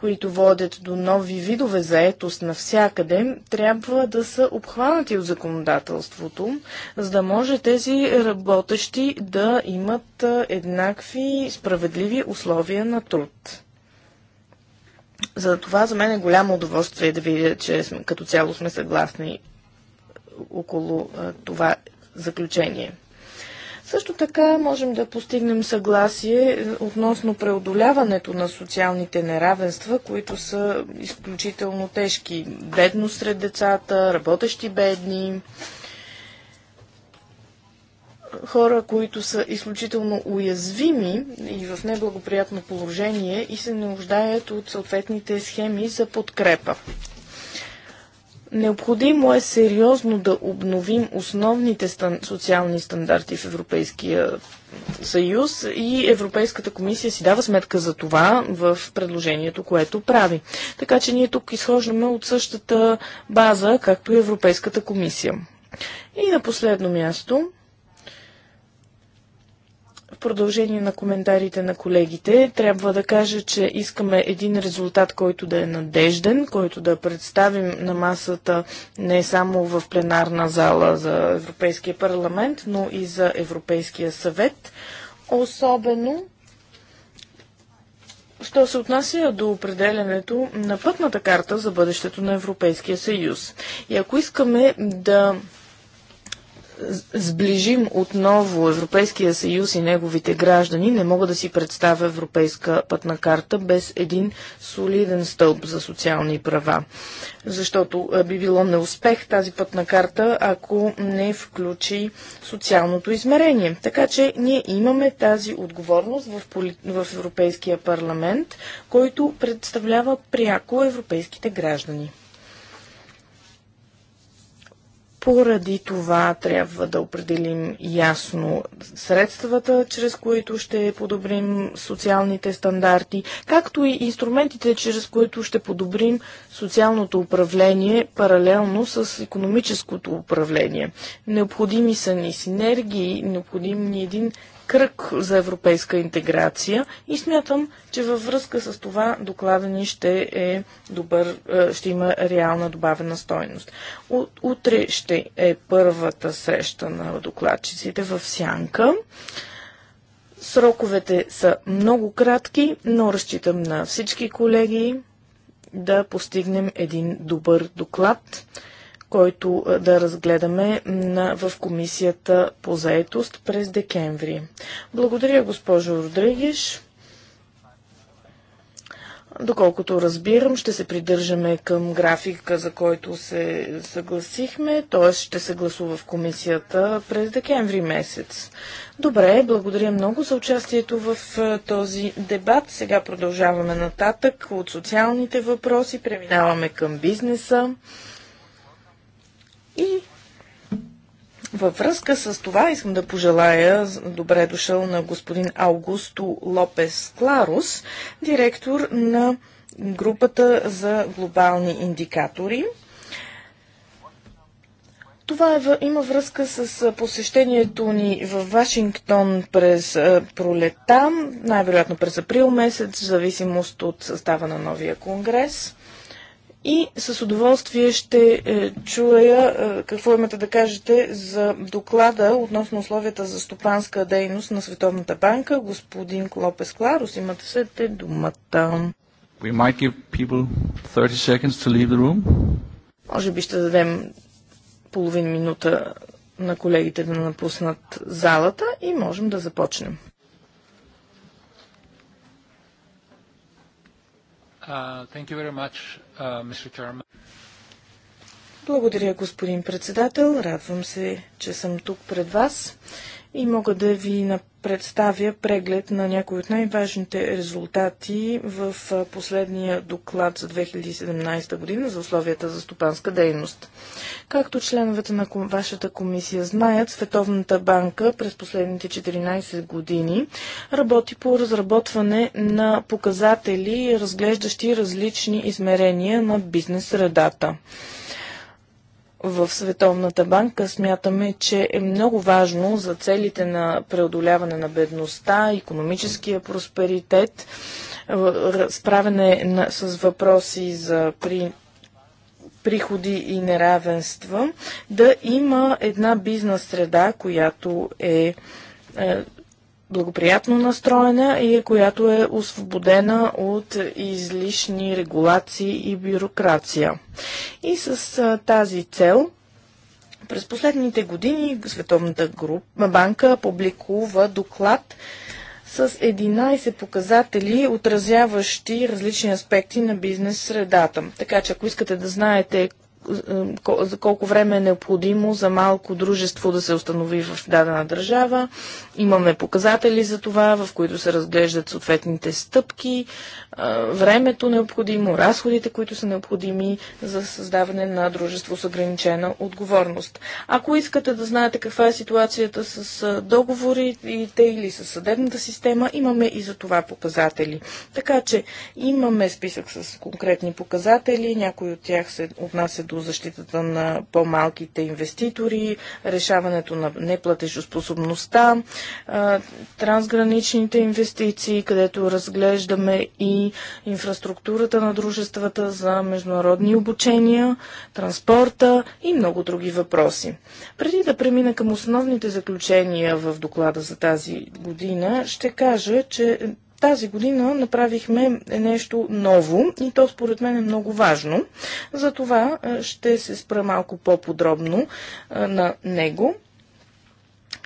които водят до нови видове заетост навсякъде, трябва да са обхванати от законодателството, за да може тези работещи да имат еднакви справедливи условия на труд. За това за мен е голямо удоволствие да видя, че като цяло сме съгласни около това заключение. Също така можем да постигнем съгласие е, относно преодоляването на социалните неравенства, които са изключително тежки. Бедност сред децата, работещи бедни, хора, които са изключително уязвими и в неблагоприятно положение и се нуждаят от съответните схеми за подкрепа. Необходимо е сериозно да обновим основните стан... социални стандарти в Европейския съюз и Европейската комисия си дава сметка за това в предложението, което прави. Така че ние тук изхождаме от същата база, както и Европейската комисия. И на последно място продължение на коментарите на колегите, трябва да кажа, че искаме един резултат, който да е надежден, който да представим на масата не само в пленарна зала за Европейския парламент, но и за Европейския съвет. Особено Що се отнася до определенето на пътната карта за бъдещето на Европейския съюз. И ако искаме да сближим отново Европейския съюз и неговите граждани, не мога да си представя европейска пътна карта без един солиден стълб за социални права. Защото би било неуспех тази пътна карта, ако не включи социалното измерение. Така че ние имаме тази отговорност в, поли... в Европейския парламент, който представлява пряко европейските граждани. Поради това трябва да определим ясно средствата, чрез които ще подобрим социалните стандарти, както и инструментите, чрез които ще подобрим социалното управление паралелно с економическото управление. Необходими са ни синергии, необходим ни един кръг за европейска интеграция и смятам, че във връзка с това доклада ни ще е добър, е, ще има реална добавена стойност. Утре ще е първата среща на докладчиците в Сянка. Сроковете са много кратки, но разчитам на всички колеги да постигнем един добър доклад който е, да разгледаме на, в комисията по заетост през декември. Благодаря, госпожо Родригиш. Доколкото разбирам, ще се придържаме към графика, за който се съгласихме, т.е. ще се гласува в комисията през декември месец. Добре, благодаря много за участието в е, този дебат. Сега продължаваме нататък от социалните въпроси, преминаваме към бизнеса. И във връзка с това искам да пожелая добре дошъл на господин Аугусто Лопес Кларус, директор на групата за глобални индикатори. Това е, има връзка с посещението ни в Вашингтон през пролета, най-вероятно през април месец, в зависимост от състава на новия конгрес. И с удоволствие ще е, чуя е, какво имате да кажете за доклада относно условията за стопанска дейност на Световната банка. Господин Клопес Кларус, имате се думата. We might give people 30 seconds to leave the room. Може би ще дадем половин минута на колегите да напуснат залата и можем да започнем. Uh, much, uh, Благодаря, господин председател. Радвам се, че съм тук пред вас и мога да ви представя преглед на някои от най-важните резултати в последния доклад за 2017 година за условията за стопанска дейност. Както членовете на вашата комисия знаят, Световната банка през последните 14 години работи по разработване на показатели, разглеждащи различни измерения на бизнес средата в Световната банка смятаме, че е много важно за целите на преодоляване на бедността, економическия просперитет, е, справяне на, с въпроси за при, приходи и неравенства, да има една бизнес среда, която е, е благоприятно настроена и която е освободена от излишни регулации и бюрокрация. И с тази цел през последните години Световната група, банка публикува доклад с 11 показатели, отразяващи различни аспекти на бизнес средата. Така че ако искате да знаете за колко време е необходимо за малко дружество да се установи в дадена държава. Имаме показатели за това, в които се разглеждат съответните стъпки, времето необходимо, разходите, които са необходими за създаване на дружество с ограничена отговорност. Ако искате да знаете каква е ситуацията с договорите или с съдебната система, имаме и за това показатели. Така че имаме списък с конкретни показатели, някои от тях се отнасят до защитата на по-малките инвеститори, решаването на неплатежоспособността, трансграничните инвестиции, където разглеждаме и инфраструктурата на дружествата за международни обучения, транспорта и много други въпроси. Преди да премина към основните заключения в доклада за тази година, ще кажа, че тази година направихме нещо ново и то според мен е много важно. За това ще се спра малко по-подробно на него.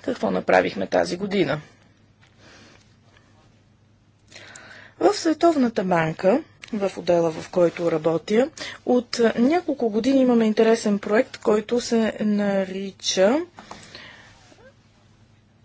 Какво направихме тази година? В Световната банка в отдела, в който работя. От няколко години имаме интересен проект, който се нарича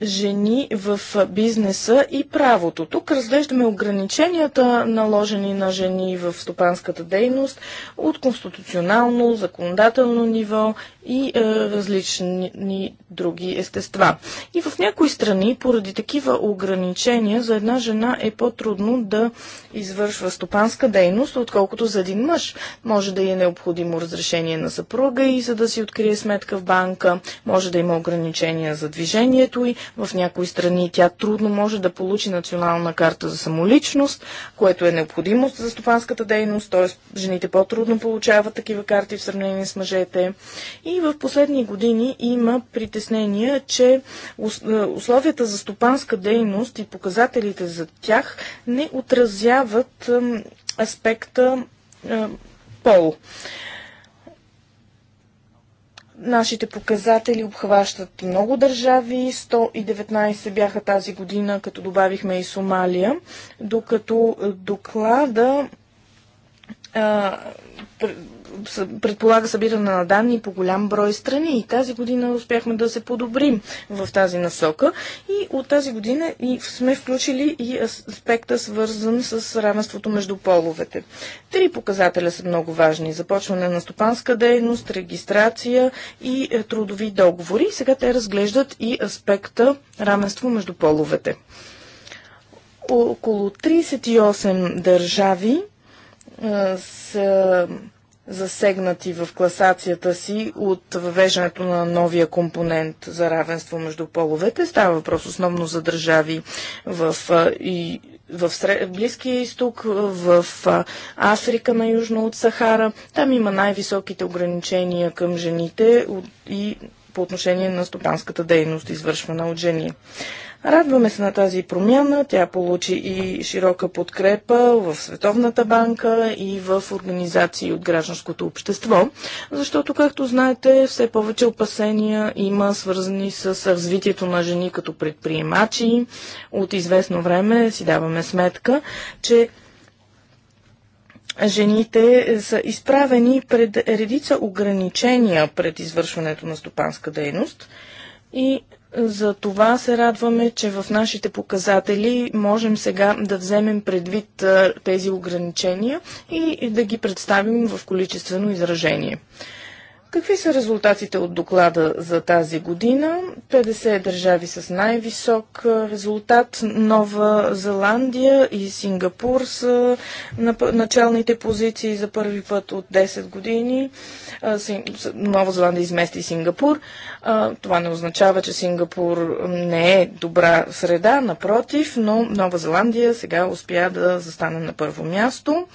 жени в бизнеса и правото. Тук разглеждаме ограниченията, наложени на жени в стопанската дейност от конституционално, законодателно ниво и е, различни други естества. И в някои страни, поради такива ограничения, за една жена е по-трудно да извършва стопанска дейност, отколкото за един мъж. Може да е необходимо разрешение на съпруга и за да си открие сметка в банка, може да има ограничения за движението и в някои страни тя трудно може да получи национална карта за самоличност, което е необходимост за стопанската дейност, т.е. жените по-трудно получават такива карти в сравнение с мъжете. И в последни години има притеснения, че е, условията за стопанска дейност и показателите за тях не отразяват аспекта е, пол. Нашите показатели обхващат много държави, 119 бяха тази година, като добавихме и Сомалия, докато доклада а, предполага събиране на данни по голям брой страни и тази година успяхме да се подобрим в тази насока и от тази година и сме включили и аспекта свързан с равенството между половете. Три показателя са много важни. Започване на стопанска дейност, регистрация и е, трудови договори. Сега те разглеждат и аспекта равенство между половете. Около 38 държави е, са засегнати в класацията си от въвеждането на новия компонент за равенство между половете. Става въпрос основно за държави в, и, в Близкия изток, в Африка на южно от Сахара. Там има най-високите ограничения към жените и по отношение на стопанската дейност, извършвана от жени. Радваме се на тази промяна. Тя получи и широка подкрепа в Световната банка и в организации от гражданското общество, защото, както знаете, все повече опасения има свързани с развитието на жени като предприемачи. От известно време си даваме сметка, че жените са изправени пред редица ограничения пред извършването на стопанска дейност и за това се радваме, че в нашите показатели можем сега да вземем предвид тези ограничения и да ги представим в количествено изражение. Какви са резултатите от доклада за тази година? 50 държави с най-висок резултат. Нова Зеландия и Сингапур са на началните позиции за първи път от 10 години. Нова Зеландия измести Сингапур. Това не означава, че Сингапур не е добра среда, напротив, но Нова Зеландия сега успя да застане на първо място.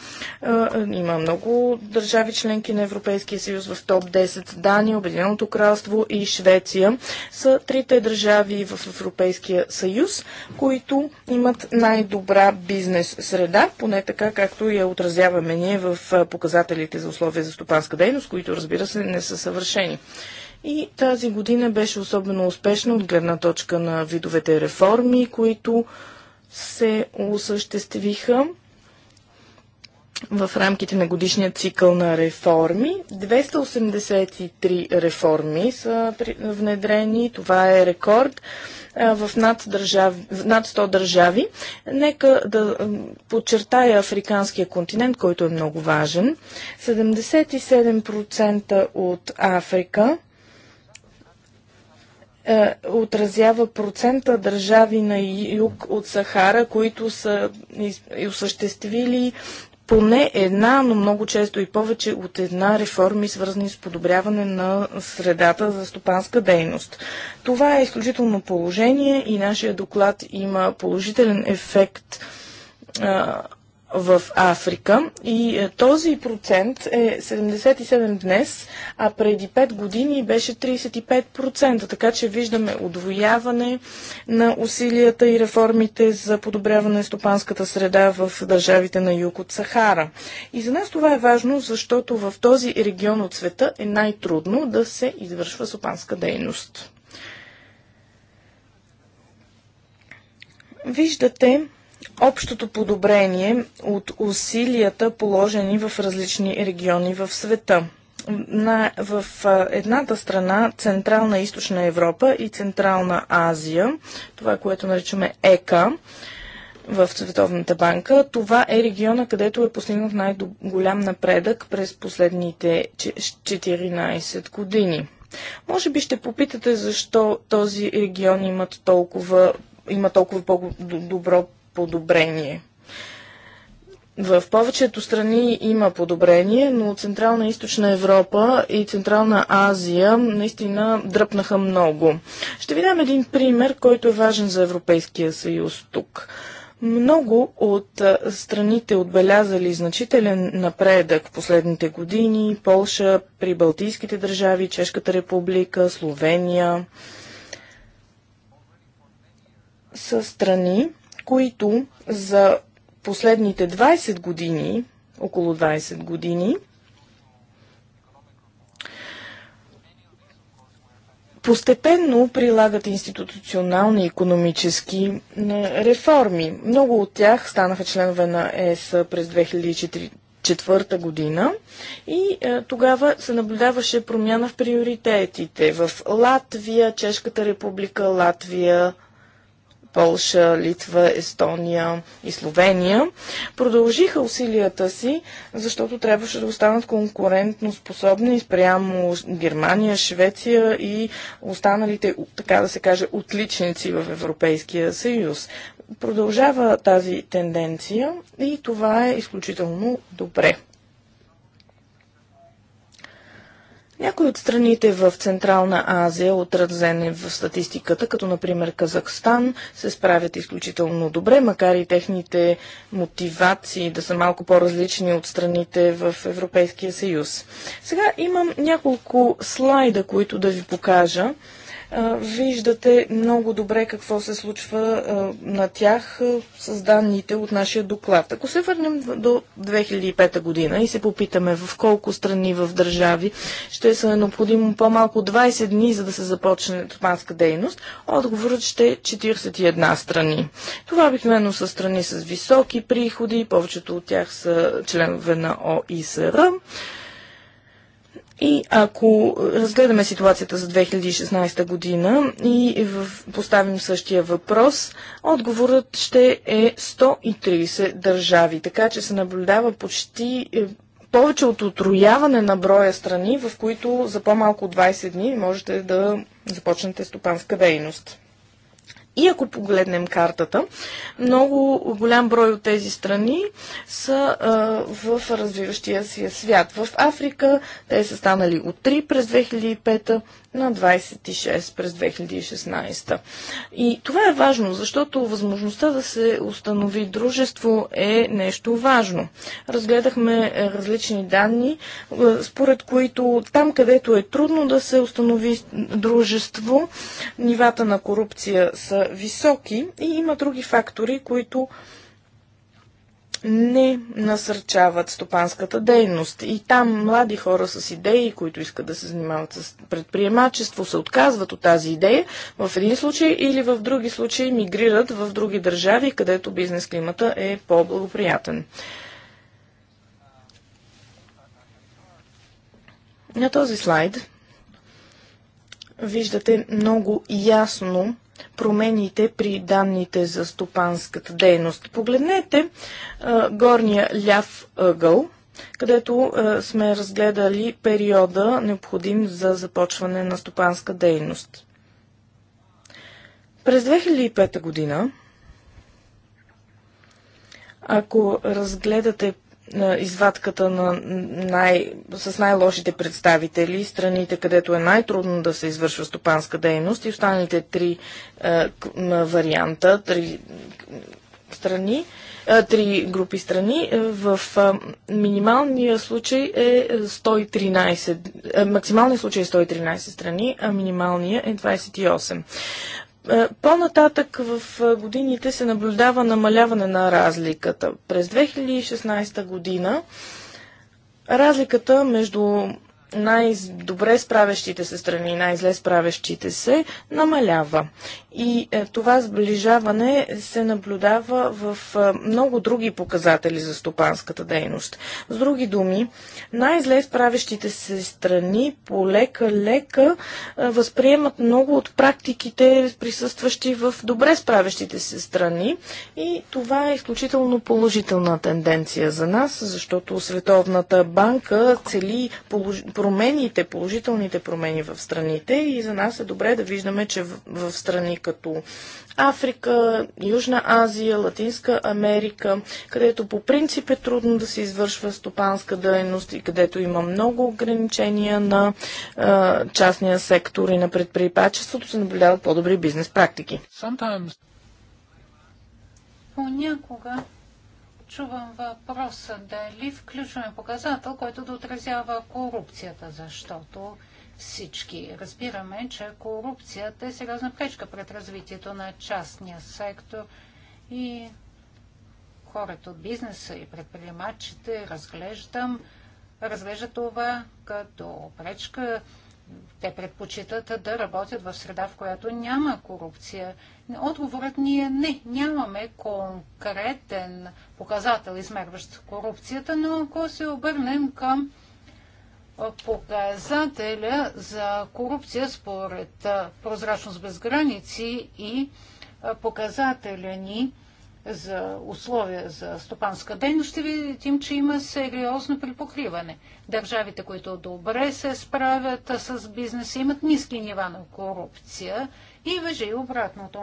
Има много държави членки на Европейския съюз в топ 10 g Дания, Обединеното кралство и Швеция са трите държави в Европейския съюз, които имат най-добра бизнес среда, поне така както я отразяваме ние в показателите за условия за стопанска дейност, които разбира се не са съвършени. И тази година беше особено успешна от гледна точка на видовете реформи, които се осъществиха в рамките на годишния цикъл на реформи. 283 реформи са внедрени. Това е рекорд в над, държави, над 100 държави. Нека да подчертая африканския континент, който е много важен. 77% от Африка е, отразява процента държави на юг от Сахара, които са осъществили поне една, но много често и повече от една реформи, свързани с подобряване на средата за стопанска дейност. Това е изключително положение и нашия доклад има положителен ефект в Африка и е, този процент е 77 днес, а преди 5 години беше 35%, така че виждаме удвояване на усилията и реформите за подобряване на стопанската среда в държавите на юг от Сахара. И за нас това е важно, защото в този регион от света е най-трудно да се извършва стопанска дейност. Виждате, общото подобрение от усилията, положени в различни региони в света. На, в едната страна, Централна и Източна Европа и Централна Азия, това, което наричаме ЕКА, в Световната банка. Това е региона, където е постигнат най-голям напредък през последните 14 години. Може би ще попитате защо този регион има толкова, има толкова по-добро подобрение. В повечето страни има подобрение, но Централна и Източна Европа и Централна Азия наистина дръпнаха много. Ще ви дам един пример, който е важен за Европейския съюз тук. Много от страните отбелязали значителен напредък в последните години Полша, при Балтийските държави, Чешката република, Словения са страни, които за последните 20 години, около 20 години, постепенно прилагат институционални и економически реформи. Много от тях станаха членове на ЕС през 2004 година и е, тогава се наблюдаваше промяна в приоритетите в Латвия, Чешката република, Латвия, Полша, Литва, Естония и Словения, продължиха усилията си, защото трябваше да останат конкурентно способни спрямо Германия, Швеция и останалите, така да се каже, отличници в Европейския съюз. Продължава тази тенденция и това е изключително добре. Някои от страните в Централна Азия, отразени в статистиката, като например Казахстан, се справят изключително добре, макар и техните мотивации да са малко по-различни от страните в Европейския съюз. Сега имам няколко слайда, които да ви покажа. Виждате много добре какво се случва на тях с данните от нашия доклад. Ако се върнем до 2005 година и се попитаме в колко страни в държави ще са необходимо по-малко 20 дни, за да се започне стопанска дейност, отговорът ще е 41 страни. Това обикновено са страни с високи приходи, повечето от тях са членове на ОИСР. И ако разгледаме ситуацията за 2016 година и поставим същия въпрос, отговорът ще е 130 държави. Така че се наблюдава почти е, повече от отрояване на броя страни, в които за по-малко от 20 дни можете да започнете стопанска дейност. И ако погледнем картата, много голям брой от тези страни са а, в развиващия си свят. В Африка те са станали от 3 през 2005 на 26 през 2016. И това е важно, защото възможността да се установи дружество е нещо важно. Разгледахме е, различни данни, е, според които там, където е трудно да се установи дружество, нивата на корупция са високи и има други фактори, които не насърчават стопанската дейност. И там млади хора с идеи, които искат да се занимават с предприемачество, се отказват от тази идея в един случай или в други случаи мигрират в други държави, където бизнес климата е по-благоприятен. На този слайд виждате много ясно промените при данните за стопанската дейност. Погледнете горния ляв ъгъл, където сме разгледали периода необходим за започване на стопанска дейност. През 2005 година, ако разгледате извадката на най, с най-лошите представители, страните, където е най-трудно да се извършва стопанска дейност и останалите три е, варианта, три страни, е, три групи страни, е, в е, минималния случай е 113, е, максималния случай е 113 страни, а минималния е 28. Е, по-нататък в е, годините се наблюдава намаляване на разликата. През 2016 година разликата между най-добре справящите се страни, и най-зле справящите се, намалява. И е, това сближаване се наблюдава в е, много други показатели за стопанската дейност. С други думи, най-зле справящите се страни полека-лека е, възприемат много от практиките, присъстващи в добре справящите се страни. И това е изключително положителна тенденция за нас, защото Световната банка цели полож промените, положителните промени в страните и за нас е добре да виждаме, че в, в страни като Африка, Южна Азия, Латинска Америка, където по принцип е трудно да се извършва стопанска дейност и където има много ограничения на частния сектор и на предприемачеството, се наблюдават по-добри бизнес практики. Sometimes... Понякога чувам въпроса дали включваме показател, който да отразява корупцията, защото всички разбираме, че корупцията е сериозна пречка пред развитието на частния сектор и хората от бизнеса и предприемачите разглеждам, разглеждат това като пречка. Те предпочитат да работят в среда, в която няма корупция. Отговорът ни е не. Нямаме конкретен показател, измерващ корупцията, но ако се обърнем към показателя за корупция според прозрачност без граници и показателя ни за условия за стопанска дейност, ще видим, че има сериозно припокриване. Държавите, които добре се справят с бизнеса, имат ниски нива на корупция и въжи обратното.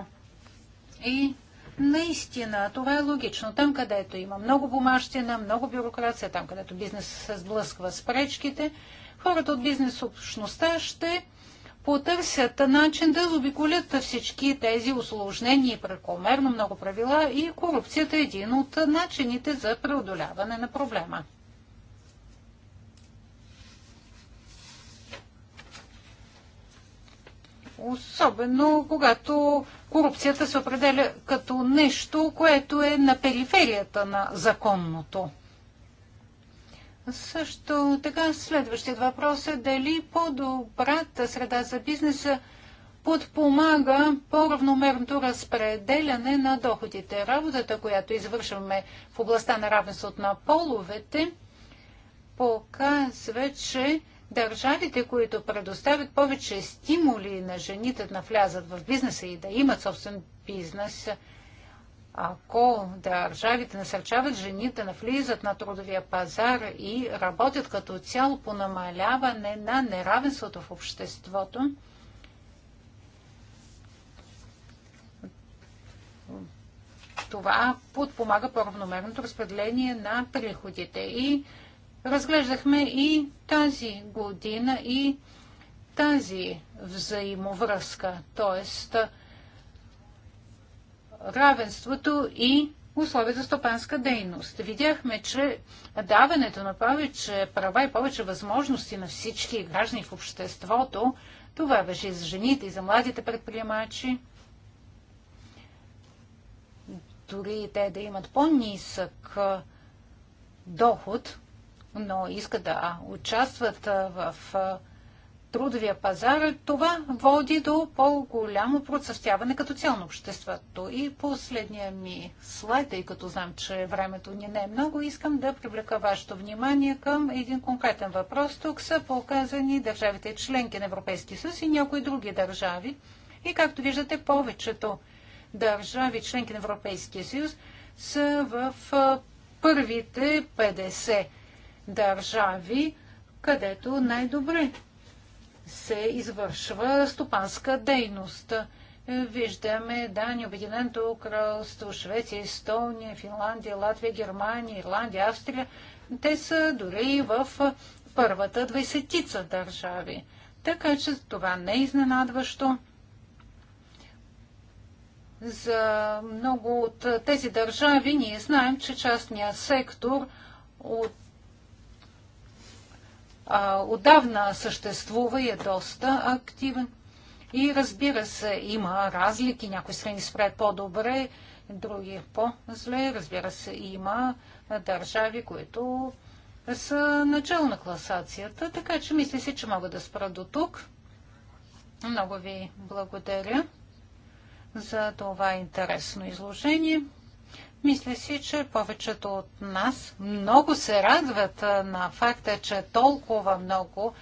И наистина това е логично. Там, където има много бумащина, много бюрокрация, там, където бизнес се сблъсква с пречките, хората от бизнес общността ще потърсят начин да заобиколят всички тези осложнени и прекомерно много правила и корупцията е един от начините за преодоляване на проблема. Особено когато корупцията се определя като нещо, което е на периферията на законното. Също така следващият въпрос е дали по-добрата среда за бизнеса подпомага по-равномерното разпределяне на доходите. Работата, която извършваме в областта на равенството на половете, показва, че държавите, които предоставят повече стимули на жените да навлязат в бизнеса и да имат собствен бизнес, ако държавите насърчават жените да навлизат на трудовия пазар и работят като цяло по намаляване на неравенството в обществото, това подпомага по-равномерното разпределение на приходите и разглеждахме и тази година, и тази взаимовръзка, т.е. равенството и условия за стопанска дейност. Видяхме, че даването на повече права и повече възможности на всички граждани в обществото, това беше и за жените, и за младите предприемачи, дори те да имат по-нисък доход, но искат да участват в трудовия пазар, това води до по-голямо процъфтяване като цяло на обществото. И последния ми слайд, тъй като знам, че времето ни не е много, искам да привлека вашето внимание към един конкретен въпрос. Тук са показани държавите членки на Европейския съюз и някои други държави. И както виждате, повечето държави членки на Европейския съюз са в първите 50 държави, където най-добре се извършва стопанска дейност. Виждаме Дания, Обединеното кралство, Швеция, Естония, Финландия, Латвия, Германия, Ирландия, Австрия. Те са дори и в първата двайсетица държави. Така че това не е изненадващо. За много от тези държави ние знаем, че частния сектор от отдавна съществува и е доста активен. И разбира се, има разлики. Някои страни спрят по-добре, други е по-зле. Разбира се, има държави, които са начало на класацията, така че мисля си, че мога да спра до тук. Много ви благодаря за това интересно изложение. Мисля си, че повечето от нас много се радват на факта, че толкова много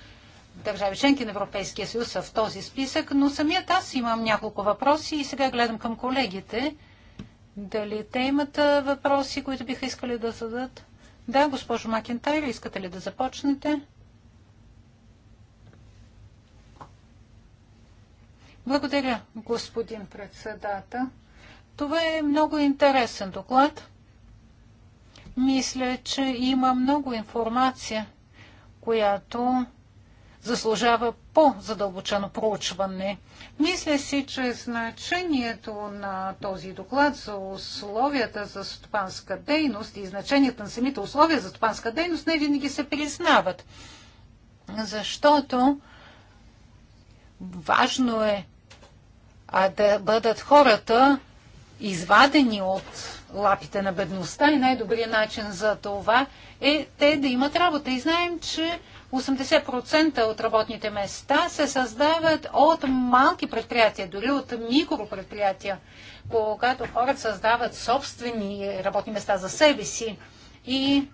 държави членки на Европейския съюз са в този списък, но самият аз имам няколко въпроси и сега гледам към колегите. Дали те имат въпроси, които биха искали да зададат? Да, госпожо Макентайр, искате ли да започнете? Благодаря, господин председател. Това е много интересен доклад. Мисля, че има много информация, която заслужава по-задълбочено проучване. Мисля си, че значението на този доклад за условията за стопанска дейност и значението на самите условия за стопанска дейност не винаги се признават. Защото важно е а да бъдат хората извадени от лапите на бедността и най-добрият начин за това е те да имат работа. И знаем, че 80% от работните места се създават от малки предприятия, дори от микропредприятия, когато хората създават собствени работни места за себе си и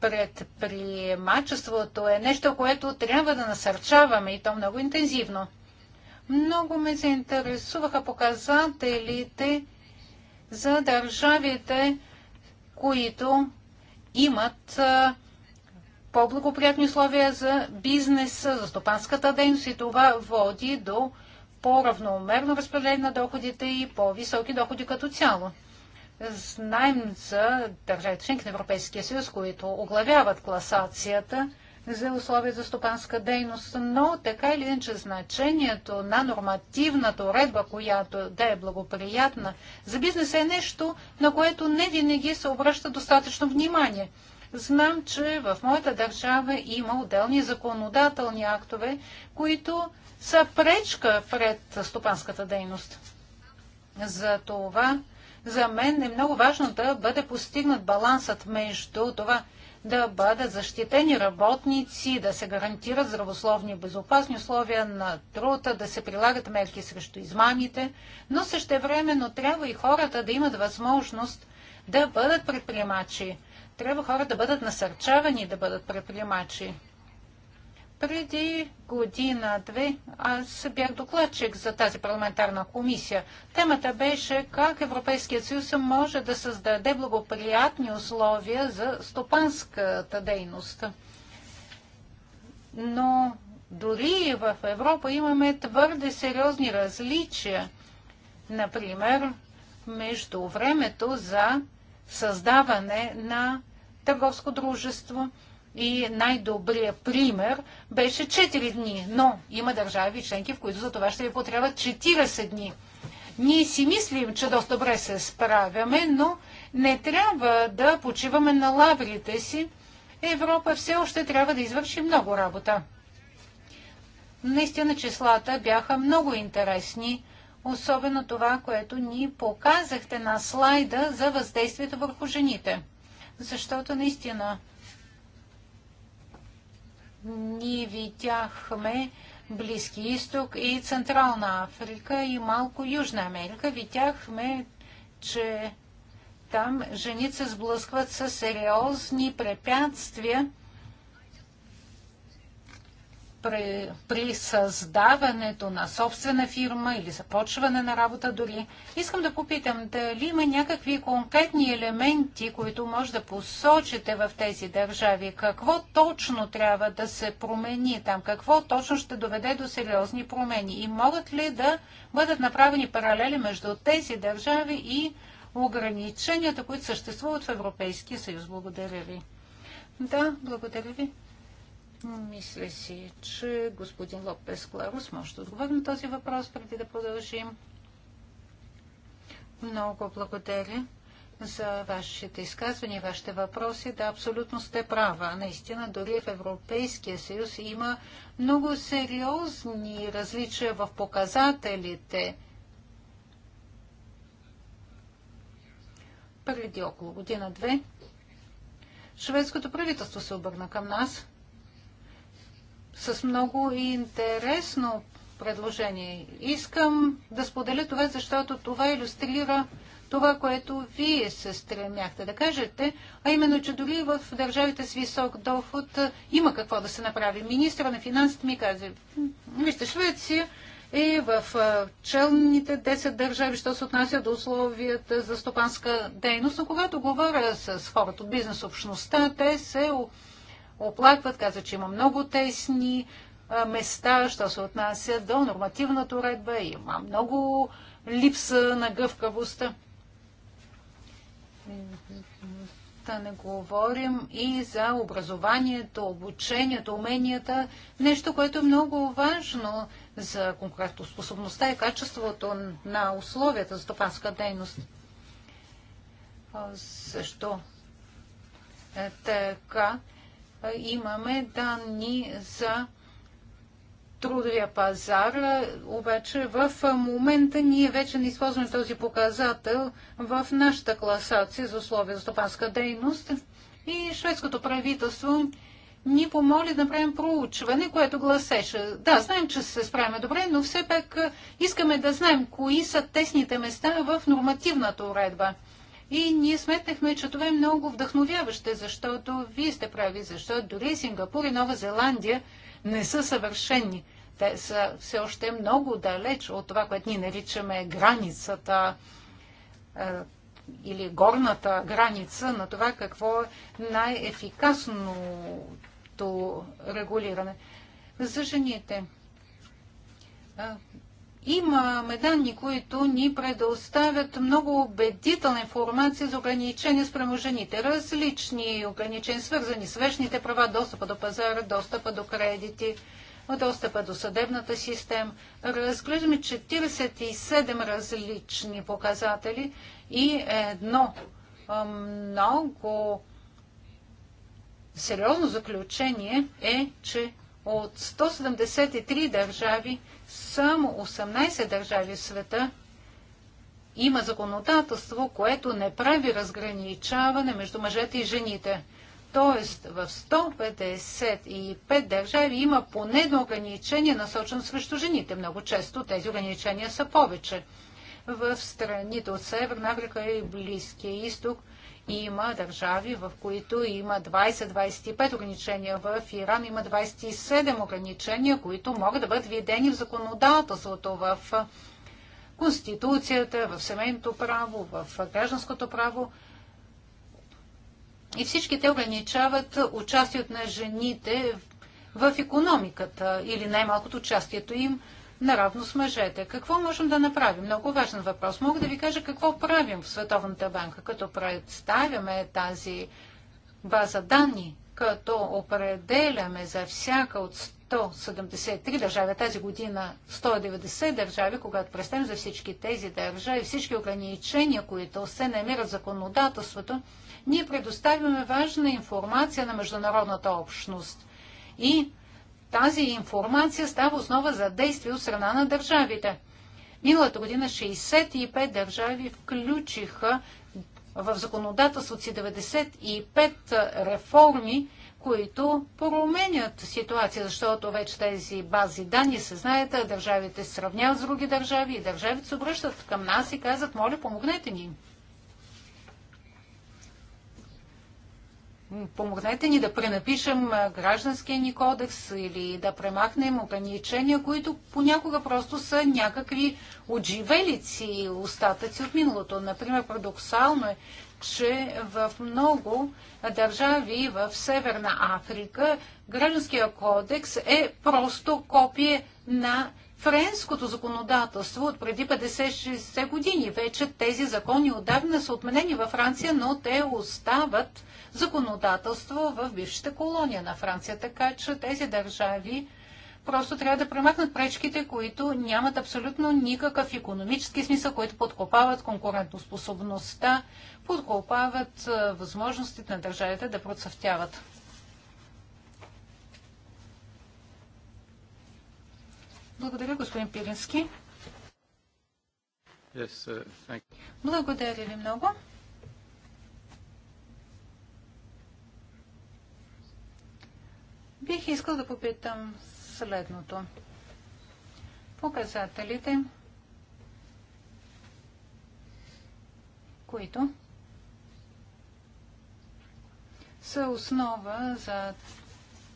предприемачеството е нещо, което трябва да насърчаваме и то много интензивно. Много ме заинтересуваха показателите за държавите, които имат по-благоприятни условия за бизнеса, за стопанската дейност и това води до по-равномерно разпределение на доходите и по-високи доходи като цяло. Знаем за държавите членки на Европейския съюз, които оглавяват класацията за условия за стопанска дейност, но така или иначе значението на нормативната уредба, която да е благоприятна за бизнеса е нещо, на което не винаги се обръща достатъчно внимание. Знам, че в моята държава има отделни законодателни актове, които са пречка пред стопанската дейност. За това за мен е много важно да бъде постигнат балансът между това да бъдат защитени работници, да се гарантират здравословни и безопасни условия на труда, да се прилагат мерки срещу измамите, но същевременно трябва и хората да имат възможност да бъдат предприемачи. Трябва хората да бъдат насърчавани да бъдат предприемачи. Преди година-две аз бях докладчик за тази парламентарна комисия. Темата беше как Европейският съюз може да създаде благоприятни условия за стопанската дейност. Но дори в Европа имаме твърде сериозни различия. Например, между времето за създаване на търговско дружество – и най-добрият пример беше 4 дни, но има държави членки, в които за това ще ви потребват 40 дни. Ние си мислим, че доста добре се справяме, но не трябва да почиваме на лаврите си. Европа все още трябва да извърши много работа. Наистина числата бяха много интересни, особено това, което ни показахте на слайда за въздействието върху жените. Защото наистина ни видяхме Близки изток и Централна Африка и малко Южна Америка. Видяхме, че там жените се сблъскват с сериозни препятствия при, при създаването на собствена фирма или започване на работа дори. Искам да попитам, дали има някакви конкретни елементи, които може да посочите в тези държави? Какво точно трябва да се промени там? Какво точно ще доведе до сериозни промени? И могат ли да бъдат направени паралели между тези държави и ограниченията, които съществуват в Европейския съюз? Благодаря ви. Да, благодаря ви. Мисля си, че господин Лопес Кларус може да отговори на този въпрос, преди да продължим. Много благодаря за вашите изказвания, вашите въпроси. Да, абсолютно сте права. Наистина, дори в Европейския съюз има много сериозни различия в показателите. Преди около година-две шведското правителство се обърна към нас – с много интересно предложение. Искам да споделя това, защото това иллюстрира това, което вие се стремяхте да кажете, а именно, че дори в държавите с висок доход има какво да се направи. Министра на финансите ми каза, вижте, Швеция е в челните 10 държави, що се отнася до условията за стопанска дейност, но когато говоря с хората от бизнес общността, те се оплакват, казват, че има много тесни места, що се отнася до нормативната уредба, има много липса на гъвкавостта. Да не говорим и за образованието, обучението, уменията, нещо, което е много важно за конкурентоспособността и качеството на условията за стопанска дейност. Също е, така имаме данни за трудовия пазар, обаче в момента ние вече не използваме този показател в нашата класация за условия за стопанска дейност и шведското правителство ни помоли да направим проучване, което гласеше. Да, знаем, че се справяме добре, но все пак искаме да знаем кои са тесните места в нормативната уредба. И ние сметнахме, че това е много вдъхновяваще, защото вие сте прави, защото дори Сингапур и Нова Зеландия не са съвършени. Те са все още много далеч от това, което ние наричаме границата или горната граница на това какво е най-ефикасното регулиране. За жените Имаме данни, които ни предоставят много убедителна информация за ограничения спрямо жените. Различни ограничения, свързани с вечните права, достъпа до пазара, достъпа до кредити, достъпа до съдебната система. Разглеждаме 47 различни показатели и едно много сериозно заключение е, че от 173 държави, само 18 държави в света има законодателство, което не прави разграничаване между мъжете и жените. Тоест в 155 държави има поне едно ограничение насочено срещу жените. Много често тези ограничения са повече. В страните от Северна Африка и Близкия изток – има държави, в които има 20-25 ограничения. В Иран има 27 ограничения, които могат да бъдат видени в законодателството, в Конституцията, в семейното право, в гражданското право. И всички те ограничават участието на жените в економиката или най-малкото участието им наравно с мъжете. Какво можем да направим? Много важен въпрос. Мога да ви кажа какво правим в Световната банка, като представяме тази база данни, като определяме за всяка от 173 държави, тази година 190 държави, когато представим за всички тези държави, всички ограничения, които се намират в законодателството, ние предоставяме важна информация на международната общност. И тази информация става основа за действие от страна на държавите. Миналата година 65 държави включиха в законодателството си 95 реформи, които променят ситуация, защото вече тези бази данни се знаят, държавите се сравняват с други държави и държавите се обръщат към нас и казват, моля, помогнете ни. помогнете ни да пренапишем гражданския ни кодекс или да премахнем ограничения, които понякога просто са някакви отживелици, остатъци от миналото. Например, парадоксално е, че в много държави в Северна Африка гражданския кодекс е просто копие на френското законодателство от преди 50-60 години. Вече тези закони отдавна са отменени във Франция, но те остават законодателство в бившата колония на Франция. Така че тези държави просто трябва да премахнат пречките, които нямат абсолютно никакъв економически смисъл, които подкопават конкурентоспособността, подкопават възможностите на държавите да процъфтяват. Благодаря, господин Пирински. Yes, uh, Благодаря ви много. Бих искал да попитам следното. Показателите, които са основа за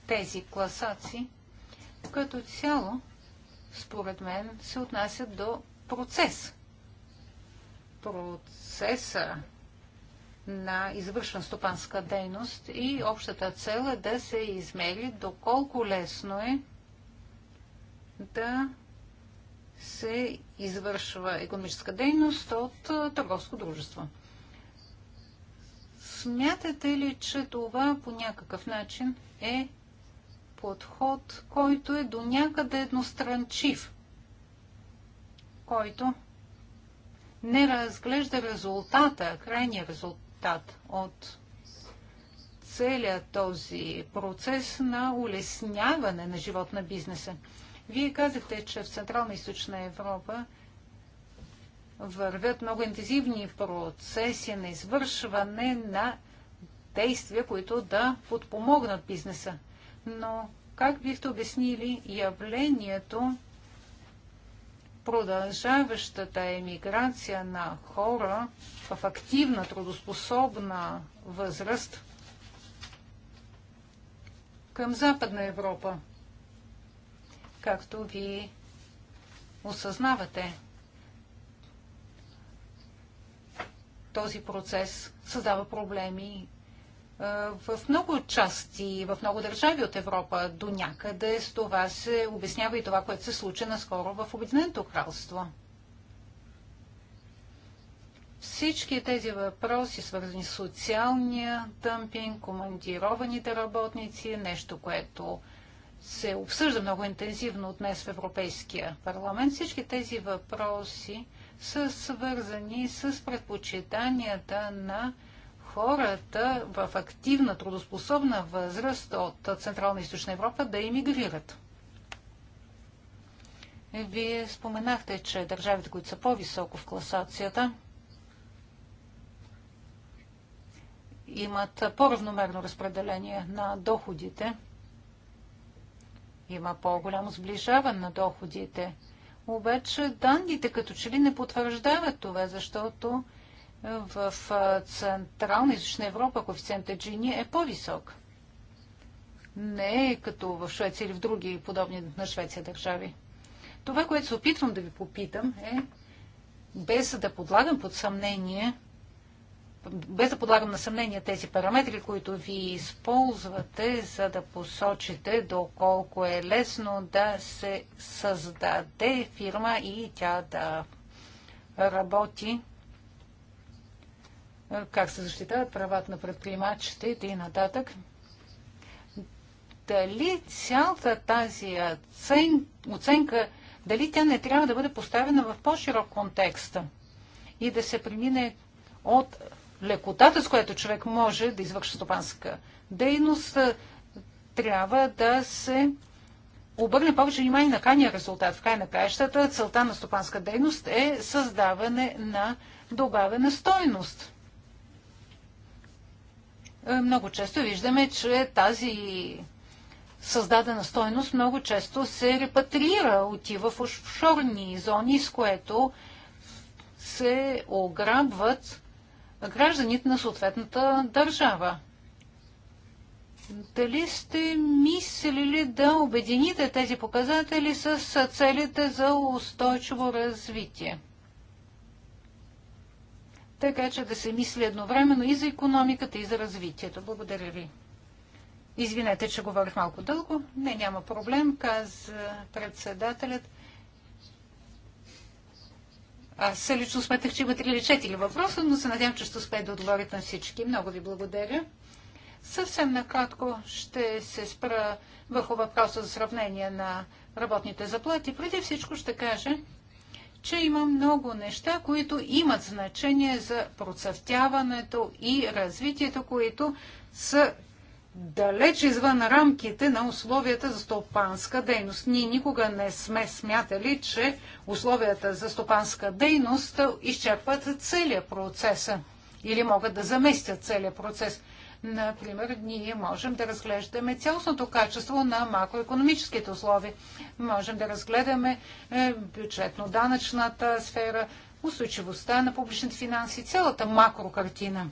тези класации, като цяло според мен, се отнасят до процес. Процеса на извършен стопанска дейност и общата цел е да се измери доколко лесно е да се извършва економическа дейност от търговско дружество. Смятате ли, че това по някакъв начин е подход, който е до някъде едностранчив, който не разглежда резултата, крайния резултат от целият този процес на улесняване на живот на бизнеса. Вие казахте, че в Централна и Източна Европа вървят много интензивни процеси на извършване на действия, които да подпомогнат бизнеса но как бихте обяснили явлението продължаващата емиграция на хора в активна трудоспособна възраст към Западна Европа, както ви осъзнавате. Този процес създава проблеми в много части, в много държави от Европа до някъде с това се обяснява и това, което се случи наскоро в Обединеното кралство. Всички тези въпроси, свързани с социалния дъмпинг, командированите работници, нещо, което се обсъжда много интензивно днес в Европейския парламент, всички тези въпроси са свързани с предпочитанията на хората в активна трудоспособна възраст от Централна и Източна Европа да иммигрират. Вие споменахте, че държавите, които са по-високо в класацията, имат по-равномерно разпределение на доходите. Има по-голямо сближаване на доходите. Обаче данните като че ли не потвърждават това, защото в Централна и Източна Европа коефициентът Джини е по-висок. Не е като в Швеция или в други подобни на Швеция държави. Това, което се опитвам да ви попитам е, без да подлагам под съмнение, без да подлагам на съмнение тези параметри, които ви използвате, за да посочите доколко е лесно да се създаде фирма и тя да работи е, как се защитават правата на предприемачите и т.н. нататък. Дали цялата тази оценка, дали тя не трябва да бъде поставена в по-широк контекст и да се премине от лекотата, с която човек може да извърши стопанска дейност, е, трябва да се обърне повече внимание на крайния резултат. В край на краищата целта на стопанска дейност е създаване на добавена стойност. Е, много често виждаме, че тази създадена стойност много често се репатриира отива в офшорни зони, с което се ограбват гражданите на съответната държава. Дали сте мислили да обедините тези показатели с целите за устойчиво развитие? така че да се мисли едновременно и за економиката, и за развитието. Благодаря ви. Извинете, че говорих малко дълго. Не, няма проблем, каза председателят. Аз лично сметах, че има три или четири въпроса, но се надявам, че ще успея да отговорите на всички. Много ви благодаря. Съвсем накратко ще се спра върху въпроса за сравнение на работните заплати. Преди всичко ще кажа, че има много неща, които имат значение за процъфтяването и развитието, които са далеч извън рамките на условията за стопанска дейност. Ние никога не сме смятали, че условията за стопанска дейност изчерпват целият процес или могат да заместят целият процес. Например, ние можем да разглеждаме цялостното качество на макроекономическите условия. Можем да разгледаме е, бюджетно-данъчната сфера, устойчивостта на публичните финанси, цялата макрокартина.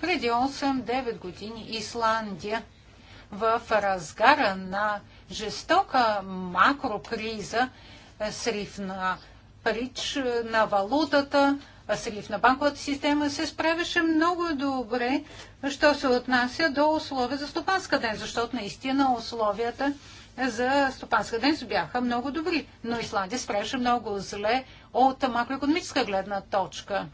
Преди 8-9 години Исландия в разгара на жестока макрокриза, е, срив на парич е, на валутата, срив на банковата система, се справяше много добре, що се отнася до условия за стопанска ден, защото наистина условията за стопанска ден бяха много добри, но Исландия справяше много зле от макроекономическа гледна точка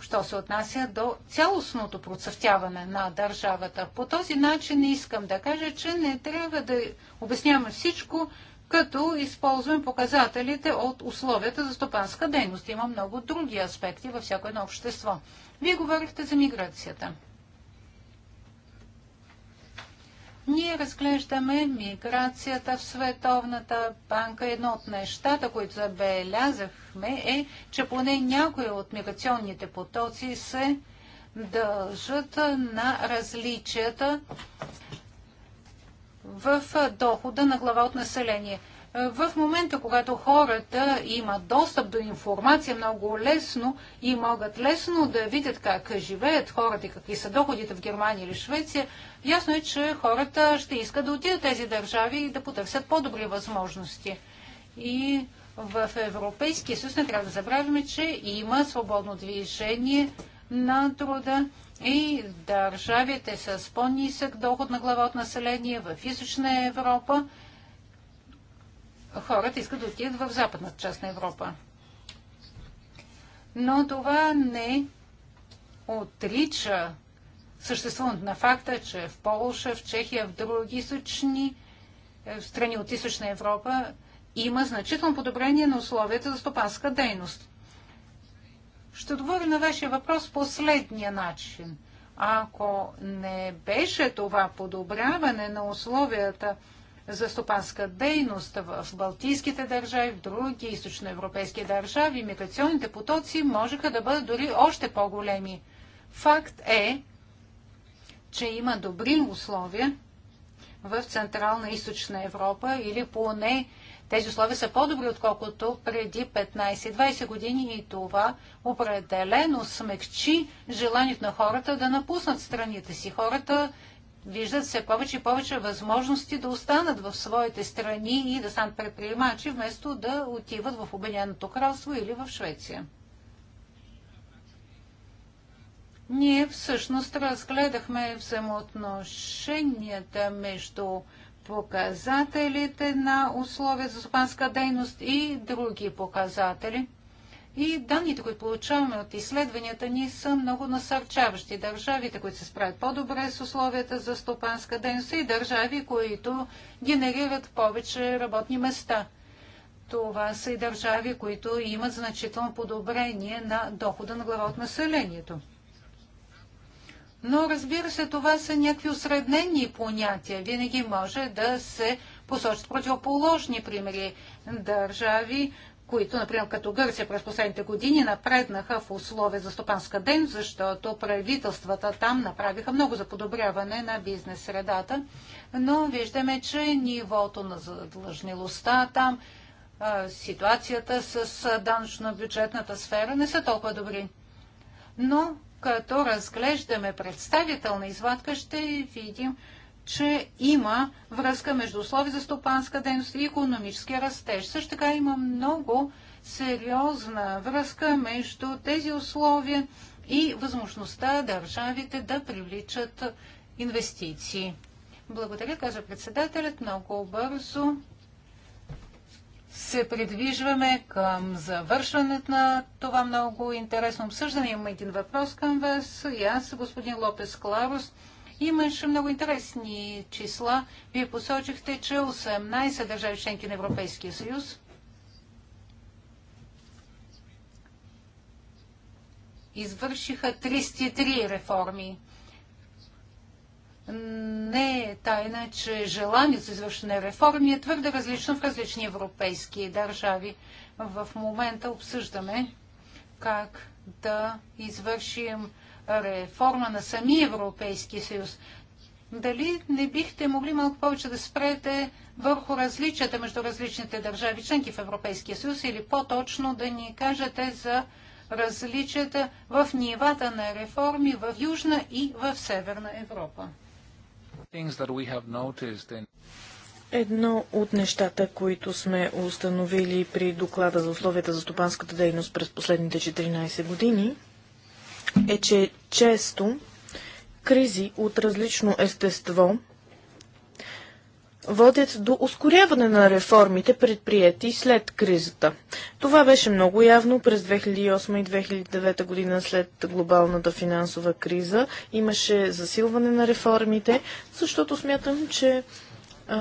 що се отнася до цялостното процъфтяване на държавата. По този начин искам да кажа, че не трябва да обясняваме всичко като използваме показателите от условията за стопанска дейност. Има много други аспекти във всяко едно общество. Вие говорихте за миграцията. Ние разглеждаме миграцията в Световната банка. Едно от нещата, които забелязахме е, че поне някои от миграционните потоци се дължат на различията в дохода на глава от население. В момента, когато хората имат достъп до информация много лесно и могат лесно да видят как живеят хората и какви са доходите в Германия или Швеция, ясно е, че хората ще искат да отидат тези държави и да потърсят по-добри възможности. И в Европейския съюз не трябва да забравяме, че има свободно движение на труда и държавите с по-нисък доход на глава от население в Източна Европа, хората искат да отидат в западната част на Европа. Но това не отрича съществуването на факта, че в Полша, в Чехия, в други източни в е, страни от Източна Европа има значително подобрение на условията за стопанска дейност. Ще отговоря на вашия въпрос последния начин. Ако не беше това подобряване на условията за стопанска дейност в Балтийските държави, в други източноевропейски държави, миграционните потоци можеха да бъдат дори още по-големи. Факт е, че има добри условия в Централна и Източна Европа или поне тези условия са по-добри, отколкото преди 15-20 години и това определено смекчи желанието на хората да напуснат страните си. Хората виждат все повече и повече възможности да останат в своите страни и да станат предприемачи, вместо да отиват в Обединеното кралство или в Швеция. Ние всъщност разгледахме взаимоотношенията между показателите на условия за стопанска дейност и други показатели. И данните, които получаваме от изследванията ни, са много насърчаващи. Държавите, които се справят по-добре с условията за стопанска дейност и държави, които генерират повече работни места. Това са и държави, които имат значително подобрение на дохода на глава от населението. Но разбира се, това са някакви осреднени понятия. Винаги може да се посочат противоположни примери държави, които, например, като Гърция през последните години напреднаха в условия за стопанска ден, защото правителствата там направиха много за подобряване на бизнес средата, но виждаме, че нивото на задлъжнилостта там, ситуацията с данъчно-бюджетната сфера не са толкова добри. Но като разглеждаме представителна извадка, ще видим, че има връзка между условия за стопанска дейност и економически растеж. Също така има много сериозна връзка между тези условия и възможността държавите да привличат инвестиции. Благодаря, каза председателят. Много бързо се придвижваме към завършването на това много интересно обсъждане. Имам един въпрос към вас. И аз, господин Лопес Кларус, имаше много интересни числа. Вие посочихте, че 18 държави членки на Европейския съюз извършиха 33 реформи не е тайна, че желанието за извършване реформи е твърде различно в различни европейски държави. В момента обсъждаме как да извършим реформа на самия Европейски съюз. Дали не бихте могли малко повече да спрете върху различията между различните държави, членки в Европейския съюз, или по-точно да ни кажете за различията в нивата на реформи в Южна и в Северна Европа? Едно от нещата, които сме установили при доклада за условията за стопанската дейност през последните 14 години, е, че често кризи от различно естество водят до ускоряване на реформите, предприяти след кризата. Това беше много явно през 2008 и 2009 година след глобалната финансова криза. Имаше засилване на реформите, защото смятам, че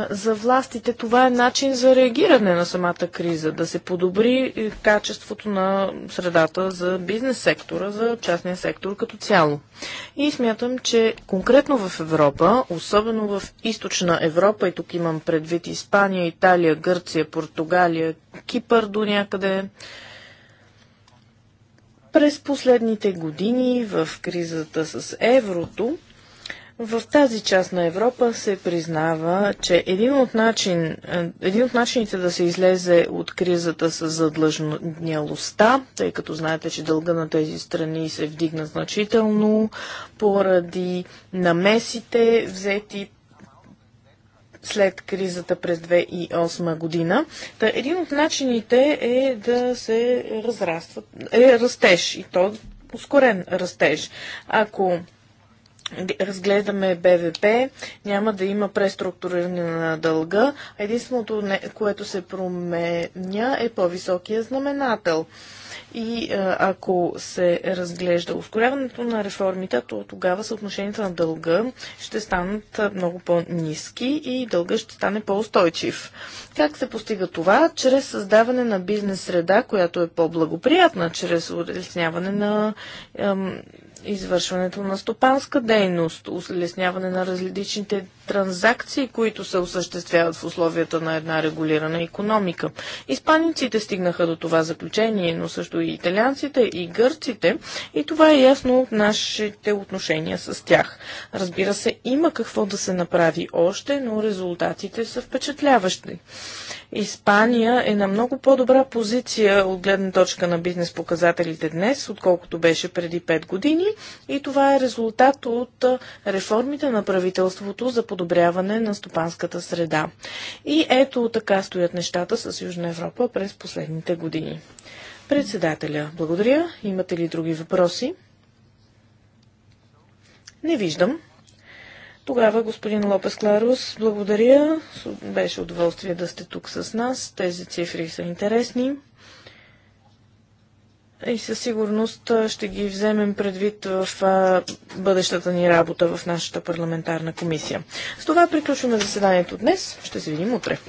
за властите това е начин за реагиране на самата криза, да се подобри е, качеството на средата за бизнес сектора, за частния сектор като цяло. И смятам, че конкретно в Европа, особено в източна Европа, и тук имам предвид Испания, Италия, Гърция, Португалия, Кипър до някъде, през последните години в кризата с еврото, в тази част на Европа се признава, че един от, начин, е, един от начините да се излезе от кризата с задлъжнялостта, тъй като знаете, че дълга на тези страни се вдигна значително поради намесите взети след кризата през 2008 година. Та един от начините е да се разрастват, е растеж и то ускорен растеж. Ако разгледаме БВП, няма да има преструктуриране на дълга. Единственото, което се променя е по-високия знаменател. И ако се разглежда ускоряването на реформите, то тогава съотношенията на дълга ще станат много по-низки и дълга ще стане по-устойчив. Как се постига това? Чрез създаване на бизнес среда, която е по-благоприятна, чрез улесняване на ем, извършването на стопанска дейност, улесняване на различните транзакции, които се осъществяват в условията на една регулирана економика. Испаниците стигнаха до това заключение, но също и италианците, и гърците, и това е ясно от нашите отношения с тях. Разбира се, има какво да се направи още, но резултатите са впечатляващи. Испания е на много по-добра позиция от гледна точка на бизнес показателите днес, отколкото беше преди 5 години и това е резултат от реформите на правителството за подобряване на стопанската среда. И ето така стоят нещата с Южна Европа през последните години. Председателя, благодаря. Имате ли други въпроси? Не виждам. Тогава, господин Лопес Кларус, благодаря. Беше удоволствие да сте тук с нас. Тези цифри са интересни и със сигурност ще ги вземем предвид в бъдещата ни работа в нашата парламентарна комисия. С това приключваме заседанието днес. Ще се видим утре.